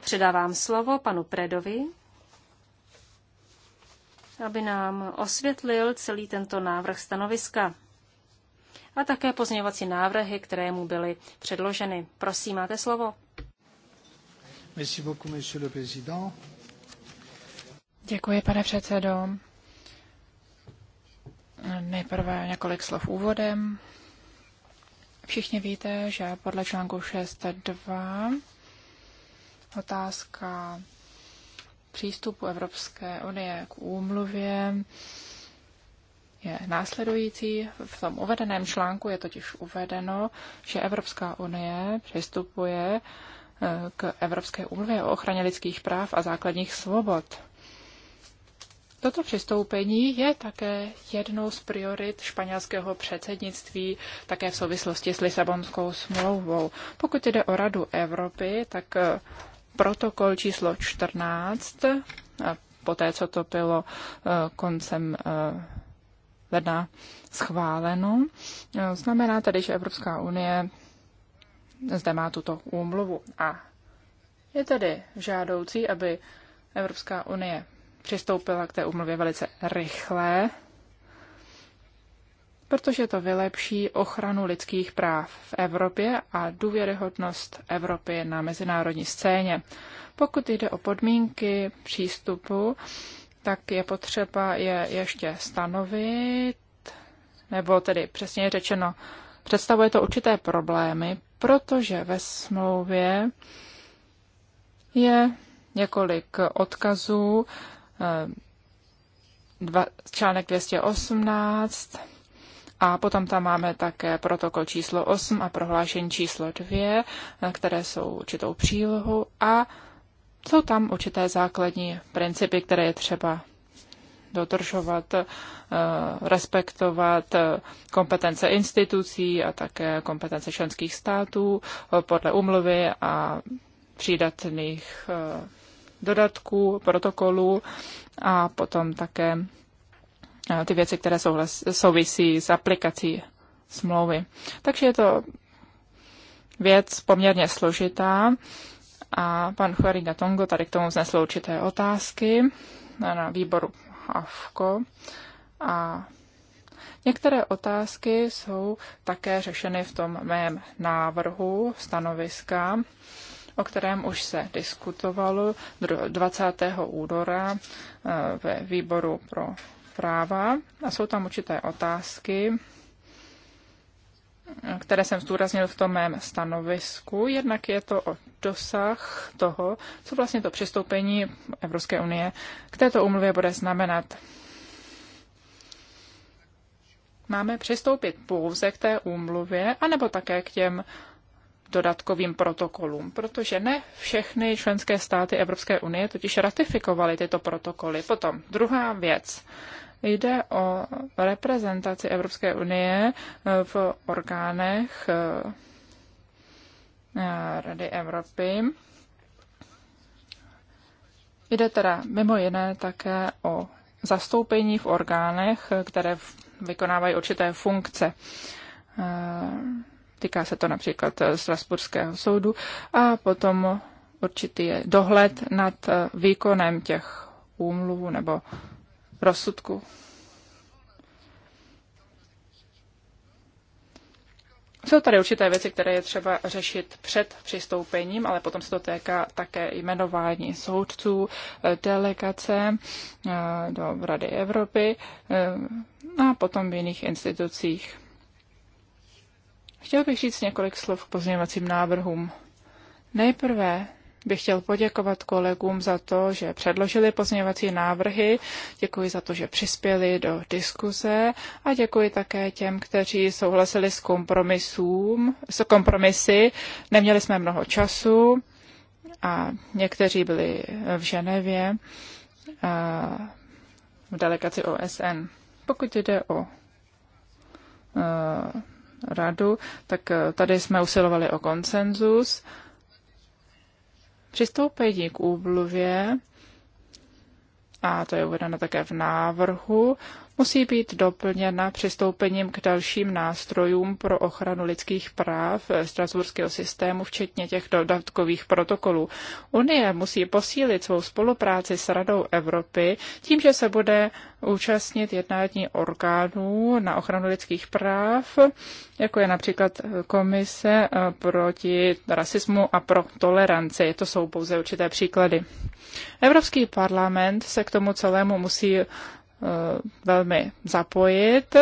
Předávám slovo panu Predovi, aby nám osvětlil celý tento návrh stanoviska a také pozměňovací návrhy, které mu byly předloženy. Prosím, máte slovo. Děkuji, pane předsedo. Nejprve několik slov úvodem. Všichni víte, že podle článku 6.2 otázka přístupu Evropské unie k úmluvě je následující. V tom uvedeném článku je totiž uvedeno, že Evropská unie přistupuje k Evropské úmluvě o ochraně lidských práv a základních svobod. Toto přistoupení je také jednou z priorit španělského předsednictví, také v souvislosti s Lisabonskou smlouvou. Pokud jde o Radu Evropy, tak eh, protokol číslo 14, po té, co to bylo eh, koncem eh, ledna schváleno, znamená tedy, že Evropská unie zde má tuto úmluvu. A je tedy žádoucí, aby Evropská unie přistoupila k té úmluvě velice rychle, protože to vylepší ochranu lidských práv v Evropě a důvěryhodnost Evropy na mezinárodní scéně. Pokud jde o podmínky přístupu, tak je potřeba je ještě stanovit, nebo tedy přesně řečeno, představuje to určité problémy protože ve smlouvě je několik odkazů, eh, dva, článek 218 a potom tam máme také protokol číslo 8 a prohlášení číslo 2, eh, které jsou určitou přílohu a jsou tam určité základní principy, které je třeba dodržovat, eh, respektovat eh, kompetence institucí a také kompetence členských států eh, podle umluvy a přídatných dodatků, protokolů a potom také ty věci, které souvisí s aplikací smlouvy. Takže je to věc poměrně složitá a pan Chuarida Tongo tady k tomu vznesl určité otázky na výboru AFKO a Některé otázky jsou také řešeny v tom mém návrhu stanoviska, o kterém už se diskutovalo 20. února eh, ve výboru pro práva a jsou tam určité otázky, které jsem zdůraznil v tom mém stanovisku. Jednak je to o dosah toho, co vlastně to přistoupení Evropské unie k této umluvě bude znamenat. Máme přistoupit pouze k té úmluvě, anebo také k těm dodatkovým protokolům, protože ne všechny členské státy Evropské unie totiž ratifikovaly tyto protokoly. Potom druhá věc. Jde o reprezentaci Evropské unie eh, v orgánech eh, eh, Rady Evropy. Jde teda mimo jiné také o zastoupení v orgánech, které vykonávají určité funkce. Týká se to například Strasburského soudu a potom určitý je dohled nad výkonem těch úmluvů nebo rozsudku. Jsou tady určité věci, které je třeba řešit před přistoupením, ale potom se to týká také jmenování soudců, eh, delegace eh, do Rady Evropy eh, a potom v jiných institucích. Chtěl bych říct několik slov k pozměňovacím návrhům. Nejprve bych chtěl poděkovat kolegům za to, že předložili pozměňovací návrhy, děkuji za to, že přispěli do diskuze a děkuji také těm, kteří souhlasili s, kompromisům, s kompromisy. Neměli jsme mnoho času a někteří byli v Ženevě v delegaci OSN. Pokud jde o e, radu, tak e, tady jsme usilovali o konsenzus přistoupení k úmluvě, a to je uvedeno také v návrhu, musí být doplněna přistoupením k dalším nástrojům pro ochranu lidských práv e, strasburského systému, včetně těch dodatkových protokolů. Unie musí posílit svou spolupráci s Radou Evropy tím, že se bude účastnit jednání orgánů na ochranu lidských práv, jako je například Komise e, proti rasismu a pro toleranci. To jsou pouze určité příklady. Evropský parlament se k tomu celému musí Eh, velmi zapojit,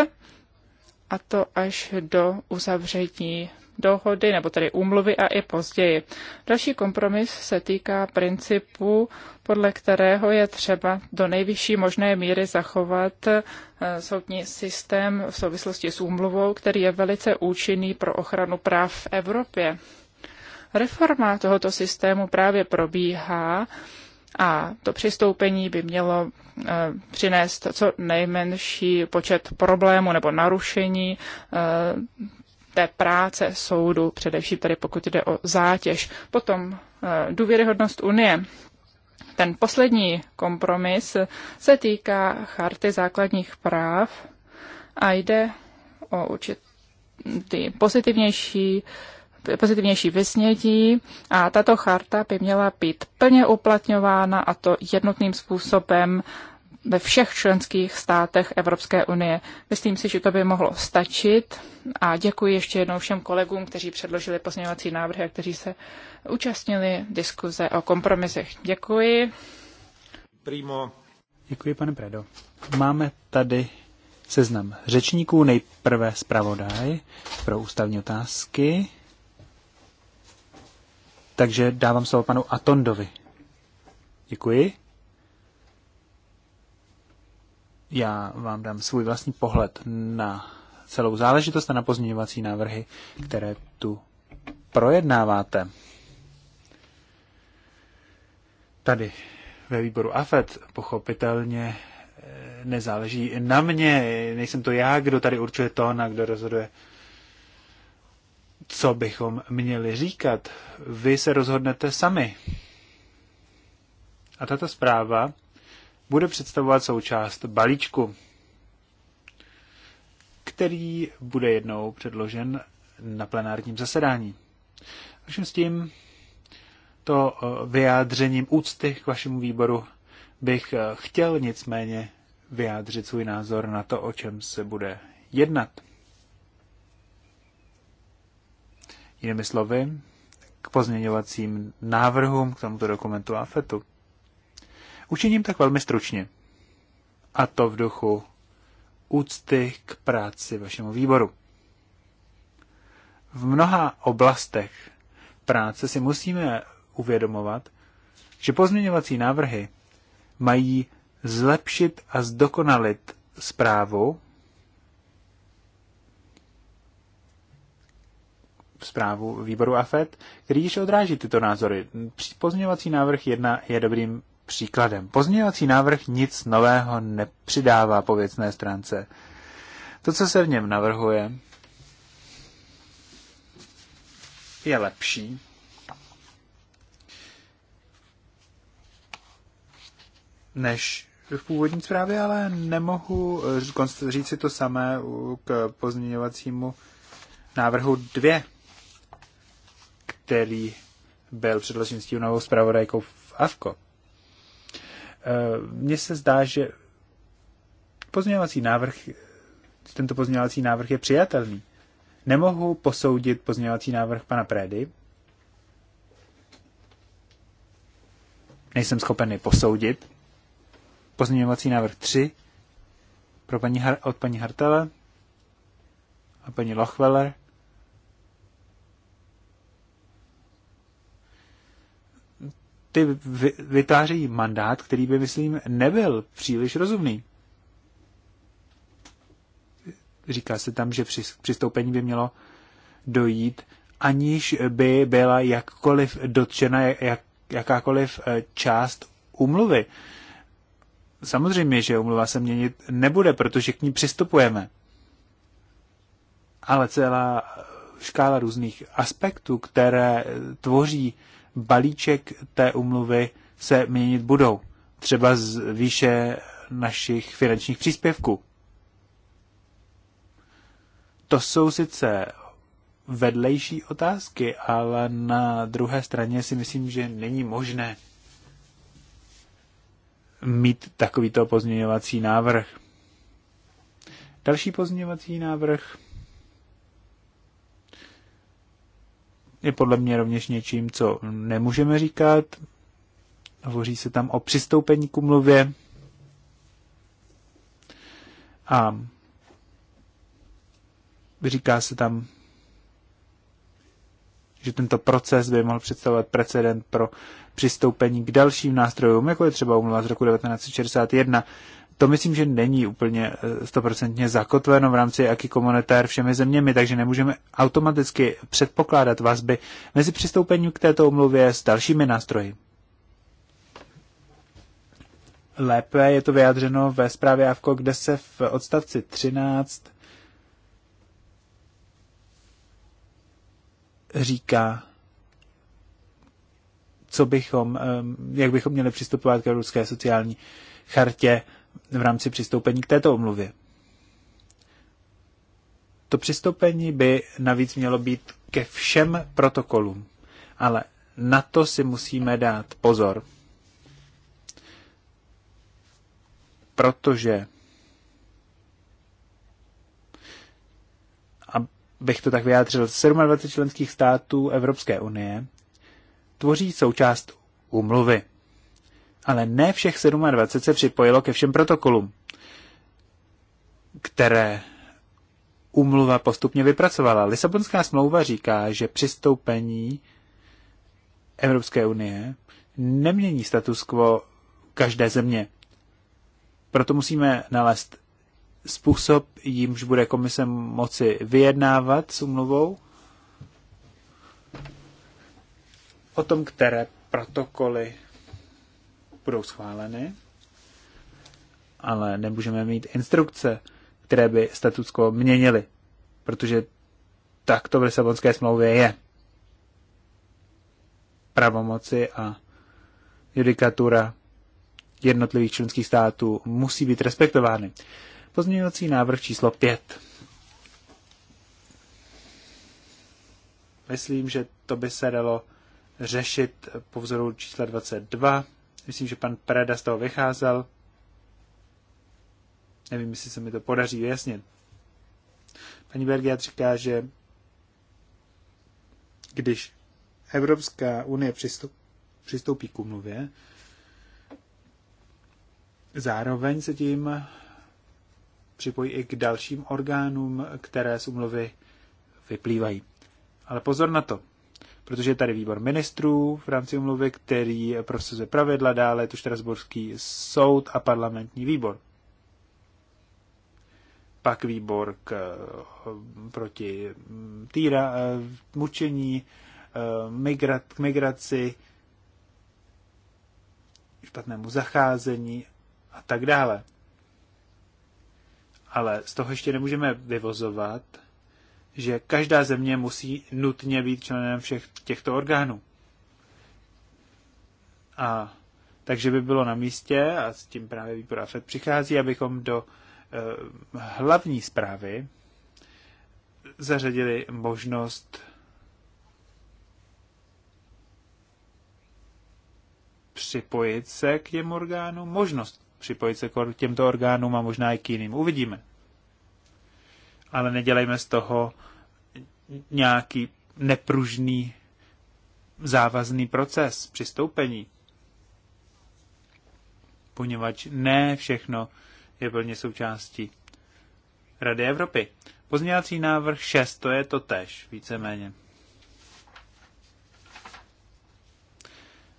a to až do uzavření dohody, nebo tedy úmluvy a i později. Další kompromis se týká principu, podle kterého je třeba do nejvyšší možné míry zachovat eh, soudní systém v souvislosti s úmluvou, který je velice účinný pro ochranu práv v Evropě. Reforma tohoto systému právě probíhá a to přistoupení by mělo eh, přinést co nejmenší počet problémů nebo narušení eh, té práce soudu, především tady pokud jde o zátěž. Potom eh, důvěryhodnost Unie. Ten poslední kompromis se týká charty základních práv a jde o určitý pozitivnější uh, pozitivnější vysnětí a tato charta by měla být plně uplatňována a to jednotným způsobem ve všech členských státech Evropské unie. Myslím si, že to by mohlo stačit a děkuji ještě jednou všem kolegům, kteří předložili pozměňovací návrhy a kteří se účastnili diskuze o kompromisech. Děkuji. Primo. Děkuji, pane Predo. Máme tady seznam řečníků. Nejprve zpravodaj pro ústavní otázky. Takže dávám slovo panu Atondovi. Děkuji. Já vám dám svůj vlastní pohled na celou záležitost a na pozměňovací návrhy, které tu projednáváte. Tady ve výboru AFET pochopitelně eh, nezáleží na mě, nejsem to já, kdo tady určuje tón na kdo rozhoduje co bychom měli říkat. Vy se rozhodnete sami. A tato zpráva bude představovat součást balíčku, který bude jednou předložen na plenárním zasedání. Všem s tím, to eh, vyjádřením úcty k vašemu výboru bych eh, chtěl nicméně vyjádřit svůj názor na to, o čem se bude jednat. Jinými slovy, k pozměňovacím návrhům k tomuto dokumentu AFETu. Učiním tak velmi stručně. A to v duchu úcty k práci vašemu výboru. V mnoha oblastech práce si musíme uvědomovat, že pozměňovací návrhy mají zlepšit a zdokonalit zprávu zprávu výboru AFET, který již odráží tyto názory. Pozměňovací návrh 1 je dobrým příkladem. Pozměňovací návrh nic nového nepřidává po věcné stránce. To, co se v něm navrhuje, je lepší. než v původní zprávě, ale nemohu eh, říct si to samé k pozměňovacímu návrhu dvě který byl předložen s tím novou zpravodajkou v AVKO. E, mně se zdá, že pozměňovací návrh, tento pozměňovací návrh je přijatelný. Nemohu posoudit pozměňovací návrh pana Prédy. Nejsem schopen je posoudit. Pozměňovací návrh 3 pro paní, od paní Hartele a paní Lochweller ty vytvářejí mandát, který by, myslím, nebyl příliš rozumný. Říká se tam, že přistoupení by mělo dojít, aniž by byla jakkoliv dotčena jak, jakákoliv eh, část umluvy. Samozřejmě, že umluva se měnit nebude, protože k ní přistupujeme. Ale celá škála různých aspektů, které tvoří balíček té umluvy se měnit budou. Třeba z výše našich finančních příspěvků. To jsou sice vedlejší otázky, ale na druhé straně si myslím, že není možné mít takovýto pozměňovací návrh. Další pozměňovací návrh je podle mě rovněž něčím, co nemůžeme říkat. Hovoří se tam o přistoupení k umluvě. A říká se tam, že tento proces by mohl představovat precedent pro přistoupení k dalším nástrojům, jako je třeba umluva z roku 1961 to myslím, že není úplně eh, stoprocentně zakotveno v rámci jaký komunitér všemi zeměmi, takže nemůžeme automaticky předpokládat vazby mezi přistoupením k této umluvě s dalšími nástroji. Lépe je to vyjádřeno ve zprávě AVKO, kde se v odstavci 13 říká, co bychom, eh, jak bychom měli přistupovat k Evropské sociální chartě v rámci přistoupení k této omluvě. To přistoupení by navíc mělo být ke všem protokolům, ale na to si musíme dát pozor, protože abych to tak vyjádřil, 27 členských států Evropské unie tvoří součást úmluvy ale ne všech 27 se připojilo ke všem protokolům, které umluva postupně vypracovala. Lisabonská smlouva říká, že přistoupení Evropské unie nemění status quo každé země. Proto musíme nalézt způsob, jímž bude komise moci vyjednávat s umluvou o tom, které protokoly budou schváleny, ale nemůžeme mít instrukce, které by statutsko měnily, protože tak to v Lisabonské smlouvě je. Pravomoci a judikatura jednotlivých členských států musí být respektovány. Pozměňovací návrh číslo 5. Myslím, že to by se dalo řešit po vzoru čísla 22 Myslím, že pan Preda z toho vycházel. Nevím, jestli se mi to podaří vyjasnit. Paní Bergiat říká, že když Evropská unie přistoupí k umluvě, zároveň se tím připojí i k dalším orgánům, které z umluvy vyplývají. Ale pozor na to protože je tady výbor ministrů v rámci umluvy, který prosazuje pravidla, dále je to Štrasburský soud a parlamentní výbor. Pak výbor k, eh, proti mm, týra, eh, mučení, eh, migrat, k migraci, špatnému zacházení a tak dále. Ale z toho ještě nemůžeme vyvozovat, že každá země musí nutně být členem všech těchto orgánů. A takže by bylo na místě, a s tím právě výbor AFED přichází, abychom do e, hlavní zprávy zařadili možnost připojit se k těm orgánům, možnost připojit se k těmto orgánům a možná i k jiným. Uvidíme ale nedělejme z toho nějaký nepružný závazný proces přistoupení, poněvadž ne všechno je plně součástí Rady Evropy. Pozměňovací návrh 6, to je to tež, víceméně.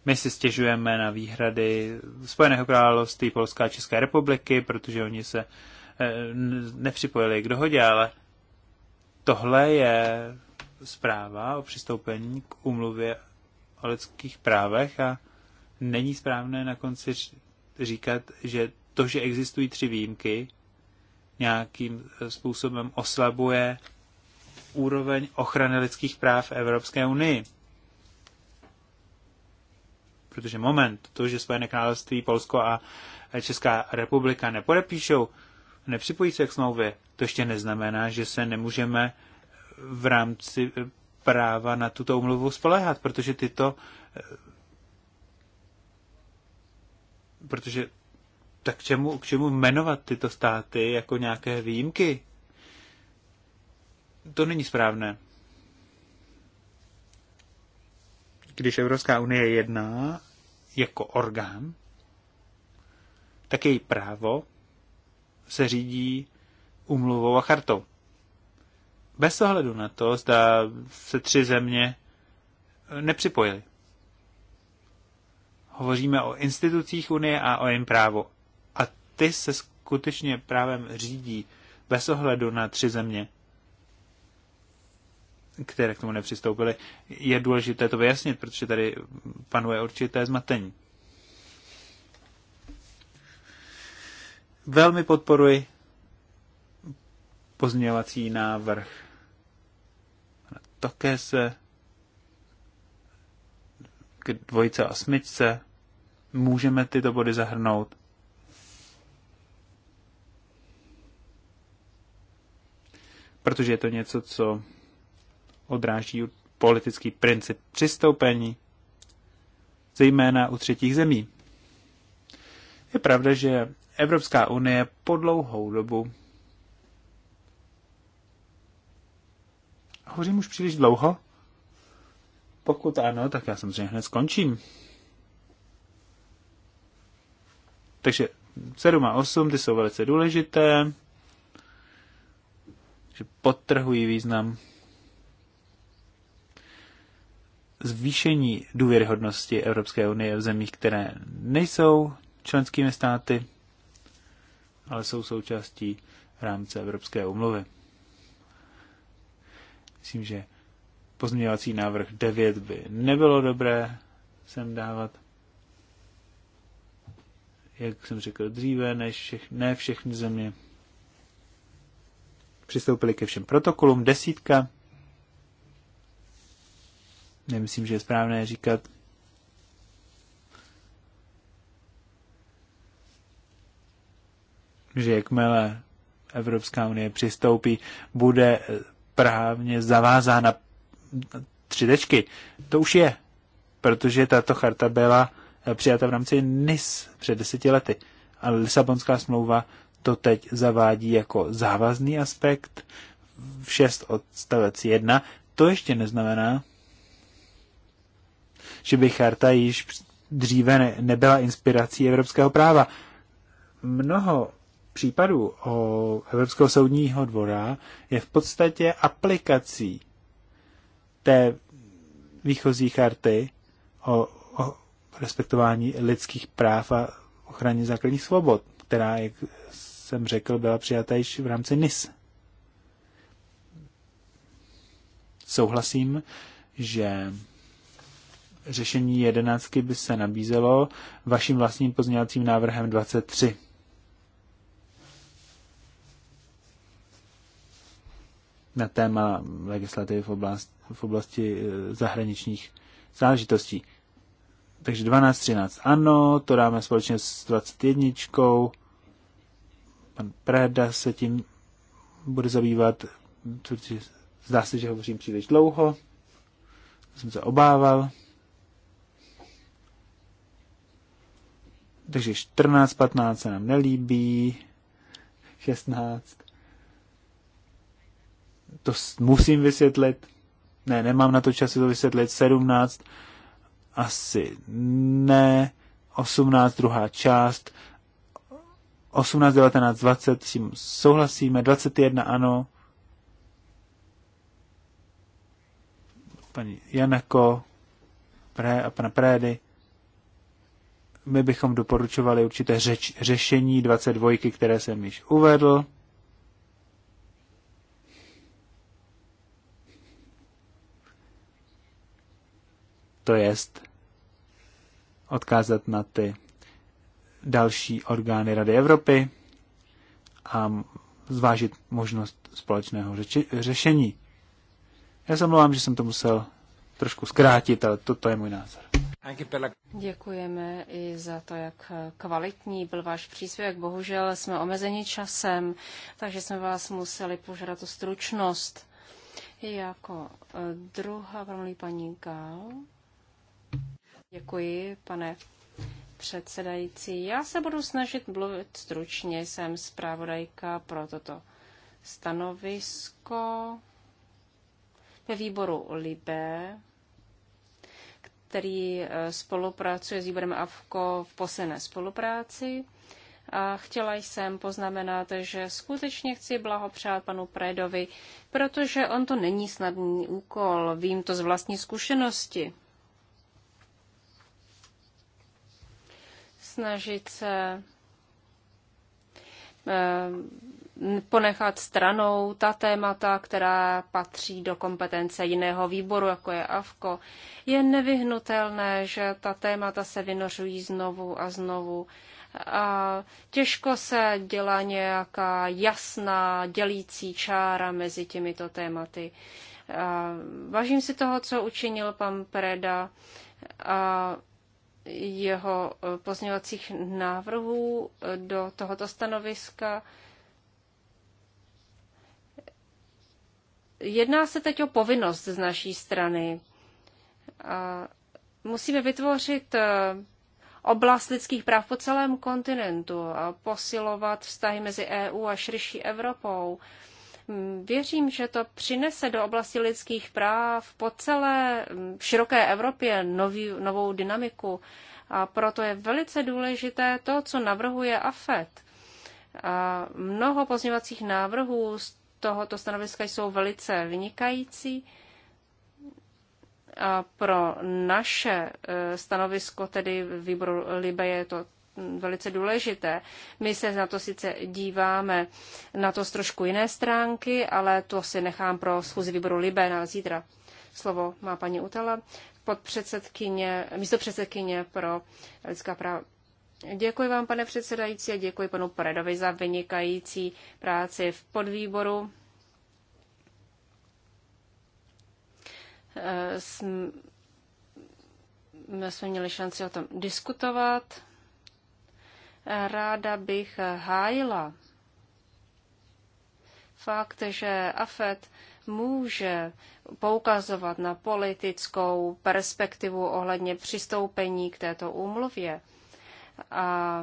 My si stěžujeme na výhrady Spojeného království, Polská a České republiky, protože oni se Eh, nepřipojili k dohodě, ale tohle je zpráva o přistoupení k umluvě o lidských právech a není správné na konci říkat, že to, že existují tři výjimky, nějakým eh, způsobem oslabuje úroveň ochrany lidských práv Evropské unii. Protože moment, to, že Spojené království, Polsko a Česká republika nepodepíšou nepřipojí se k smlouvě, to ještě neznamená, že se nemůžeme v rámci práva na tuto umluvu spolehat, protože tyto eh, protože tak k čemu, k čemu jmenovat tyto státy jako nějaké výjimky? To není správné. Když Evropská unie jedná jako orgán, tak její právo se řídí umluvou a chartou. Bez ohledu na to, zda se tři země nepřipojily. Hovoříme o institucích Unie a o jejím právu. A ty se skutečně právem řídí bez ohledu na tři země, které k tomu nepřistoupily. Je důležité to vyjasnit, protože tady panuje určité zmatení. velmi podporuji pozměňovací návrh také se k dvojce a smyčce můžeme tyto body zahrnout. Protože je to něco, co odráží politický princip přistoupení, zejména u třetích zemí. Je pravda, že Evropská unie po dlouhou dobu Hořím už příliš dlouho? Pokud ano, tak já samozřejmě hned skončím. Takže 7 a 8, ty jsou velice důležité, že podtrhují význam zvýšení důvěryhodnosti Evropské unie v zemích, které nejsou členskými státy ale jsou součástí rámce Evropské umluvy. Myslím, že pozměňovací návrh 9 by nebylo dobré sem dávat. Jak jsem řekl dříve, než všech, ne všechny země přistoupili ke všem protokolům. Desítka. Nemyslím, že je správné říkat, že jakmile Evropská unie přistoupí, bude právně zavázána tři tečky. To už je, protože tato charta byla přijata v rámci NIS před deseti lety. A Lisabonská smlouva to teď zavádí jako závazný aspekt v 6 odstavec 1. To ještě neznamená, že by charta již dříve nebyla inspirací evropského práva. Mnoho případů o Evropského soudního dvora je v podstatě aplikací té výchozí charty o, o respektování lidských práv a ochraně základních svobod, která, jak jsem řekl, byla přijata již v rámci NIS. Souhlasím, že řešení jedenáctky by se nabízelo vaším vlastním pozměňovacím návrhem 23. na téma legislativy v, oblast, v oblasti e, zahraničních záležitostí. Takže 12, 13 ano, to dáme společně s 21. Pan Preda se tím bude zabývat, protože zdá se, že hovořím příliš dlouho. Jsem se obával. Takže 14, 15 se nám nelíbí. 16 to musím vysvětlit. Ne, nemám na to čas to vysvětlit. 17 asi ne. 18 druhá část. 18, 19, 20 s tím souhlasíme. 21 ano. Paní Janako Pré a pana Prédy. My bychom doporučovali určité řeč, řešení 22, které jsem již uvedl. to jest odkázat na ty další orgány Rady Evropy a zvážit možnost společného řeči, řešení. Já se mluvám, že jsem to musel trošku zkrátit, ale toto to je můj názor. Děkujeme i za to, jak kvalitní byl váš příspěvek. Bohužel jsme omezeni časem, takže jsme vás museli požádat o stručnost. Jako eh, druhá promluví paní Gál. Děkuji, pane předsedající. Já se budu snažit mluvit stručně. Jsem zpravodajka pro toto stanovisko ve výboru LIBE, který e, spolupracuje s výborem AVKO v posilné spolupráci. A chtěla jsem poznamenat, že skutečně chci blahopřát panu Predovi, protože on to není snadný úkol, vím to z vlastní zkušenosti. snažit se eh, ponechat stranou ta témata, která patří do kompetence jiného výboru, jako je AVKO. Je nevyhnutelné, že ta témata se vynořují znovu a znovu. A těžko se dělá nějaká jasná dělící čára mezi těmito tématy. A vážím si toho, co učinil pan Preda. A jeho eh, pozměňovacích návrhů eh, do tohoto stanoviska. Jedná se teď o povinnost z naší strany. A musíme vytvořit eh, oblast lidských práv po celém kontinentu a posilovat vztahy mezi EU a širší Evropou. Věřím, že to přinese do oblasti lidských práv po celé mm, široké Evropě nový, novou dynamiku. A proto je velice důležité to, co navrhuje AFET. A mnoho pozměňovacích návrhů z tohoto stanoviska jsou velice vynikající. A pro naše e, stanovisko, tedy výboru Libe, je to Mm, velice důležité. My se na to sice díváme na to z trošku jiné stránky, ale to si nechám pro schůzi výboru Libé na zítra. Slovo má paní Utala, podpředsedkyně, místo předsedkyně pro lidská práva. Děkuji vám, pane předsedající, a děkuji panu Predovi za vynikající práci v podvýboru. Jsme, eh, jsme měli šanci o tom diskutovat. Ráda bych hájila fakt, že AFET může poukazovat na politickou perspektivu ohledně přistoupení k této úmluvě. A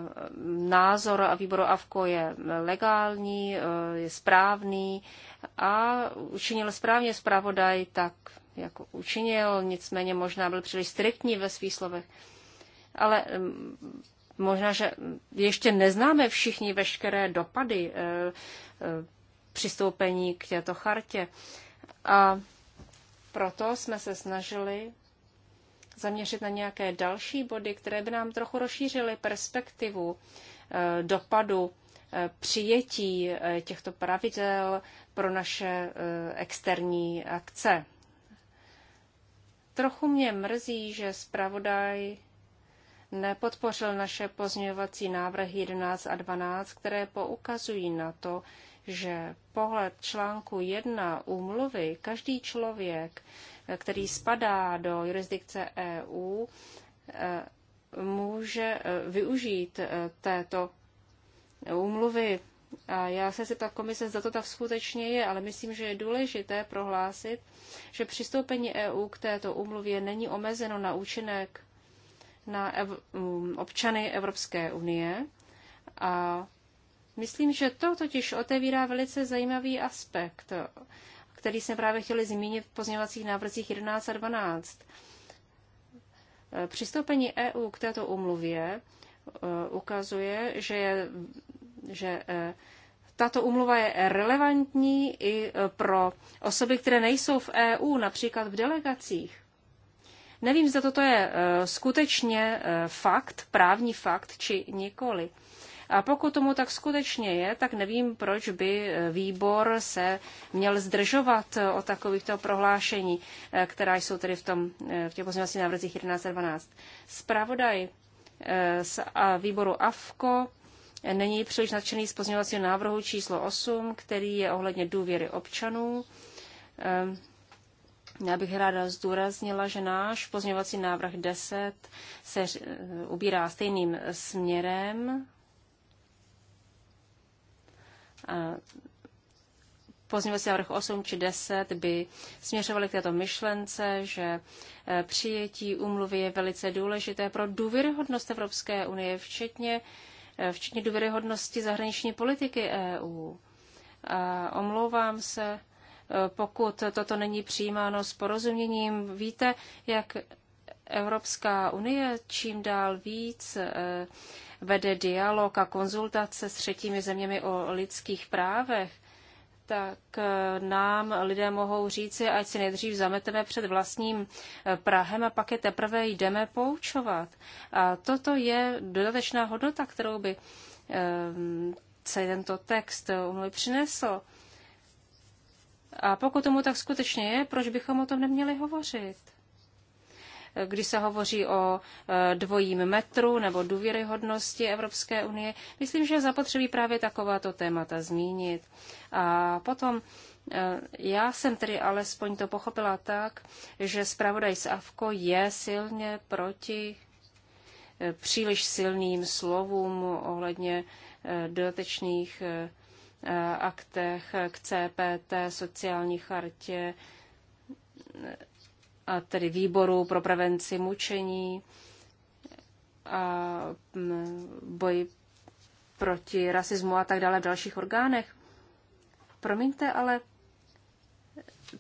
názor a výboru AVKO je legální, je správný a učinil správně zpravodaj tak, jak učinil, nicméně možná byl příliš striktní ve svých slovech. Ale Možná, že ještě neznáme všichni veškeré dopady eh, eh, přistoupení k této chartě. A proto jsme se snažili zaměřit na nějaké další body, které by nám trochu rozšířily perspektivu eh, dopadu přijetí těchto pravidel pro naše externí akce. Trochu mě mrzí, že zpravodaj nepodpořil naše pozměňovací návrhy 11 a 12, které poukazují na to, že pohled článku 1 úmluvy každý člověk, který spadá do jurisdikce EU, eh, může eh, využít eh, této úmluvy. A já se zeptat komise, za to tak skutečně je, ale myslím, že je důležité prohlásit, že přistoupení EU k této úmluvě není omezeno na účinek na ev- mm, občany Evropské unie. A myslím, že to totiž otevírá velice zajímavý aspekt, který jsme právě chtěli zmínit v pozměňovacích návrzích 11 a 12. Přistoupení EU k této umluvě e, ukazuje, že, je, že e, tato umluva je relevantní i pro osoby, které nejsou v EU, například v delegacích. Nevím, zda toto je eh, skutečně eh, fakt, právní fakt, či nikoli. A pokud tomu tak skutečně je, tak nevím, proč by eh, výbor se měl zdržovat o takovýchto prohlášení, která jsou tedy v, tom, v těch pozměňovacích návrzích 11 a 12. Spravodaj z výboru AFKO není příliš nadšený z pozměňovacího návrhu číslo 8, který je ohledně důvěry občanů. Ehm, já bych ráda zdůraznila, že náš pozměňovací návrh 10 se eh, ubírá stejným směrem. A pozměňovací návrh 8 či 10 by směřovaly k této myšlence, že eh, přijetí úmluvy je velice důležité pro důvěryhodnost Evropské unie, včetně, eh, včetně důvěryhodnosti zahraniční politiky EU. A omlouvám se, pokud toto není přijímáno s porozuměním. Víte, jak Evropská unie čím dál víc eh, vede dialog a konzultace s třetími zeměmi o lidských právech, tak eh, nám lidé mohou říci, ať si nejdřív zameteme před vlastním eh, Prahem a pak je teprve jdeme poučovat. A toto je dodatečná hodnota, kterou by celý tento text umluvy přinesl. A pokud tomu tak skutečně je, proč bychom o tom neměli hovořit? Když se hovoří o e, dvojím metru nebo důvěryhodnosti Evropské unie, myslím, že zapotřebí právě takováto témata zmínit. A potom e, já jsem tedy alespoň to pochopila tak, že zpravodaj z AVKO je silně proti e, příliš silným slovům ohledně dodatečných Eh, aktech, k CPT, sociální chartě eh, a tedy výboru pro prevenci mučení a mm, boj proti rasismu a tak dále v dalších orgánech. Promiňte, ale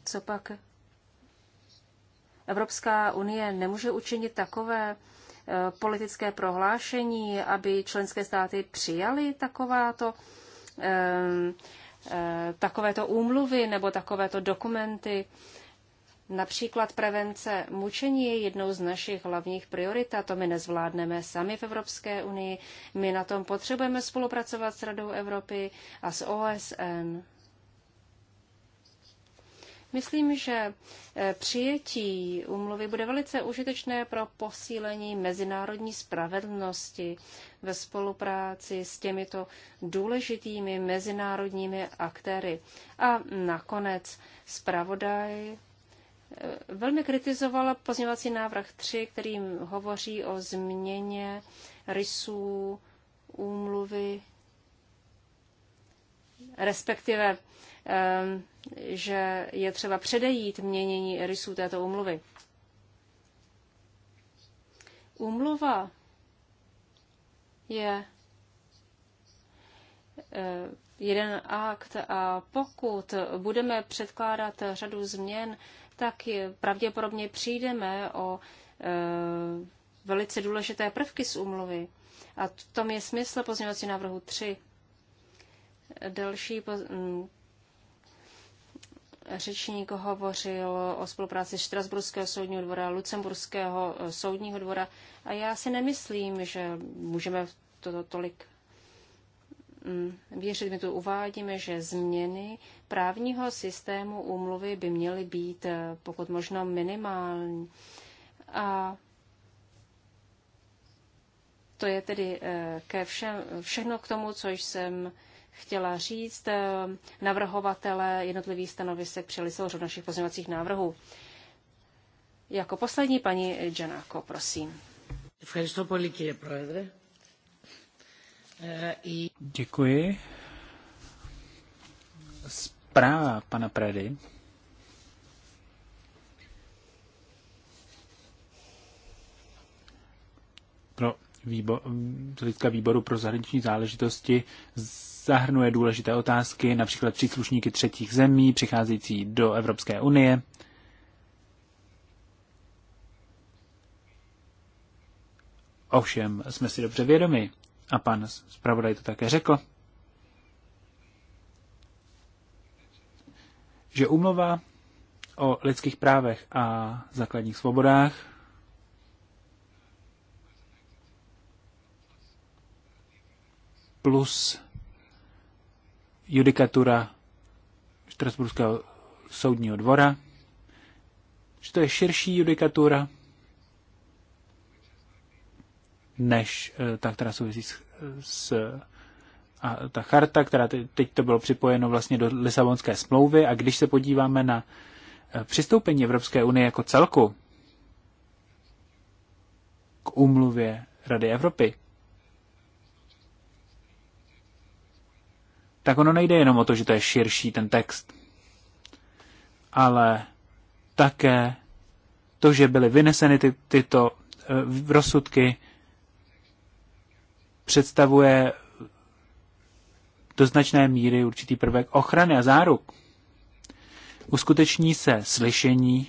co pak? Evropská unie nemůže učinit takové eh, politické prohlášení, aby členské státy přijaly takováto Ehm, eh, takovéto úmluvy nebo takovéto dokumenty. Například prevence mučení je jednou z našich hlavních priorit a to my nezvládneme sami v Evropské unii. My na tom potřebujeme spolupracovat s Radou Evropy a s OSN. Myslím, že eh, přijetí umluvy bude velice užitečné pro posílení mezinárodní spravedlnosti ve spolupráci s těmito důležitými mezinárodními aktéry. A nakonec zpravodaj eh, velmi kritizovala pozměvací návrh 3, kterým hovoří o změně rysů úmluvy, respektive Ehm, že je třeba předejít měnění rysů této umluvy. Umluva je eh, jeden akt a pokud budeme předkládat řadu změn, tak pravděpodobně přijdeme o eh, velice důležité prvky z umluvy. A v tom je smysl pozměňovací návrhu 3. Další Řečník hovořil o spolupráci Štrasburského soudního dvora, Lucemburského eh, soudního dvora a já si nemyslím, že můžeme toto tolik mm, věřit. My tu uvádíme, že změny právního systému úmluvy by měly být eh, pokud možno minimální. A to je tedy eh, ke všem, všechno k tomu, co jsem chtěla říct, eh, navrhovatele jednotlivých stanovisek přijeli celou řadu našich pozměňovacích návrhů. Jako poslední paní Janáko, prosím. Děkuji. Zpráva pana Predy výbo- hlediska výboru pro zahraniční záležitosti zahrnuje důležité otázky, například příslušníky třetích zemí přicházející do Evropské unie. Ovšem jsme si dobře vědomi, a pan zpravodaj to také řekl, že umlova o lidských právech a základních svobodách plus judikatura Štrasburského soudního dvora, že to je širší judikatura než eh, ta, která souvisí s, s a ta charta, která teď to bylo připojeno vlastně do Lisabonské smlouvy a když se podíváme na eh, přistoupení Evropské unie jako celku k úmluvě Rady Evropy, tak ono nejde jenom o to, že to je širší ten text, ale také to, že byly vyneseny ty, tyto uh, rozsudky, představuje do značné míry určitý prvek ochrany a záruk. Uskuteční se slyšení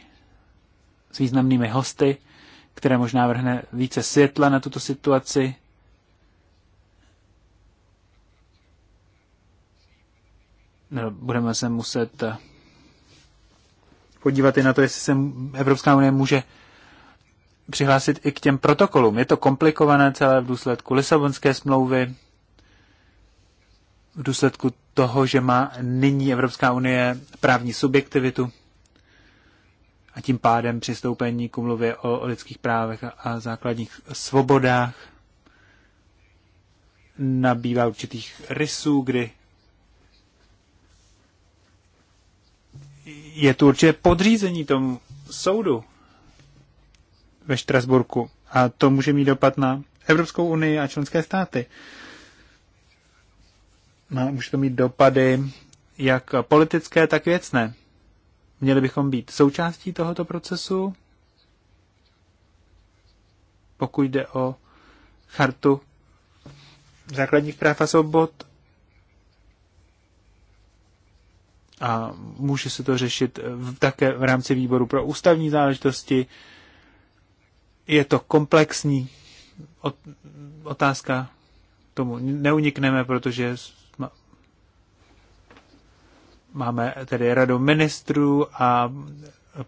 s významnými hosty, které možná vrhne více světla na tuto situaci Eh, budeme se muset eh, podívat i na to, jestli se Evropská unie může přihlásit i k těm protokolům. Je to komplikované celé v důsledku Lisabonské smlouvy, v důsledku toho, že má nyní Evropská unie právní subjektivitu a tím pádem přistoupení k umluvě o lidských právech a základních svobodách nabývá určitých rysů, kdy je tu určitě podřízení tomu soudu ve Štrasburku a to může mít dopad na Evropskou unii a členské státy. A může to mít dopady jak politické, tak věcné. Měli bychom být součástí tohoto procesu, pokud jde o chartu základních práv a svobod a může se to řešit v, také v rámci výboru pro ústavní záležitosti. Je to komplexní ot, otázka, tomu neunikneme, protože máme tedy radu ministrů a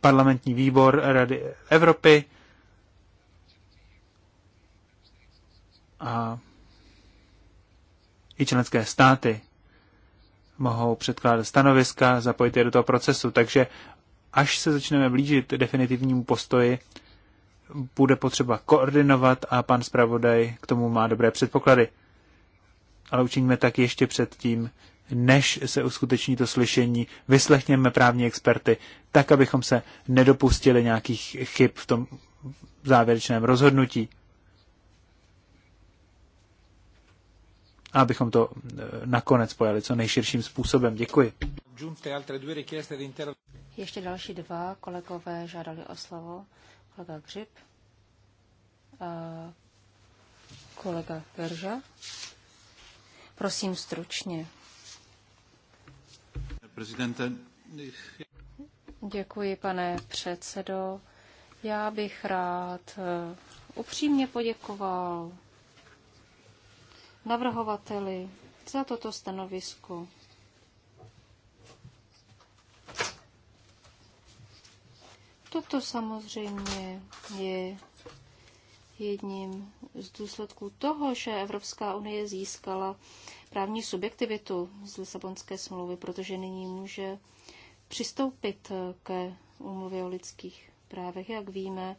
parlamentní výbor Rady Evropy. A i členské státy mohou předkládat stanoviska, zapojit je do toho procesu. Takže až se začneme blížit definitivnímu postoji, bude potřeba koordinovat a pan zpravodaj k tomu má dobré předpoklady. Ale učiníme tak ještě předtím, než se uskuteční to slyšení, vyslechněme právní experty, tak, abychom se nedopustili nějakých chyb v tom závěrečném rozhodnutí. a abychom to eh, nakonec pojali co nejširším způsobem. Děkuji. Ještě další dva kolegové žádali o slovo. Kolega Křip a kolega Verža. Prosím stručně. Prezidente. Děkuji, pane předsedo. Já bych rád eh, upřímně poděkoval navrhovateli za toto stanovisko. Toto samozřejmě je jedním z důsledků toho, že Evropská unie získala právní subjektivitu z Lisabonské smlouvy, protože nyní může přistoupit ke úmluvě o lidských právech. Jak víme,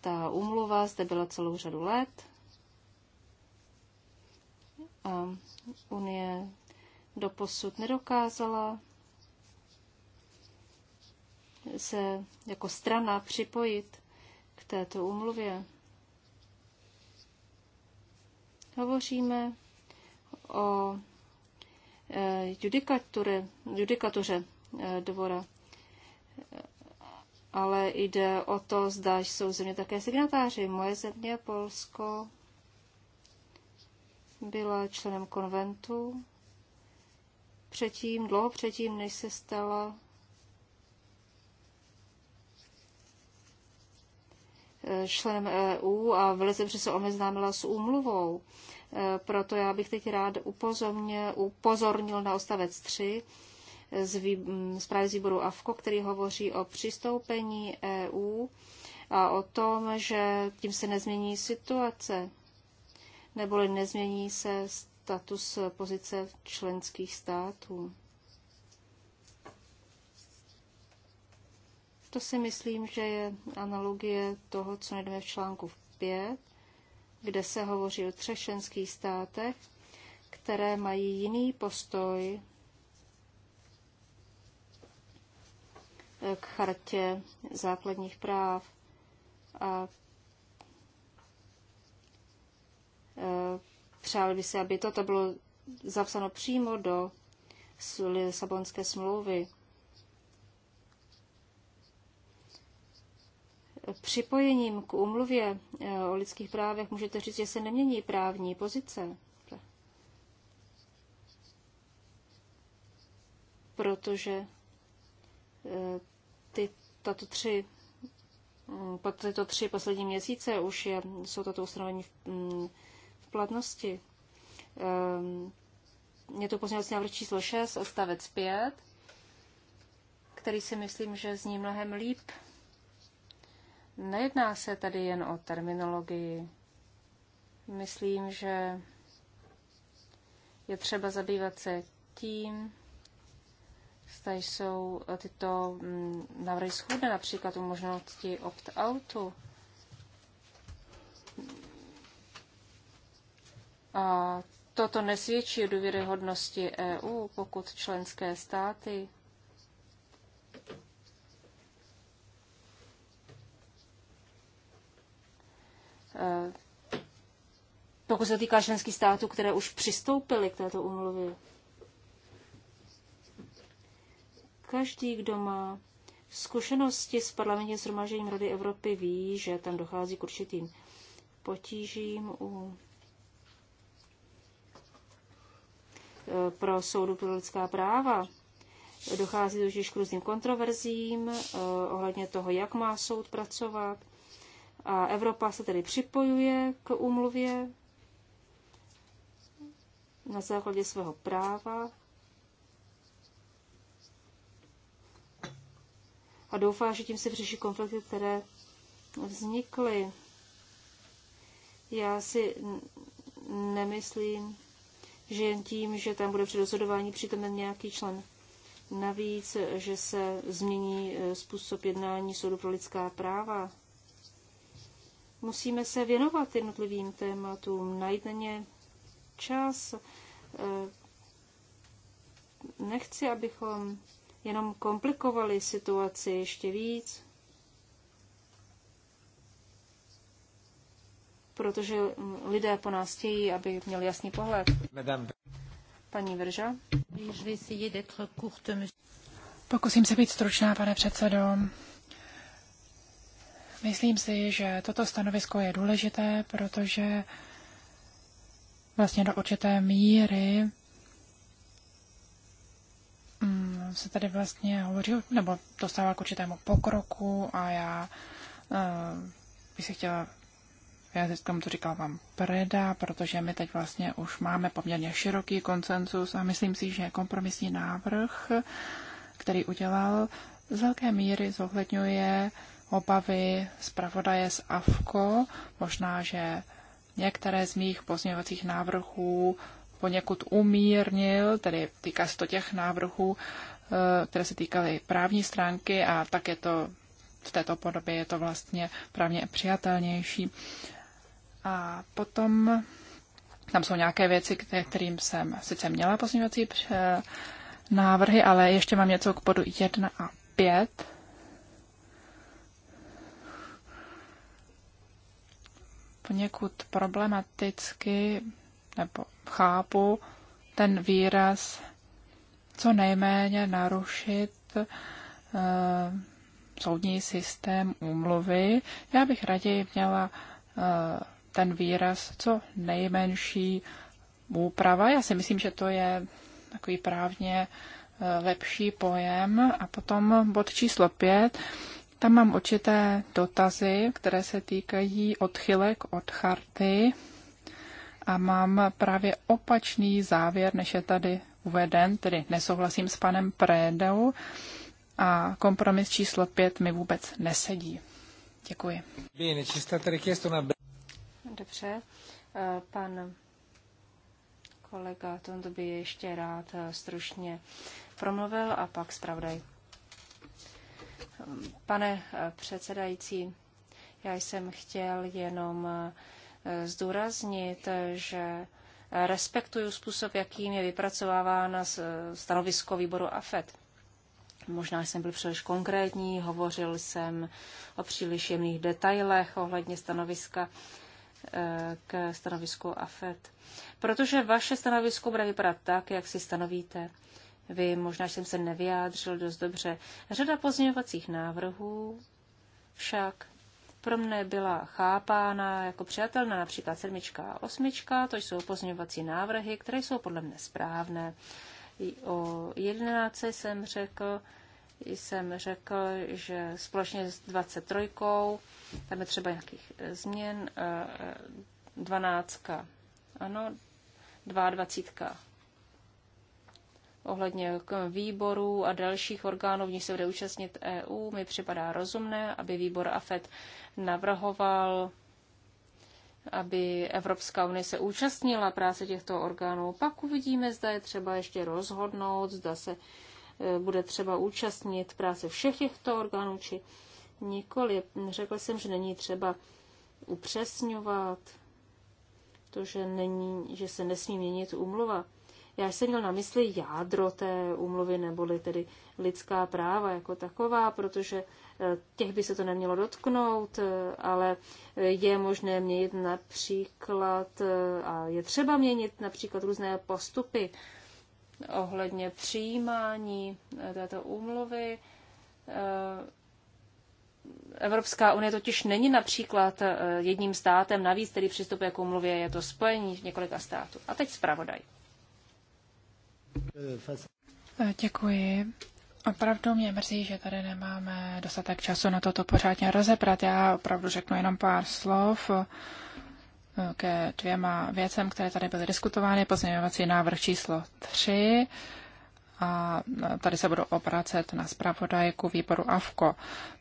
ta úmluva zde byla celou řadu let a Unie doposud nedokázala se jako strana připojit k této úmluvě. Hovoříme o eh, judikatuře eh, dvora. Eh, ale jde o to, zda jsou země také signatáři. Moje země, Polsko, byla členem konventu. Předtím, dlouho předtím, než se stala členem EU a velice brzy se omeznámila s úmluvou. E, proto já bych teď rád upozornil, upozornil na ostavec 3 z vý, zprávy z výboru AFKO, který hovoří o přistoupení EU a o tom, že tím se nezmění situace neboli nezmění se status pozice členských států. To si myslím, že je analogie toho, co najdeme v článku 5, kde se hovoří o třech členských státech, které mají jiný postoj k chartě základních práv a Přáli by se, aby toto bylo zapsáno přímo do Lisabonské smlouvy. Připojením k umluvě eh, o lidských právech můžete říct, že se nemění právní pozice. Protože eh, ty, tato tři, mm, po tyto tři poslední měsíce už je, jsou tato ustanovení v, mm, platnosti. Ehm, je to pozměňovací návrh číslo 6, odstavec 5, který si myslím, že zní mnohem líp. Nejedná se tady jen o terminologii. Myslím, že je třeba zabývat se tím, zda jsou tyto mm, návrhy schůdné, například u možnosti opt-outu A toto nesvědčí o důvěryhodnosti EU, pokud členské státy e, pokud se týká členských států, které už přistoupily k této úmluvě. Každý, kdo má zkušenosti s parlamentním zhromažením Rady Evropy, ví, že tam dochází k určitým potížím u pro soudu pro lidská práva. Dochází totiž k různým kontroverzím eh, ohledně toho, jak má soud pracovat. A Evropa se tedy připojuje k úmluvě na základě svého práva a doufá, že tím se vyřeší konflikty, které vznikly. Já si nemyslím, že jen tím, že tam bude při rozhodování přítomen nějaký člen Navíc, že se změní eh, způsob jednání soudu pro lidská práva. Musíme se věnovat jednotlivým tématům, najít na ně čas. Eh, nechci, abychom jenom komplikovali situaci ještě víc. protože lidé po nás chtějí, aby měli jasný pohled. Paní Verža. Pokusím se být stručná, pane předsedo. Myslím si, že toto stanovisko je důležité, protože vlastně do určité míry mm, se tady vlastně hovoří, nebo dostává k určitému pokroku a já eh, bych se chtěla já k tomu, co říkal vám Preda, protože my teď vlastně už máme poměrně široký koncensus a myslím si, že kompromisní návrh, který udělal, z velké míry zohledňuje obavy zpravodaje z AFKO. Možná, že některé z mých pozměňovacích návrhů poněkud umírnil, tedy týká se to těch návrhů, eh, které se týkaly právní stránky a tak je to v této podobě je to vlastně právně přijatelnější. A potom tam jsou nějaké věci, kterým jsem sice měla pozměňovací návrhy, ale ještě mám něco k bodu 1 a 5. Poněkud problematicky, nebo chápu, ten výraz co nejméně narušit e, soudní systém úmluvy. Já bych raději měla eh, ten výraz co nejmenší úprava. Já si myslím, že to je takový právně e, lepší pojem. A potom bod číslo pět. Tam mám určité dotazy, které se týkají odchylek od charty a mám právě opačný závěr, než je tady uveden, tedy nesouhlasím s panem Prédou a kompromis číslo pět mi vůbec nesedí. Děkuji. Dobře. Eh, pan kolega Tondo by ještě rád eh, stručně promluvil a pak zpravdaj. Pane eh, předsedající, já jsem chtěl jenom zdůraznit, že respektuju způsob, jakým je vypracovávána stanovisko výboru AFET. Možná jsem byl příliš konkrétní, hovořil jsem o příliš jemných detailech ohledně stanoviska k stanovisku AFET. Protože vaše stanovisko bude vypadat tak, jak si stanovíte. Vy možná jsem se nevyjádřil dost dobře. Řada pozměňovacích návrhů však pro mne byla chápána jako přijatelná například sedmička a osmička, to jsou pozměňovací návrhy, které jsou podle mne správné. O jedenáce jsem řekl, jsem řekl, že společně s 23, tam je třeba nějakých eh, změn, 12, eh, ano, 22 ohledně výborů a dalších orgánů, v nich se bude účastnit EU, mi připadá rozumné, aby výbor AFET navrhoval, aby Evropská unie se účastnila práce těchto orgánů. Pak uvidíme, zda je třeba ještě rozhodnout, zda se Eh, bude třeba účastnit práce všech těchto orgánů, či nikoli. Řekl jsem, že není třeba upřesňovat to, že, není, že se nesmí měnit umluva. Já jsem měl na mysli jádro té umluvy, neboli tedy lidská práva jako taková, protože eh, těch by se to nemělo dotknout, eh, ale je možné měnit například, a je třeba měnit například různé postupy ohledně přijímání eh, této úmluvy. Eh, Evropská unie totiž není například eh, jedním státem, navíc tedy přistupuje k úmluvě, je to spojení několika států. A teď zpravodaj. Děkuji. Opravdu mě mrzí, že tady nemáme dostatek času na toto pořádně rozebrat. Já opravdu řeknu jenom pár slov ke dvěma věcem, které tady byly diskutovány. Pozměňovací návrh číslo 3 a tady se budu obracet na zpravodajku výboru AFKO,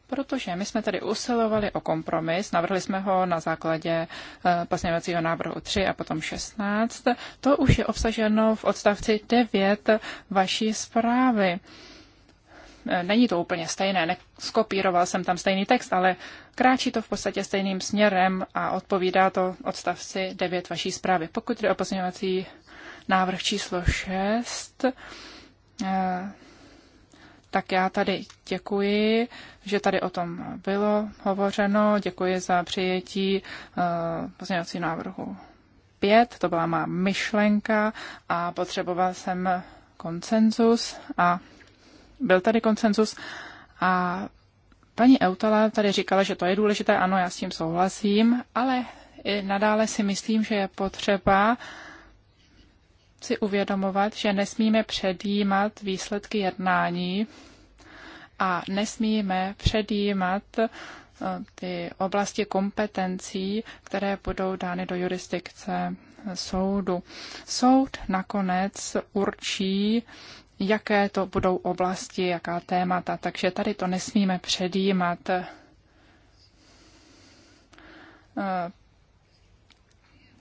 protože my jsme tady usilovali o kompromis, navrhli jsme ho na základě eh, pozměňovacího návrhu 3 a potom 16. To už je obsaženo v odstavci 9 vaší zprávy není to úplně stejné, neskopíroval jsem tam stejný text, ale kráčí to v podstatě stejným směrem a odpovídá to odstavci 9 vaší zprávy. Pokud jde o pozměňovací návrh číslo 6, eh, tak já tady děkuji, že tady o tom bylo hovořeno. Děkuji za přijetí eh, pozměňovací návrhu 5. To byla má myšlenka a potřeboval jsem koncenzus a byl tady konsenzus a paní Eutala tady říkala, že to je důležité, ano, já s tím souhlasím, ale i nadále si myslím, že je potřeba si uvědomovat, že nesmíme předjímat výsledky jednání a nesmíme předjímat eh, ty oblasti kompetencí, které budou dány do jurisdikce soudu. Soud nakonec určí, jaké to budou oblasti, jaká témata. Takže tady to nesmíme předjímat. Eh,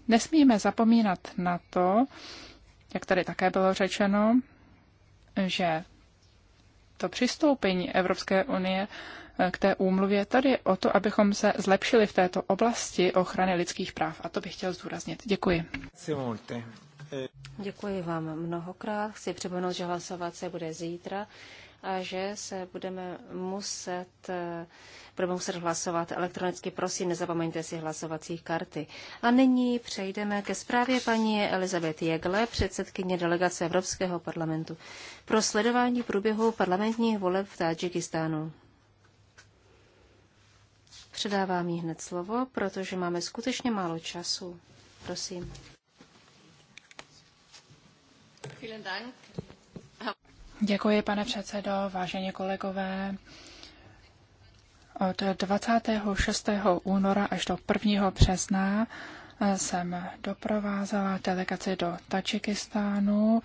nesmíme zapomínat na to, jak tady také bylo řečeno, že to přistoupení Evropské unie eh, k té úmluvě tady je o to, abychom se zlepšili v této oblasti ochrany lidských práv. A to bych chtěl zdůraznit. Děkuji. Děkuji vám mnohokrát. Chci připomenout, že hlasovat se bude zítra a že se budeme muset, budeme muset hlasovat elektronicky. Prosím, nezapomeňte si hlasovací karty. A nyní přejdeme ke zprávě paní Elizabeth Jegle, předsedkyně delegace Evropského parlamentu, pro sledování průběhu parlamentních voleb v Tadžikistánu. Předávám jí hned slovo, protože máme skutečně málo času. Prosím. Děkuji, pane předsedo, vážení kolegové. Od 26. února až do 1. března jsem doprovázela delegaci do Tačikistánu,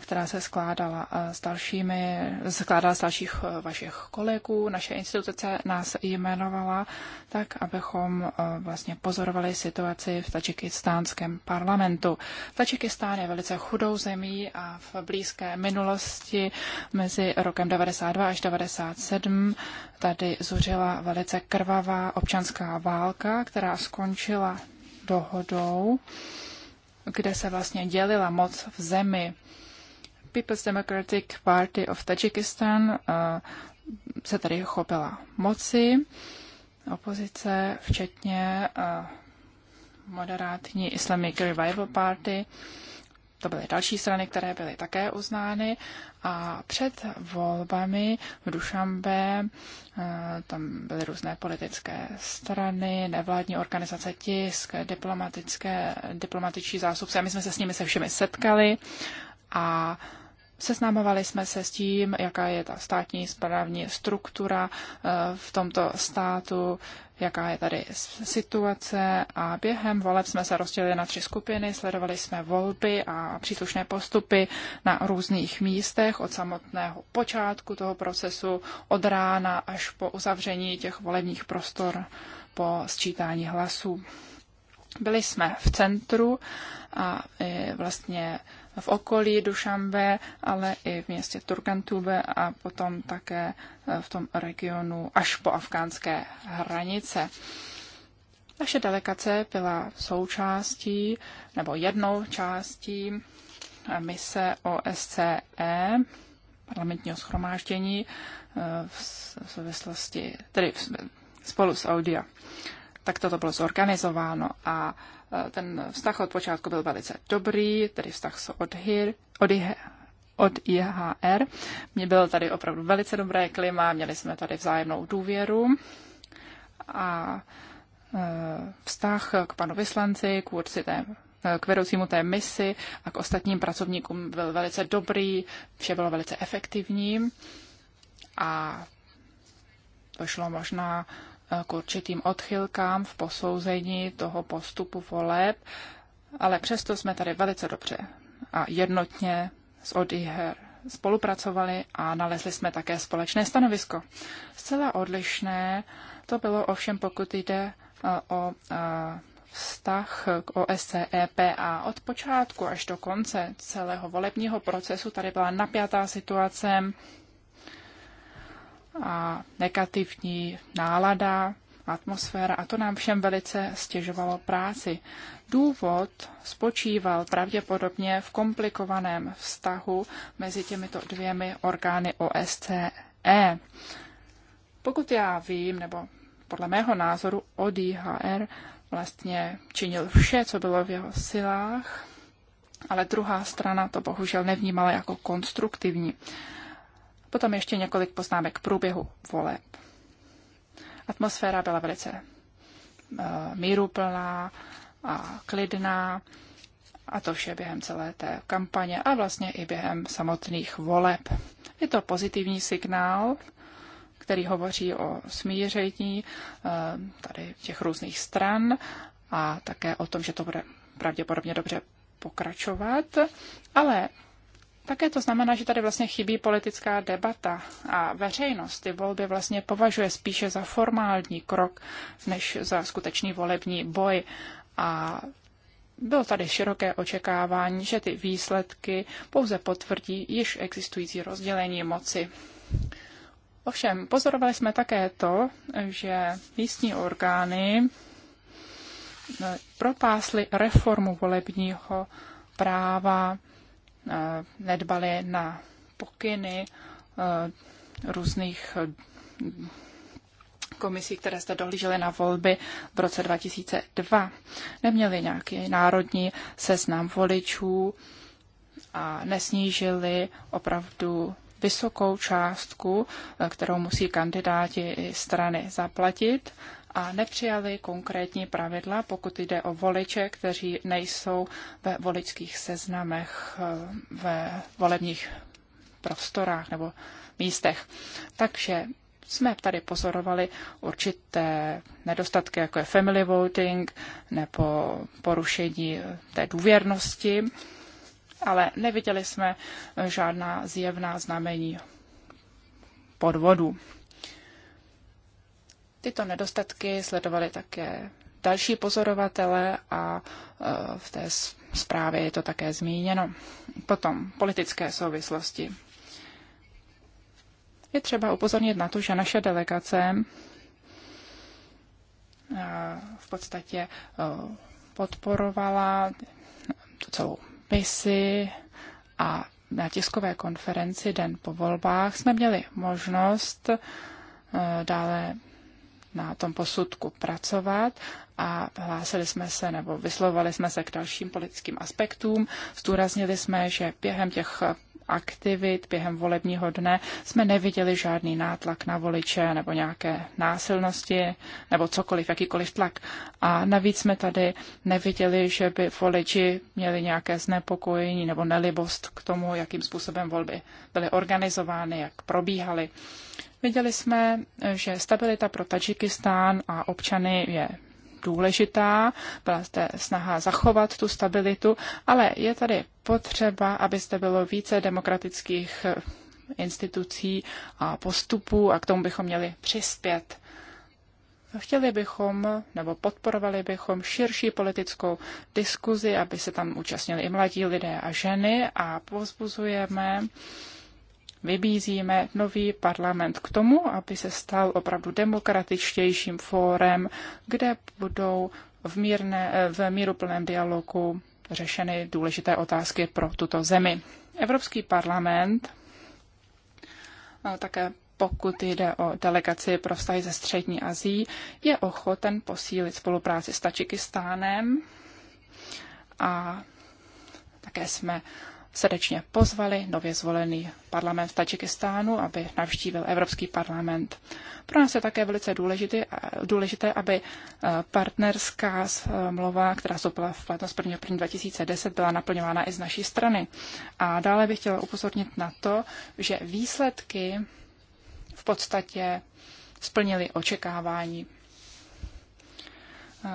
která se skládala eh, s dalšími, skládala s dalších eh, vašich kolegů. Naše instituce nás jmenovala tak, abychom eh, vlastně pozorovali situaci v tačikistánském parlamentu. Tačikistán je velice chudou zemí a v blízké minulosti mezi rokem 92 až 97 tady zuřila velice krvavá občanská válka, která skončila dohodou, kde se vlastně dělila moc v zemi. People's Democratic Party of Tajikistan eh, se tady chopila moci, opozice, včetně eh, moderátní Islamic Revival Party, to byly další strany, které byly také uznány a před volbami v Dušambe eh, tam byly různé politické strany, nevládní organizace, tisk, diplomatické, diplomatičtí zástupci a my jsme se s nimi se všemi setkali a Seznamovali jsme se s tím, jaká je ta státní správní struktura eh, v tomto státu, jaká je tady situace a během voleb jsme se rozdělili na tři skupiny, sledovali jsme volby a příslušné postupy na různých místech od samotného počátku toho procesu, od rána až po uzavření těch volebních prostor po sčítání hlasů. Byli jsme v centru a eh, vlastně v okolí Dušambe, ale i v městě Turkantube a potom také e, v tom regionu až po afgánské hranice. Naše delegace byla součástí nebo jednou částí e, mise OSCE, parlamentního schromáždění e, v souvislosti, tedy spolu s Audia. Tak toto bylo zorganizováno a Eh, ten vztah od počátku byl velice dobrý, tedy vztah s odhyr, odyhe, od IHR. Mě byl tady opravdu velice dobré klima, měli jsme tady vzájemnou důvěru a eh, vztah k panu vyslanci, k té, eh, k vedoucímu té misi a k ostatním pracovníkům byl velice dobrý, vše bylo velice efektivní a došlo možná Eh, k určitým odchylkám v posouzení toho postupu voleb, ale přesto jsme tady velice dobře a jednotně s Odiher spolupracovali a nalezli jsme také společné stanovisko. Zcela odlišné to bylo ovšem, pokud jde eh, o eh, vztah k OSCE PA. Od počátku až do konce celého volebního procesu tady byla napjatá situace a negativní nálada, atmosféra a to nám všem velice stěžovalo práci. Důvod spočíval pravděpodobně v komplikovaném vztahu mezi těmito dvěmi orgány OSCE. Pokud já vím, nebo podle mého názoru ODHR vlastně činil vše, co bylo v jeho silách, ale druhá strana to bohužel nevnímala jako konstruktivní. Potom ještě několik poznámek k průběhu voleb. Atmosféra byla velice eh, míruplná a klidná a to vše během celé té kampaně a vlastně i během samotných voleb. Je to pozitivní signál, který hovoří o smíření eh, tady těch různých stran a také o tom, že to bude pravděpodobně dobře pokračovat, ale také to znamená, že tady vlastně chybí politická debata a veřejnost ty volby vlastně považuje spíše za formální krok, než za skutečný volební boj. A bylo tady široké očekávání, že ty výsledky pouze potvrdí již existující rozdělení moci. Ovšem, pozorovali jsme také to, že místní orgány no, propásly reformu volebního práva Eh, nedbali na pokyny eh, různých eh, komisí, které jste dohlížely na volby v roce 2002. Neměli nějaký národní seznam voličů a nesnížili opravdu vysokou částku, kterou musí kandidáti i strany zaplatit a nepřijali konkrétní pravidla, pokud jde o voliče, kteří nejsou ve voličských seznamech eh, ve volebních prostorách nebo místech. Takže jsme tady pozorovali určité nedostatky, jako je family voting nebo porušení eh, té důvěrnosti, ale neviděli jsme žádná zjevná znamení podvodu. Tyto nedostatky sledovali také další pozorovatele a e, v té zprávě je to také zmíněno. Potom politické souvislosti. Je třeba upozornit na to, že naše delegace e, v podstatě e, podporovala tu celou misi a na tiskové konferenci den po volbách jsme měli možnost dále na tom posudku pracovat a hlásili jsme se nebo vyslovali jsme se k dalším politickým aspektům. Zdůraznili jsme, že během těch aktivit během volebního dne jsme neviděli žádný nátlak na voliče nebo nějaké násilnosti nebo cokoliv, jakýkoliv tlak. A navíc jsme tady neviděli, že by voliči měli nějaké znepokojení nebo nelibost k tomu, jakým způsobem volby byly organizovány, jak probíhaly. Viděli jsme, že stabilita pro Tadžikistán a občany je důležitá, byla zde snaha zachovat tu stabilitu, ale je tady potřeba, aby zde bylo více demokratických eh, institucí a postupů a k tomu bychom měli přispět. Chtěli bychom nebo podporovali bychom širší politickou diskuzi, aby se tam účastnili i mladí lidé a ženy a pozbuzujeme vybízíme nový parlament k tomu, aby se stal opravdu demokratičtějším fórem, kde budou v, mírné, v plném dialogu řešeny důležité otázky pro tuto zemi. Evropský parlament také pokud jde o delegaci pro vztahy ze Střední Azí, je ochoten posílit spolupráci s Tačikistánem a také jsme srdečně pozvali nově zvolený parlament v Tadžikistánu, aby navštívil Evropský parlament. Pro nás je také velice důležité, důležité aby e, partnerská smlouva, která byla v platnost 1. 1. 2010, byla naplňována i z naší strany. A dále bych chtěla upozornit na to, že výsledky v podstatě splnily očekávání e,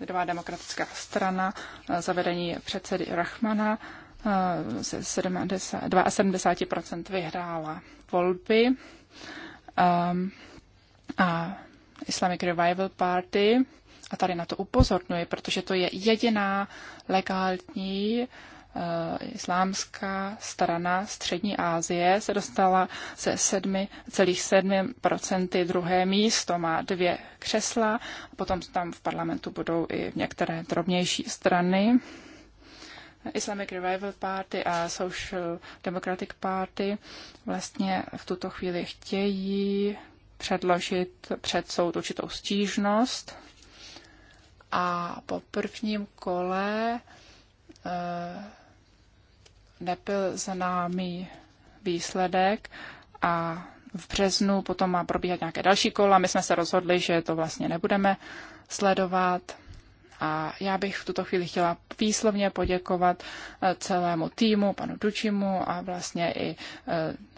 lidová demokratická strana, e, zavedení předsedy Rachmana 70, 72% vyhrála volby um, a Islamic Revival Party, a tady na to upozorňuji, protože to je jediná legální uh, islámská strana Střední Asie, se dostala se 7,7% druhé místo, má dvě křesla, potom tam v parlamentu budou i některé drobnější strany. Islamic Revival Party a Social Democratic Party vlastně v tuto chvíli chtějí předložit před soud určitou stížnost a po prvním kole eh, nebyl známý výsledek a v březnu potom má probíhat nějaké další kola. My jsme se rozhodli, že to vlastně nebudeme sledovat a já bych v tuto chvíli chtěla výslovně poděkovat eh, celému týmu, panu Dučimu a vlastně i eh,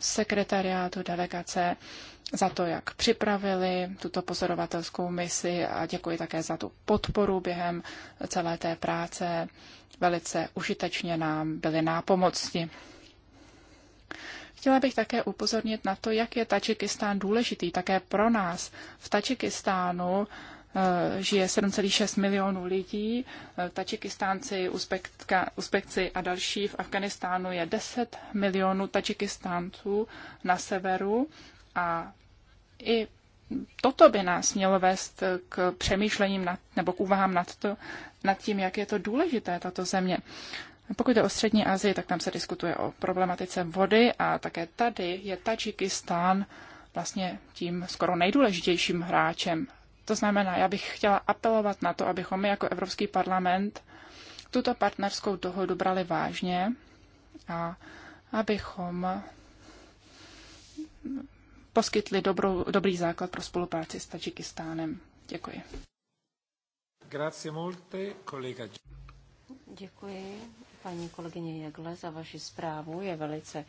sekretariátu delegace za to, jak připravili tuto pozorovatelskou misi a děkuji také za tu podporu během celé té práce. Velice užitečně nám byli nápomocni. Chtěla bych také upozornit na to, jak je Tačikistán důležitý také pro nás. V Tačikistánu Eh, žije 7,6 milionů lidí, eh, Tačikistánci, Uzbekci a další. V Afganistánu je 10 milionů Tačikistánců na severu a i toto by nás mělo vést k přemýšlením nad, nebo k úvahám nad, to, nad tím, jak je to důležité, tato země. Pokud jde o střední Asii, tak tam se diskutuje o problematice vody a také tady je Tadžikistán vlastně tím skoro nejdůležitějším hráčem to znamená, já bych chtěla apelovat na to, abychom my jako Evropský parlament tuto partnerskou dohodu brali vážně a abychom poskytli dobrou, dobrý základ pro spolupráci s Tadžikistánem. Děkuji. Grazie molte, kolega. Děkuji, paní kolegyně Jagle, za vaši zprávu. Je velice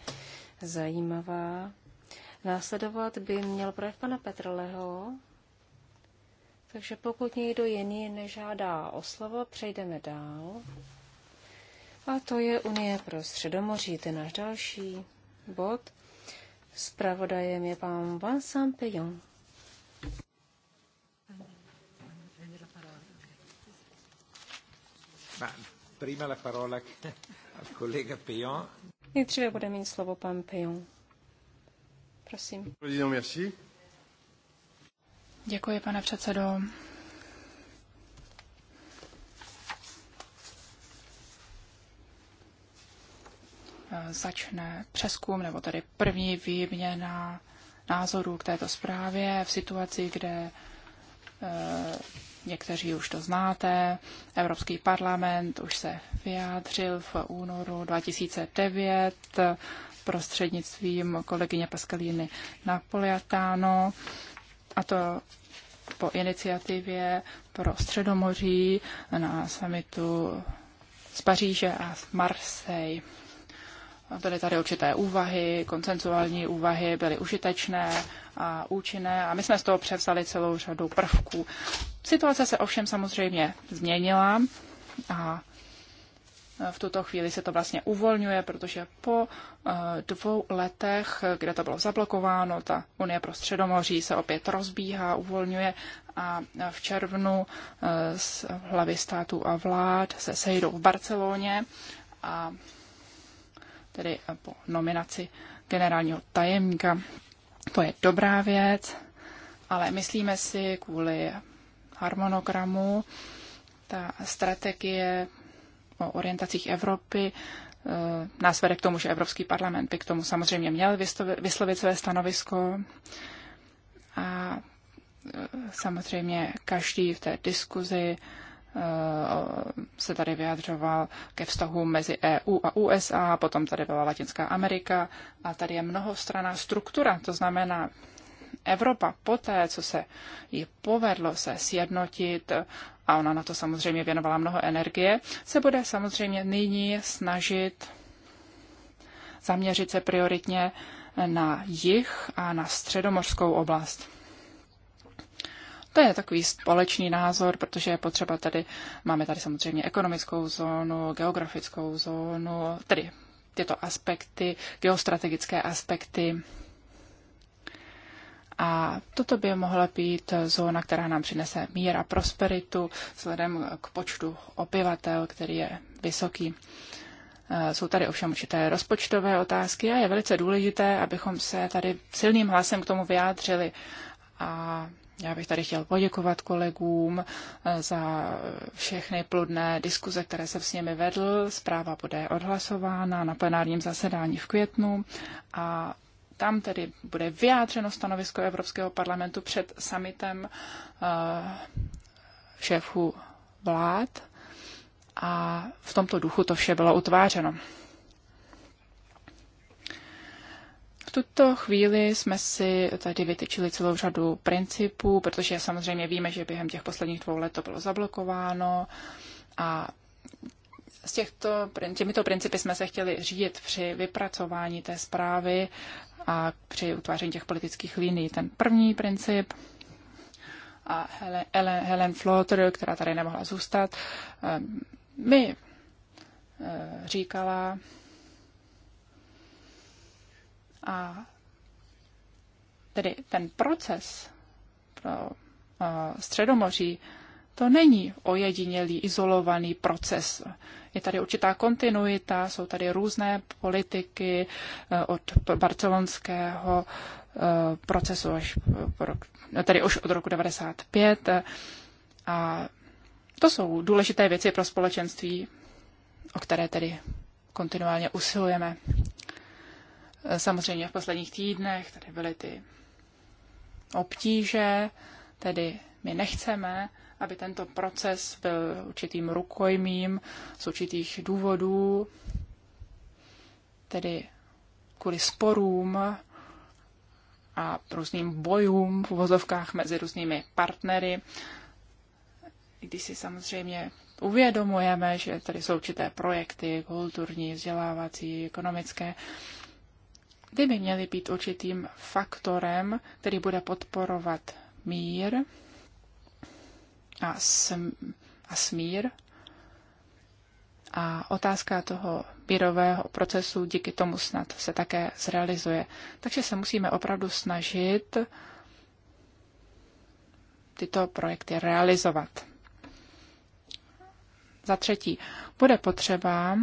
zajímavá. Následovat by měl projev pana Petrleho, takže pokud někdo jiný nežádá o slovo, přejdeme dál. A to je Unie pro Středomoří, ten náš další bod. Spravodajem je pan Van Sampeyon. Prima la parola al collega Peyon. Nejdříve bude mít slovo pan Pejon. Prosím. Président, merci. Děkuji, pane předsedo. Začne přeskum, nebo tedy první výměna názorů k této zprávě v situaci, kde eh, Někteří už to znáte. Evropský parlament už se vyjádřil v únoru 2009 prostřednictvím kolegyně Paskalíny Napoliatano. A to po iniciativě pro Středomoří na samitu z Paříže a z Marseille. Byly tady určité úvahy, koncenzuální úvahy, byly užitečné a účinné a my jsme z toho převzali celou řadu prvků. Situace se ovšem samozřejmě změnila a v tuto chvíli se to vlastně uvolňuje, protože po eh, dvou letech, kde to bylo zablokováno, ta Unie pro Středomoří se opět rozbíhá, uvolňuje a v červnu eh, z hlavy států a vlád se sejdou v Barceloně a tedy po nominaci generálního tajemníka. To je dobrá věc, ale myslíme si kvůli harmonogramu, ta strategie o orientacích Evropy e, nás vede k tomu, že Evropský parlament by k tomu samozřejmě měl vyslovit své stanovisko. A e, samozřejmě každý v té diskuzi e, se tady vyjadřoval ke vztahu mezi EU a USA, potom tady byla Latinská Amerika a tady je mnohostraná struktura, to znamená, Evropa poté, co se jí povedlo se sjednotit, eh, a ona na to samozřejmě věnovala mnoho energie, se bude samozřejmě nyní snažit zaměřit se prioritně na jih a na středomorskou oblast. To je takový společný názor, protože je potřeba tady, máme tady samozřejmě ekonomickou zónu, geografickou zónu, tedy tyto aspekty, geostrategické aspekty a toto by mohla být zóna, která nám přinese mír a prosperitu vzhledem k počtu obyvatel, který je vysoký. Eh, jsou tady ovšem určité rozpočtové otázky a je velice důležité, abychom se tady silným hlasem k tomu vyjádřili. A já bych tady chtěl poděkovat kolegům eh, za všechny plodné diskuze, které jsem s nimi vedl. Zpráva bude odhlasována na plenárním zasedání v květnu a tam tedy bude vyjádřeno stanovisko Evropského parlamentu před summitem eh, šéfů vlád a v tomto duchu to vše bylo utvářeno. V tuto chvíli jsme si tady vytyčili celou řadu principů, protože samozřejmě víme, že během těch posledních dvou let to bylo zablokováno a s těchto, těmito principy jsme se chtěli řídit při vypracování té zprávy a při utváření těch politických linií. Ten první princip a Helen, Helen Flotter, která tady nemohla zůstat, ehm, mi eh, říkala a tedy ten proces pro eh, Středomoří to není ojedinělý, izolovaný proces. Je tady určitá kontinuita, jsou tady různé politiky eh, od barcelonského eh, procesu až tady už od roku 95 eh, a to jsou důležité věci pro společenství, o které tedy kontinuálně usilujeme. Samozřejmě v posledních týdnech tady byly ty obtíže, tedy my nechceme, aby tento proces byl určitým rukojmím z určitých důvodů, tedy kvůli sporům a různým bojům v vozovkách mezi různými partnery, když si samozřejmě uvědomujeme, že tady jsou určité projekty kulturní, vzdělávací, ekonomické, kdyby by měly být určitým faktorem, který bude podporovat mír a, sm, a smír. A otázka toho mírového procesu díky tomu snad se také zrealizuje. Takže se musíme opravdu snažit tyto projekty realizovat. Za třetí, bude potřeba,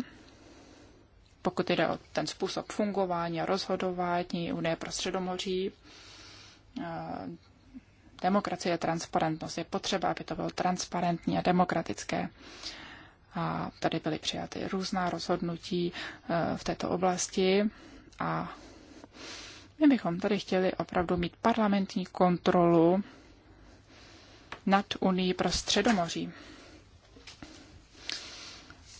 pokud jde o ten způsob fungování a rozhodování Unie pro Středomoří, demokracie je transparentnost. Je potřeba, aby to bylo transparentní a demokratické. A tady byly přijaty různá rozhodnutí e, v této oblasti a my bychom tady chtěli opravdu mít parlamentní kontrolu nad Unii pro Středomoří.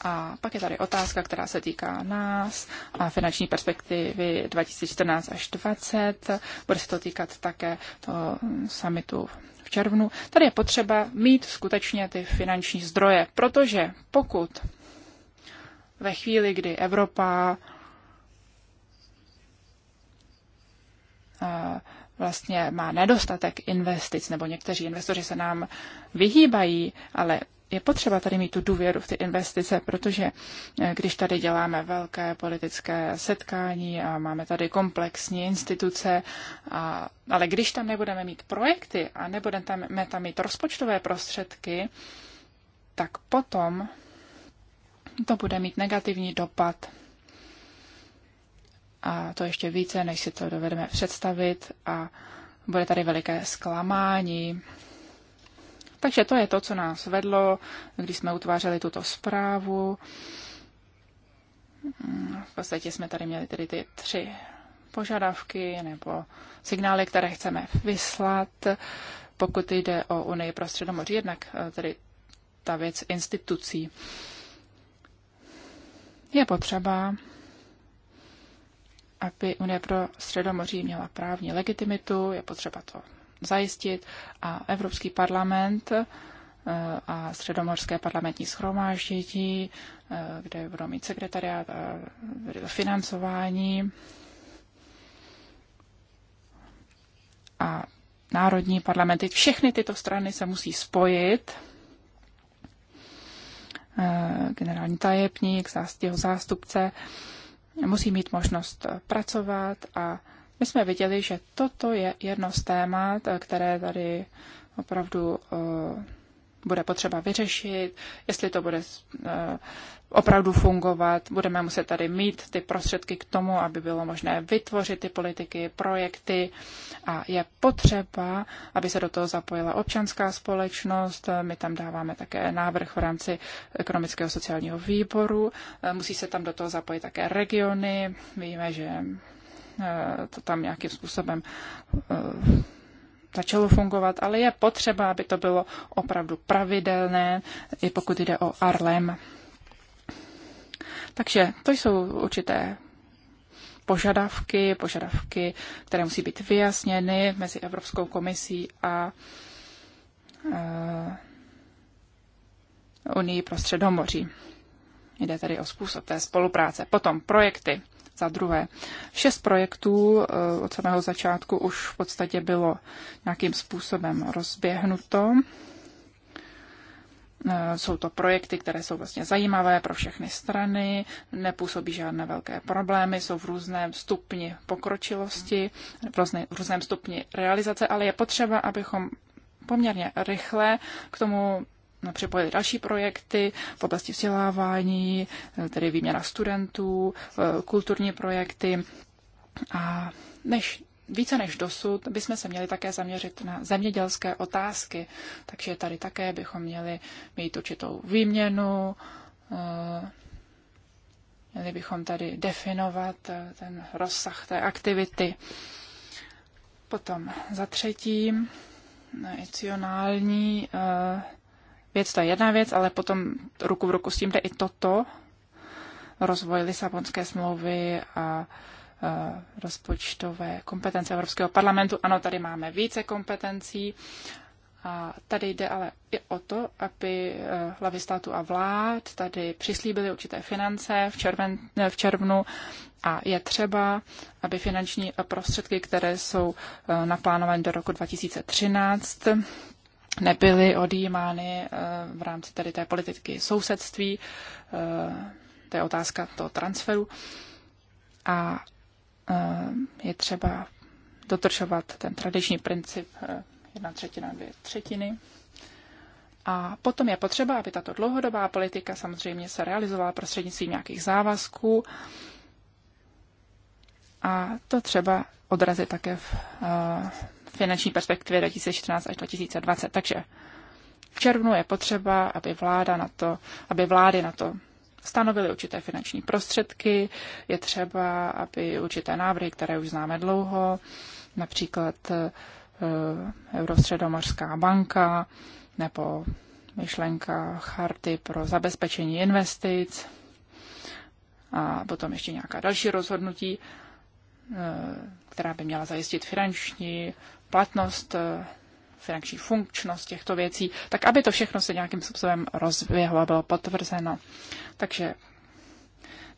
A pak je tady otázka, která se týká nás a finanční perspektivy 2014 až 2020. Bude se to týkat také toho summitu v červnu. Tady je potřeba mít skutečně ty finanční zdroje, protože pokud ve chvíli, kdy Evropa vlastně má nedostatek investic, nebo někteří investoři se nám vyhýbají, ale je potřeba tady mít tu důvěru v ty investice, protože eh, když tady děláme velké politické setkání a máme tady komplexní instituce, a, ale když tam nebudeme mít projekty a nebudeme tam, tam mít rozpočtové prostředky, tak potom to bude mít negativní dopad. A to ještě více, než si to dovedeme představit a bude tady veliké zklamání takže to je to, co nás vedlo, když jsme utvářeli tuto zprávu. V podstatě jsme tady měli tedy ty tři požadavky nebo signály, které chceme vyslat, pokud jde o Unii pro středomoří, jednak eh, tedy ta věc institucí. Je potřeba, aby Unie pro středomoří měla právní legitimitu, je potřeba to zajistit a Evropský parlament eh, a Středomorské parlamentní schromáždění, eh, kde budou mít sekretariát a financování a národní parlamenty. Všechny tyto strany se musí spojit. Eh, generální tajepník, jeho zástupce musí mít možnost pracovat a my jsme viděli, že toto je jedno z témat, eh, které tady opravdu eh, bude potřeba vyřešit, jestli to bude eh, opravdu fungovat. Budeme muset tady mít ty prostředky k tomu, aby bylo možné vytvořit ty politiky, projekty a je potřeba, aby se do toho zapojila občanská společnost. My tam dáváme také návrh v rámci ekonomického sociálního výboru. Musí se tam do toho zapojit také regiony. Víme, že Eh, to tam nějakým způsobem eh, začalo fungovat, ale je potřeba, aby to bylo opravdu pravidelné, i pokud jde o Arlem. Takže to jsou určité požadavky, požadavky, které musí být vyjasněny mezi Evropskou komisí a eh, Unii pro Středomoří. Jde tedy o způsob té spolupráce. Potom projekty. Za druhé, šest projektů eh, od samého začátku už v podstatě bylo nějakým způsobem rozběhnuto. Eh, jsou to projekty, které jsou vlastně zajímavé pro všechny strany, nepůsobí žádné velké problémy, jsou v různém stupni pokročilosti, v, různé, v různém stupni realizace, ale je potřeba, abychom poměrně rychle k tomu připojili další projekty v oblasti vzdělávání, eh, tedy výměna studentů, eh, kulturní projekty. A než více než dosud bychom se měli také zaměřit na zemědělské otázky, takže tady také bychom měli mít určitou výměnu, eh, měli bychom tady definovat ten rozsah té aktivity. Potom za třetí, nacionální věc, to je jedna věc, ale potom ruku v ruku s tím jde i toto, rozvoj Lisabonské smlouvy a rozpočtové kompetence Evropského parlamentu. Ano, tady máme více kompetencí. A tady jde ale i o to, aby e, hlavy státu a vlád tady přislíbily určité finance v, červen, e, v červnu a je třeba, aby finanční prostředky, které jsou e, naplánovány do roku 2013, nebyly odjímány eh, v rámci tedy té politiky sousedství, eh, to je otázka toho transferu a eh, je třeba dotržovat ten tradiční princip jedna třetina, dvě třetiny. A potom je potřeba, aby tato dlouhodobá politika samozřejmě se realizovala prostřednictvím nějakých závazků a to třeba odrazit také v finanční perspektivě 2014 až 2020. Takže v červnu je potřeba, aby, vláda na to, aby vlády na to stanovily určité finanční prostředky, je třeba, aby určité návrhy, které už známe dlouho, například eh, Eurostředomorská banka nebo myšlenka charty pro zabezpečení investic a potom ještě nějaká další rozhodnutí, eh, která by měla zajistit finanční platnost, eh, finanční funkčnost těchto věcí, tak aby to všechno se nějakým způsobem rozběhlo a bylo potvrzeno. Takže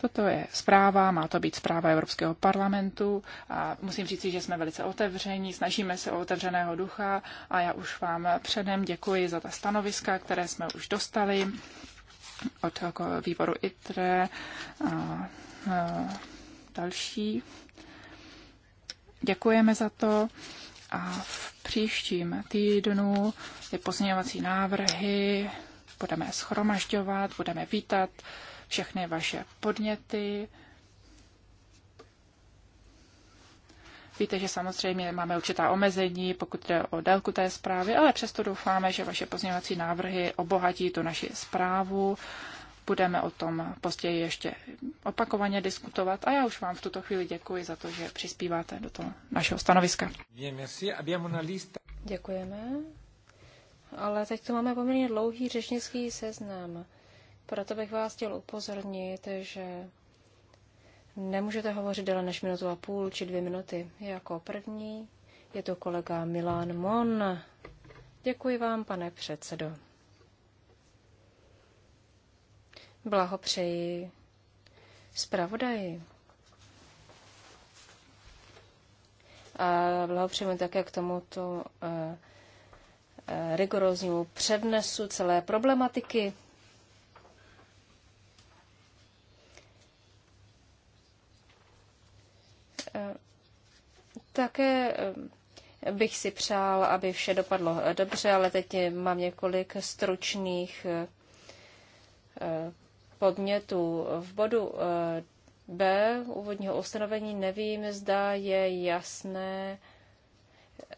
Toto je zpráva, má to být zpráva Evropského parlamentu a musím říct, že jsme velice otevření, snažíme se o otevřeného ducha a já už vám předem děkuji za ta stanoviska, které jsme už dostali od jako výboru ITRE a, a eh, další. Děkujeme za to. A v příštím týdnu ty pozměňovací návrhy budeme schromažďovat, budeme vítat všechny vaše podněty. Víte, že samozřejmě máme určitá omezení, pokud jde o délku té zprávy, ale přesto doufáme, že vaše pozměňovací návrhy obohatí tu naši zprávu Budeme o tom později ještě opakovaně diskutovat a já už vám v tuto chvíli děkuji za to, že přispíváte do toho našeho stanoviska. Děkujeme. Ale teď tu máme poměrně dlouhý řečnický seznam. Proto bych vás chtěl upozornit, že nemůžete hovořit déle než minutu a půl či dvě minuty. Jako první je to kolega Milan Mon. Děkuji vám, pane předsedo. Blahopřeji zpravodaji. A blahopřeji také k tomuto eh, eh, rigoróznímu přednesu celé problematiky. Eh, také bych si přál, aby vše dopadlo dobře, ale teď mám několik stručných podnětů. V bodu eh, B úvodního ustanovení nevím, zda je jasné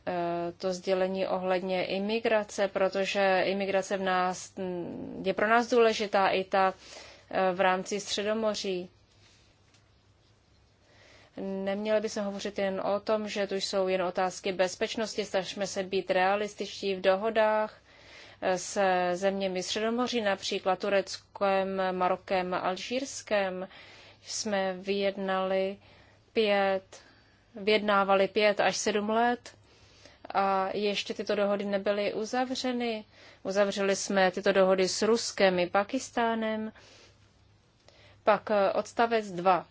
eh, to sdělení ohledně imigrace, protože imigrace v nás, mm, je pro nás důležitá i ta eh, v rámci Středomoří. Neměli bychom hovořit jen o tom, že tu jsou jen otázky bezpečnosti, snažíme se být realističtí v dohodách, se zeměmi Středomoří, například Tureckem, Marokem a Alžírskem. Jsme vyjednali pět, vyjednávali pět až sedm let a ještě tyto dohody nebyly uzavřeny. Uzavřeli jsme tyto dohody s Ruskem i Pakistánem. Pak eh, odstavec 2.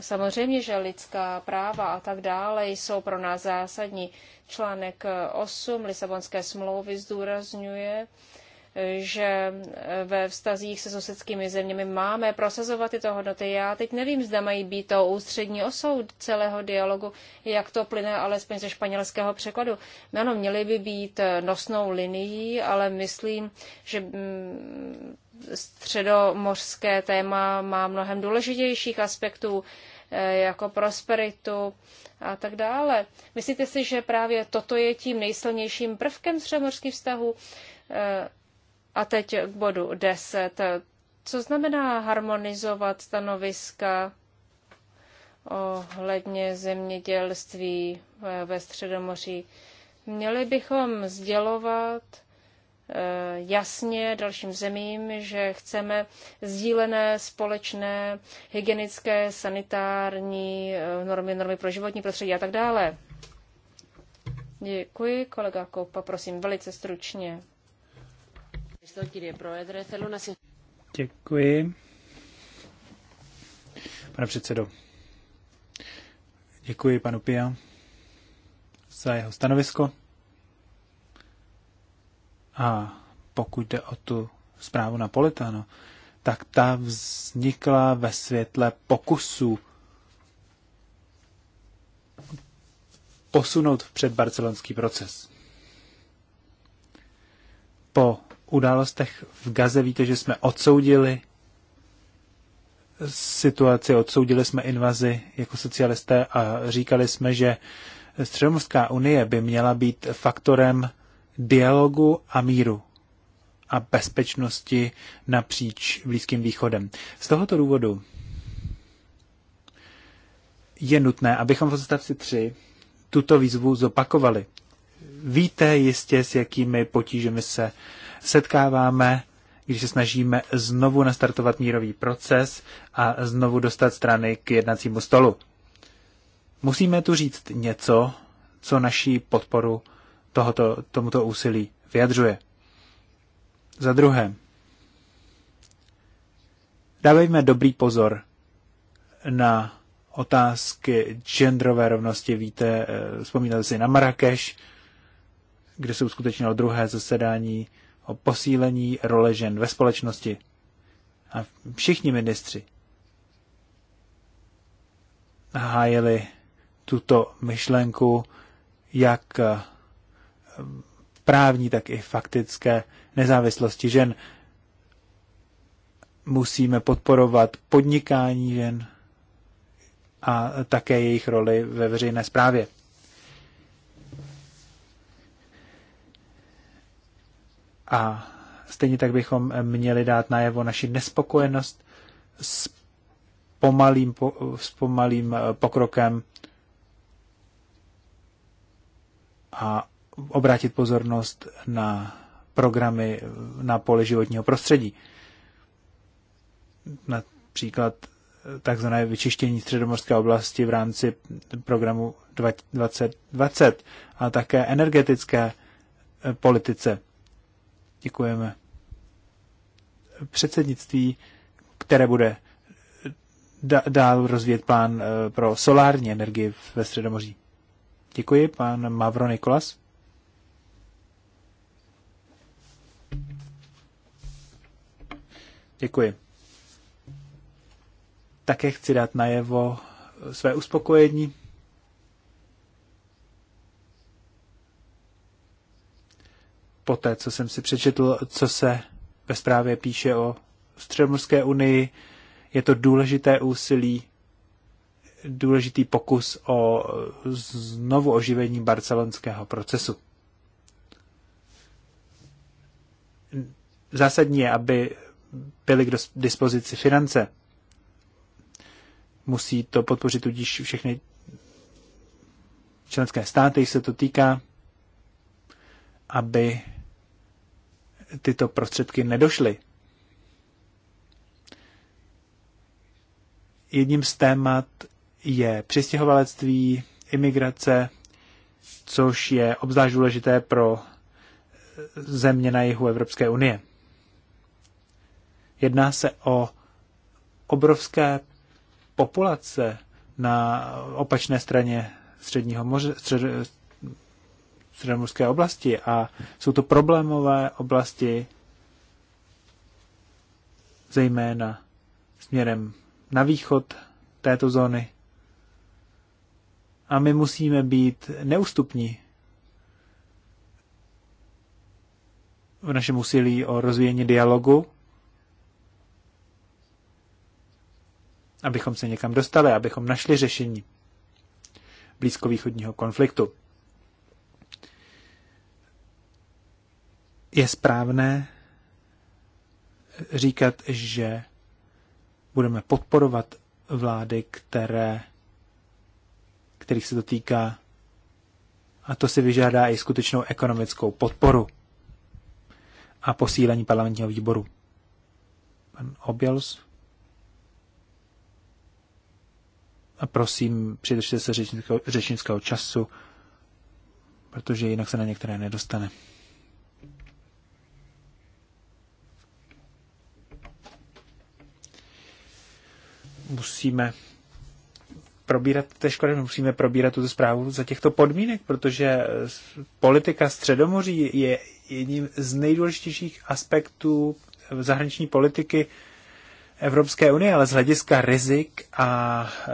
Samozřejmě, že lidská práva a tak dále jsou pro nás zásadní. Článek 8 Lisabonské smlouvy zdůrazňuje, že eh, ve vztazích se sousedskými zeměmi máme prosazovat tyto hodnoty. Já teď nevím, zda mají být tou ústřední osou celého dialogu, jak to plyne alespoň ze španělského překladu. No ano, měly by být eh, nosnou linií, ale myslím, že mm, středomořské téma má mnohem důležitějších aspektů, eh, jako prosperitu a tak dále. Myslíte si, že právě toto je tím nejsilnějším prvkem středomořských vztahů? A teď k bodu 10. Co znamená harmonizovat stanoviska ohledně zemědělství ve Středomoří? Měli bychom sdělovat eh, jasně dalším zemím, že chceme sdílené společné hygienické, sanitární eh, normy, normy pro životní prostředí a tak dále. Děkuji, kolega Koupa, prosím, velice stručně. Děkuji. Pane předsedo, děkuji panu Pia za jeho stanovisko. A pokud jde o tu zprávu Napolitano, tak ta vznikla ve světle pokusu posunout před barcelonský proces. Po událostech v Gaze víte, že jsme odsoudili situaci, odsoudili jsme invazi jako socialisté a říkali jsme, že Středomorská unie by měla být faktorem dialogu a míru a bezpečnosti napříč Blízkým východem. Z tohoto důvodu je nutné, abychom v odstavci 3 tuto výzvu zopakovali. Víte jistě, s jakými potížemi se uh, setkáváme, když se snažíme znovu nastartovat mírový proces a znovu dostat strany k jednacímu stolu. Musíme tu říct něco, co naší podporu tohoto, tomuto úsilí vyjadřuje. Za druhé, dávejme dobrý pozor na otázky genderové rovnosti. Víte, eh, vzpomínáte si na Marrakeš, kde se uskutečnilo druhé zasedání o posílení role žen ve společnosti. A všichni ministři hájili tuto myšlenku, jak eh, právní, tak i faktické nezávislosti žen. Musíme podporovat podnikání žen a také jejich roli ve veřejné správě. A stejně tak bychom měli dát najevo naši nespokojenost s pomalým, po, s pomalým eh, pokrokem a obrátit pozornost na programy na poli životního prostředí. Například eh, takzvané vyčištění středomorské oblasti v rámci programu 2020 a také energetické eh, politice. Děkujeme. Předsednictví, které bude dál rozvíjet plán eh, pro solární energii ve Středomoří. Děkuji, pan Mavro Nikolas. Děkuji. Také chci dát najevo své uspokojení poté, co jsem si přečetl, co se ve zprávě píše o Středomorské unii, je to důležité úsilí, důležitý pokus o znovu oživení barcelonského procesu. Zásadní je, aby byly k dispozici finance. Musí to podpořit tudíž všechny členské státy, jich se to týká, aby tyto prostředky nedošly. Jedním z témat je přistěhovalectví, imigrace, což je obzvlášť důležité pro země na jihu Evropské unie. Jedná se o obrovské populace na opačné straně středního moře, střed, středomorské oblasti a jsou to problémové oblasti zejména směrem na východ této zóny. A my musíme být neústupní v našem úsilí o rozvíjení dialogu, abychom se někam dostali, abychom našli řešení blízkovýchodního konfliktu. je správné říkat, že budeme podporovat vlády, které, kterých se to týká, a to si vyžádá i skutečnou ekonomickou podporu a posílení parlamentního výboru. Pan Objels? A prosím, přidržte se řečnického, řečnického času, protože jinak se na některé nedostane. musíme probírat té škody, musíme probírat tuto zprávu za těchto podmínek, protože eh, politika Středomoří je jedním z nejdůležitějších aspektů eh, zahraniční politiky Evropské unie, ale z hlediska rizik a eh,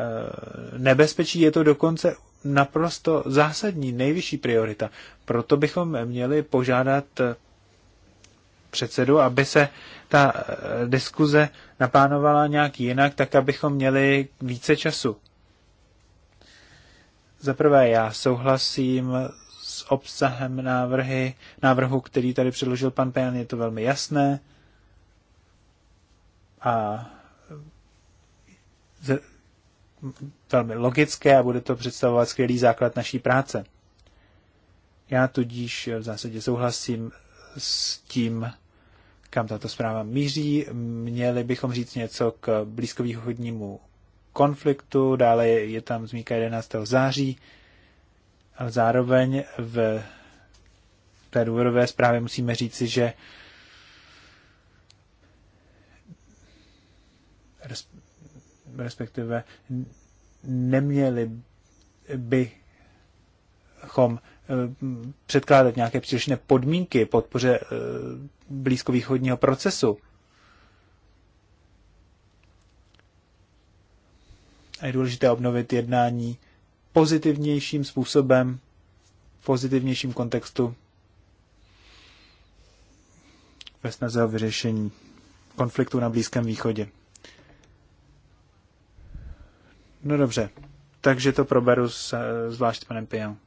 nebezpečí je to dokonce naprosto zásadní, nejvyšší priorita. Proto bychom měli požádat předsedu, aby se ta eh, diskuze naplánovala nějak jinak, tak abychom měli více času. Za prvé, já souhlasím s obsahem návrhy, návrhu, který tady předložil pan Pejan, je to velmi jasné. A z, velmi logické a bude to představovat skvělý základ naší práce. Já tudíž v zásadě souhlasím s tím kam tato zpráva míří. Měli bychom říct něco k blízkovýchodnímu konfliktu, dále je tam zmínka 11. září, ale zároveň v té důvodové zprávě musíme říci, že respektive neměli bychom Eh, předkládat nějaké přílišné podmínky podpoře eh, blízkovýchodního procesu. A je důležité obnovit jednání pozitivnějším způsobem, v pozitivnějším kontextu ve snaze o vyřešení konfliktu na Blízkém východě. No dobře takže to proberu s, zvlášť panem Pijem.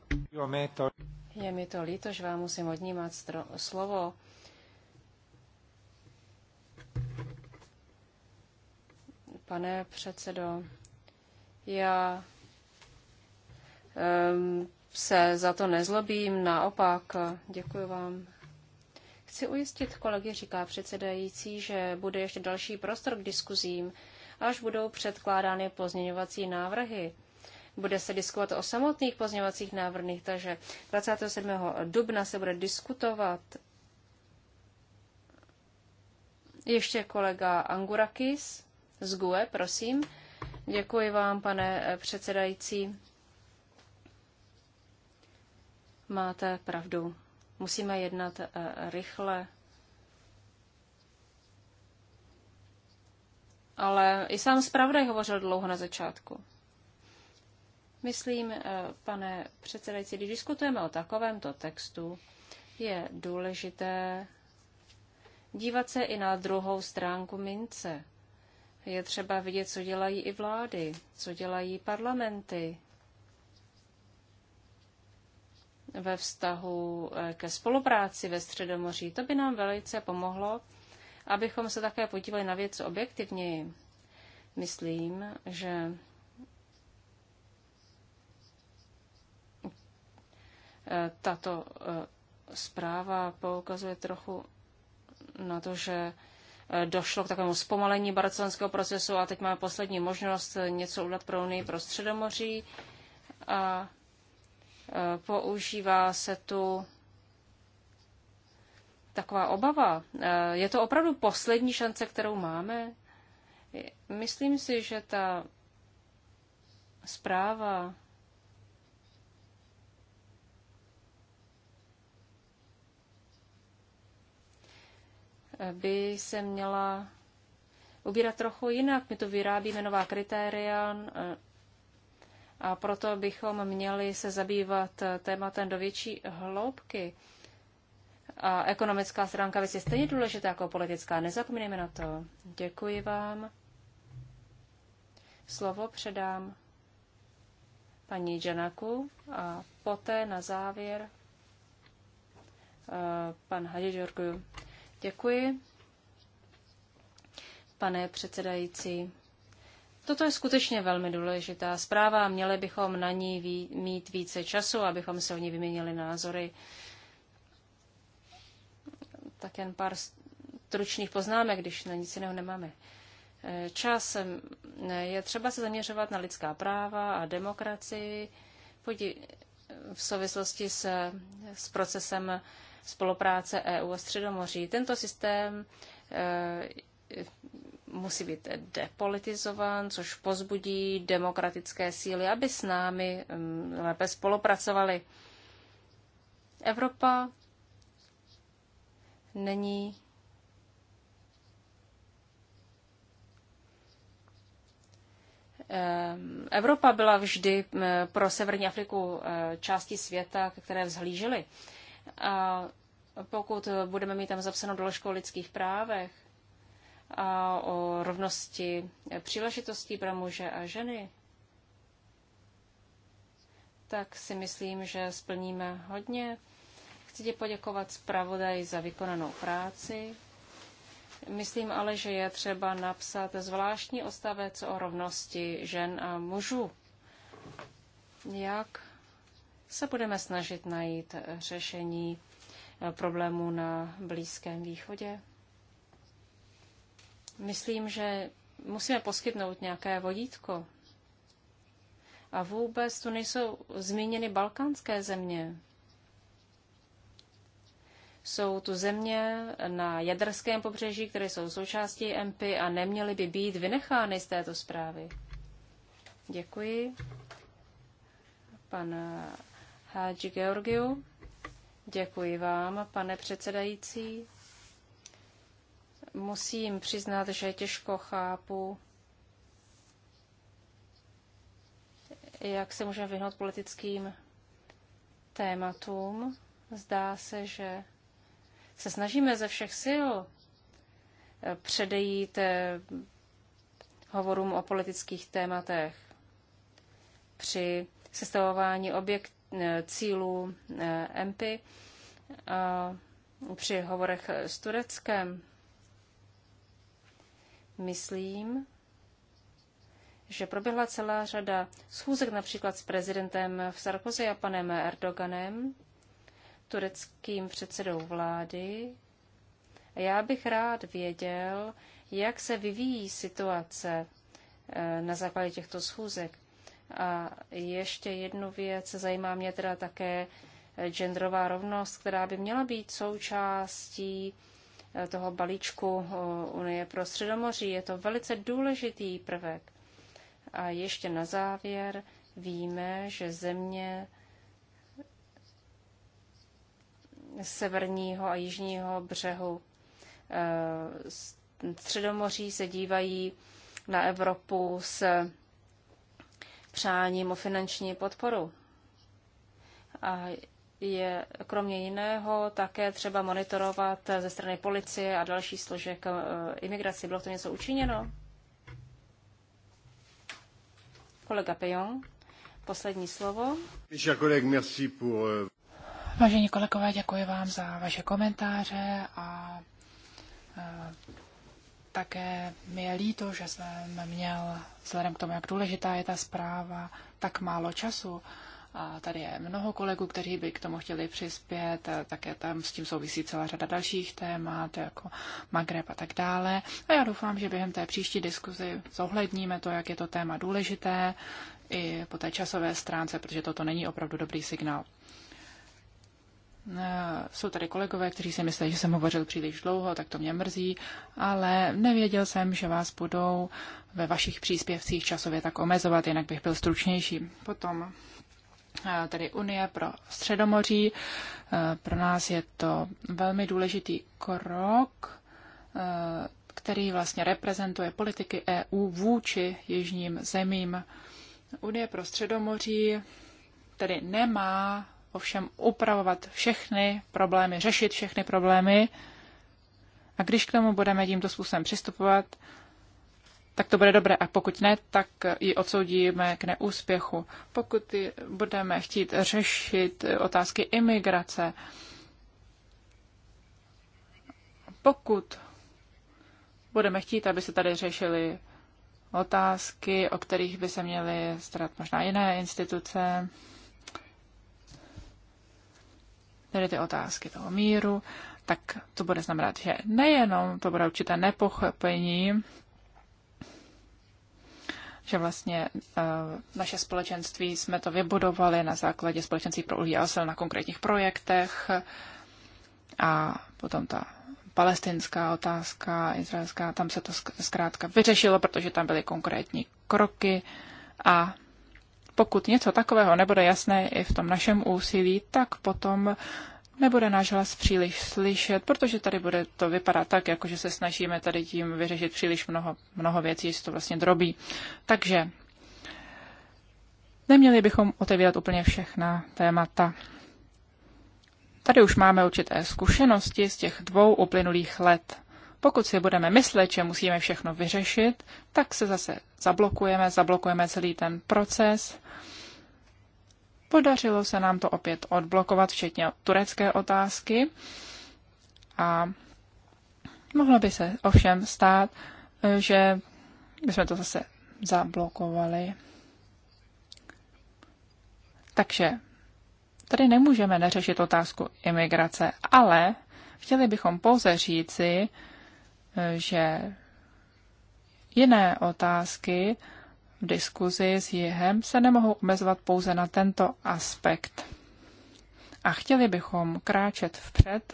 Je mi to líto, že vám musím odnímat slovo. Pane předsedo, já um, se za to nezlobím, naopak, děkuji vám. Chci ujistit kolegy, říká předsedající, že bude ještě další prostor k diskuzím, až budou předkládány pozměňovací návrhy. Bude se diskutovat o samotných pozměňovacích návrhech, takže 27. dubna se bude diskutovat ještě kolega Angurakis z GUE, prosím. Děkuji vám, pane předsedající. Máte pravdu. Musíme jednat eh, rychle. Ale i sám zpravodaj hovořil dlouho na začátku. Myslím, eh, pane předsedající, když diskutujeme o takovémto textu, je důležité dívat se i na druhou stránku mince. Je třeba vidět, co dělají i vlády, co dělají parlamenty ve vztahu eh, ke spolupráci ve Středomoří. To by nám velice pomohlo, abychom se také podívali na věc objektivněji. Myslím, že Tato eh, zpráva poukazuje trochu na to, že eh, došlo k takovému zpomalení barcelonského procesu a teď máme poslední možnost eh, něco udělat pro Unii pro Středomoří. A používá se tu taková obava. Je to opravdu poslední šance, kterou máme? Myslím si, že ta zpráva by se měla ubírat trochu jinak. My tu vyrábíme nová kritéria eh, a proto bychom měli se zabývat eh, tématem do větší hloubky. A ekonomická stránka věci je stejně důležitá jako politická. Nezapomeňme na to. Děkuji vám. Slovo předám paní Janaku a poté na závěr eh, pan Hadidžorku. Děkuji. Pane předsedající, toto je skutečně velmi důležitá zpráva a měli bychom na ní mít více času, abychom se o ní vyměnili názory. Tak jen pár stručných poznámek, když na nic jiného nemáme. Eh, čas eh, je třeba se zaměřovat na lidská práva a demokracii v souvislosti s, s procesem spolupráce EU a Středomoří. Tento systém eh, musí být depolitizován, což pozbudí demokratické síly, aby s námi mm, lépe spolupracovali. Evropa není eh, Evropa byla vždy eh, pro Severní Afriku části světa, které vzhlížely. A pokud budeme mít tam zapsanou doložku o lidských právech a o rovnosti příležitostí pro muže a ženy, tak si myslím, že splníme hodně. Chci ti poděkovat zpravodaji za vykonanou práci. Myslím ale, že je třeba napsat zvláštní ostavec o rovnosti žen a mužů. Jak se budeme snažit najít řešení eh, problémů na Blízkém východě. Myslím, že musíme poskytnout nějaké vodítko. A vůbec tu nejsou zmíněny balkánské země. Jsou tu země na jaderském pobřeží, které jsou součástí MP a neměly by být vynechány z této zprávy. Děkuji. Pan Hadži Georgiu. Děkuji vám, pane předsedající. Musím přiznat, že těžko chápu, jak se můžeme vyhnout politickým tématům. Zdá se, že se snažíme ze všech sil předejít eh, hovorům o politických tématech. Při sestavování objektů. Eh, cílů eh, MP eh, při hovorech s Tureckem. Myslím, že proběhla celá řada schůzek například s prezidentem Sarkozy a panem Erdoganem, tureckým předsedou vlády. A já bych rád věděl, jak se vyvíjí situace na základě těchto schůzek. A ještě jednu věc, zajímá mě teda také genderová rovnost, která by měla být součástí eh, toho balíčku eh, Unie pro Středomoří. Je to velice důležitý prvek. A ještě na závěr víme, že země severního a jižního břehu eh, Středomoří se dívají na Evropu s přáním o finanční podporu. A je kromě jiného také třeba monitorovat ze strany policie a další složek eh, imigraci. Bylo to něco učiněno? Kolega Pejon, poslední slovo. Vážení kolegové, děkuji vám za vaše komentáře a eh, také mi je líto, že jsem měl, vzhledem k tomu, jak důležitá je ta zpráva, tak málo času. A tady je mnoho kolegů, kteří by k tomu chtěli přispět, a také tam s tím souvisí celá řada dalších témat, jako Magreb a tak dále. A já doufám, že během té příští diskuzi zohledníme to, jak je to téma důležité, i po té časové stránce, protože toto není opravdu dobrý signál. Eh, jsou tady kolegové, kteří si myslí, že jsem hovořil příliš dlouho, tak to mě mrzí, ale nevěděl jsem, že vás budou ve vašich příspěvcích časově tak omezovat, jinak bych byl stručnější. Potom eh, tady Unie pro Středomoří. Eh, pro nás je to velmi důležitý krok, který vlastně reprezentuje politiky EU vůči jižním zemím. Unie pro Středomoří tedy nemá ovšem upravovat všechny problémy, řešit všechny problémy. A když k tomu budeme tímto způsobem přistupovat, tak to bude dobré. A pokud ne, tak ji odsoudíme k neúspěchu. Pokud budeme chtít řešit otázky imigrace, pokud budeme chtít, aby se tady řešily otázky, o kterých by se měly starat možná jiné instituce, tedy ty otázky toho míru, tak to bude znamenat, že nejenom to bude určité nepochopení, že vlastně eh, naše společenství jsme to vybudovali na základě společenství pro uhlí a osel na konkrétních projektech a potom ta palestinská otázka, izraelská, tam se to zkrátka vyřešilo, protože tam byly konkrétní kroky a pokud něco takového nebude jasné i v tom našem úsilí, tak potom nebude náš hlas příliš slyšet, protože tady bude to vypadat tak, jako že se snažíme tady tím vyřešit příliš mnoho, mnoho věcí, jestli to vlastně drobí. Takže neměli bychom otevírat úplně všechna témata. Tady už máme určité zkušenosti z těch dvou uplynulých let. Pokud si budeme myslet, že musíme všechno vyřešit, tak se zase zablokujeme, zablokujeme celý ten proces. Podařilo se nám to opět odblokovat, včetně turecké otázky. A mohlo by se ovšem stát, že bychom to zase zablokovali. Takže tady nemůžeme neřešit otázku imigrace, ale chtěli bychom pouze říci, že jiné otázky v diskuzi s Jihem se nemohou omezovat pouze na tento aspekt. A chtěli bychom kráčet vpřed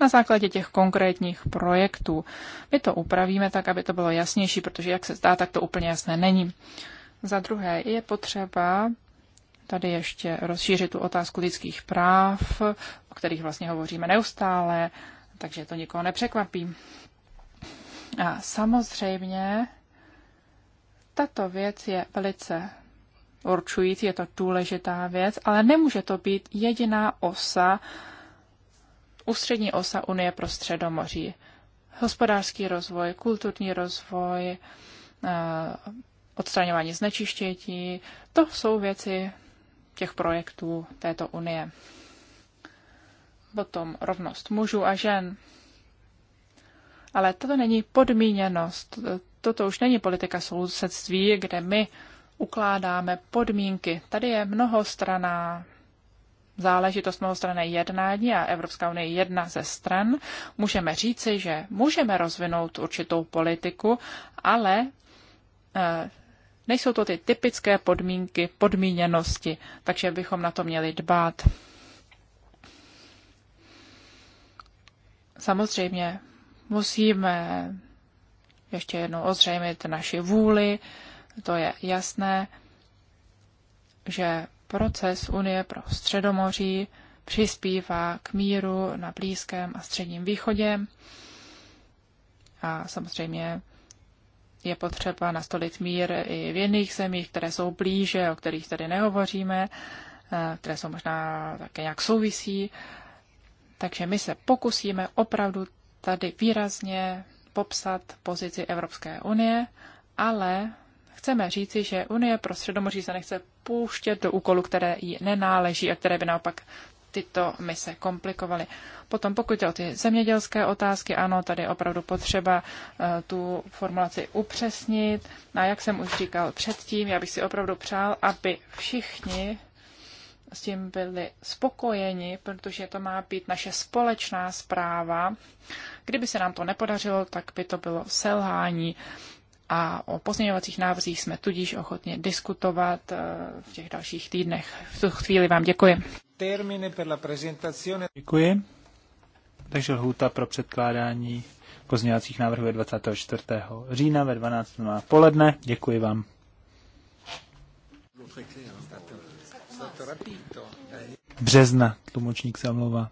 na základě těch konkrétních projektů. My to upravíme tak, aby to bylo jasnější, protože jak se zdá, tak to úplně jasné není. Za druhé je potřeba tady ještě rozšířit tu otázku lidských práv, o kterých vlastně hovoříme neustále, takže to nikoho nepřekvapí. A samozřejmě tato věc je velice určující, je to důležitá věc, ale nemůže to být jediná osa, ústřední osa Unie pro středomoří. Hospodářský rozvoj, kulturní rozvoj, eh, odstraňování znečištění, to jsou věci těch projektů této unie. Potom rovnost mužů a žen, ale toto není podmíněnost. Toto už není politika sousedství, kde my ukládáme podmínky. Tady je mnohostraná záležitost mnohostrané jednání a Evropská unie je jedna ze stran. Můžeme říci, že můžeme rozvinout určitou politiku, ale eh, nejsou to ty typické podmínky podmíněnosti, takže bychom na to měli dbát. Samozřejmě Musíme ještě jednou ozřejmit naši vůli, to je jasné, že proces Unie pro Středomoří přispívá k míru na Blízkém a Středním východě a samozřejmě je potřeba nastolit mír i v jiných zemích, které jsou blíže, o kterých tady nehovoříme, eh, které jsou možná také nějak souvisí. Takže my se pokusíme opravdu tady výrazně popsat pozici Evropské unie, ale chceme říci, že Unie pro Středomoří se nechce pouštět do úkolu, které jí nenáleží a které by naopak tyto mise komplikovaly. Potom pokud jde o ty zemědělské otázky, ano, tady je opravdu potřeba eh, tu formulaci upřesnit. A jak jsem už říkal předtím, já bych si opravdu přál, aby všichni s tím byli spokojeni, protože to má být naše společná zpráva. Kdyby se nám to nepodařilo, tak by to bylo selhání a o pozměňovacích návrzích jsme tudíž ochotně diskutovat eh, v těch dalších týdnech. V tu chvíli vám děkuji. Děkuji. Takže lhůta pro předkládání pozměňovacích návrhů je 24. října ve 12. poledne. Děkuji vám. Března, tlumočník se omlouvá.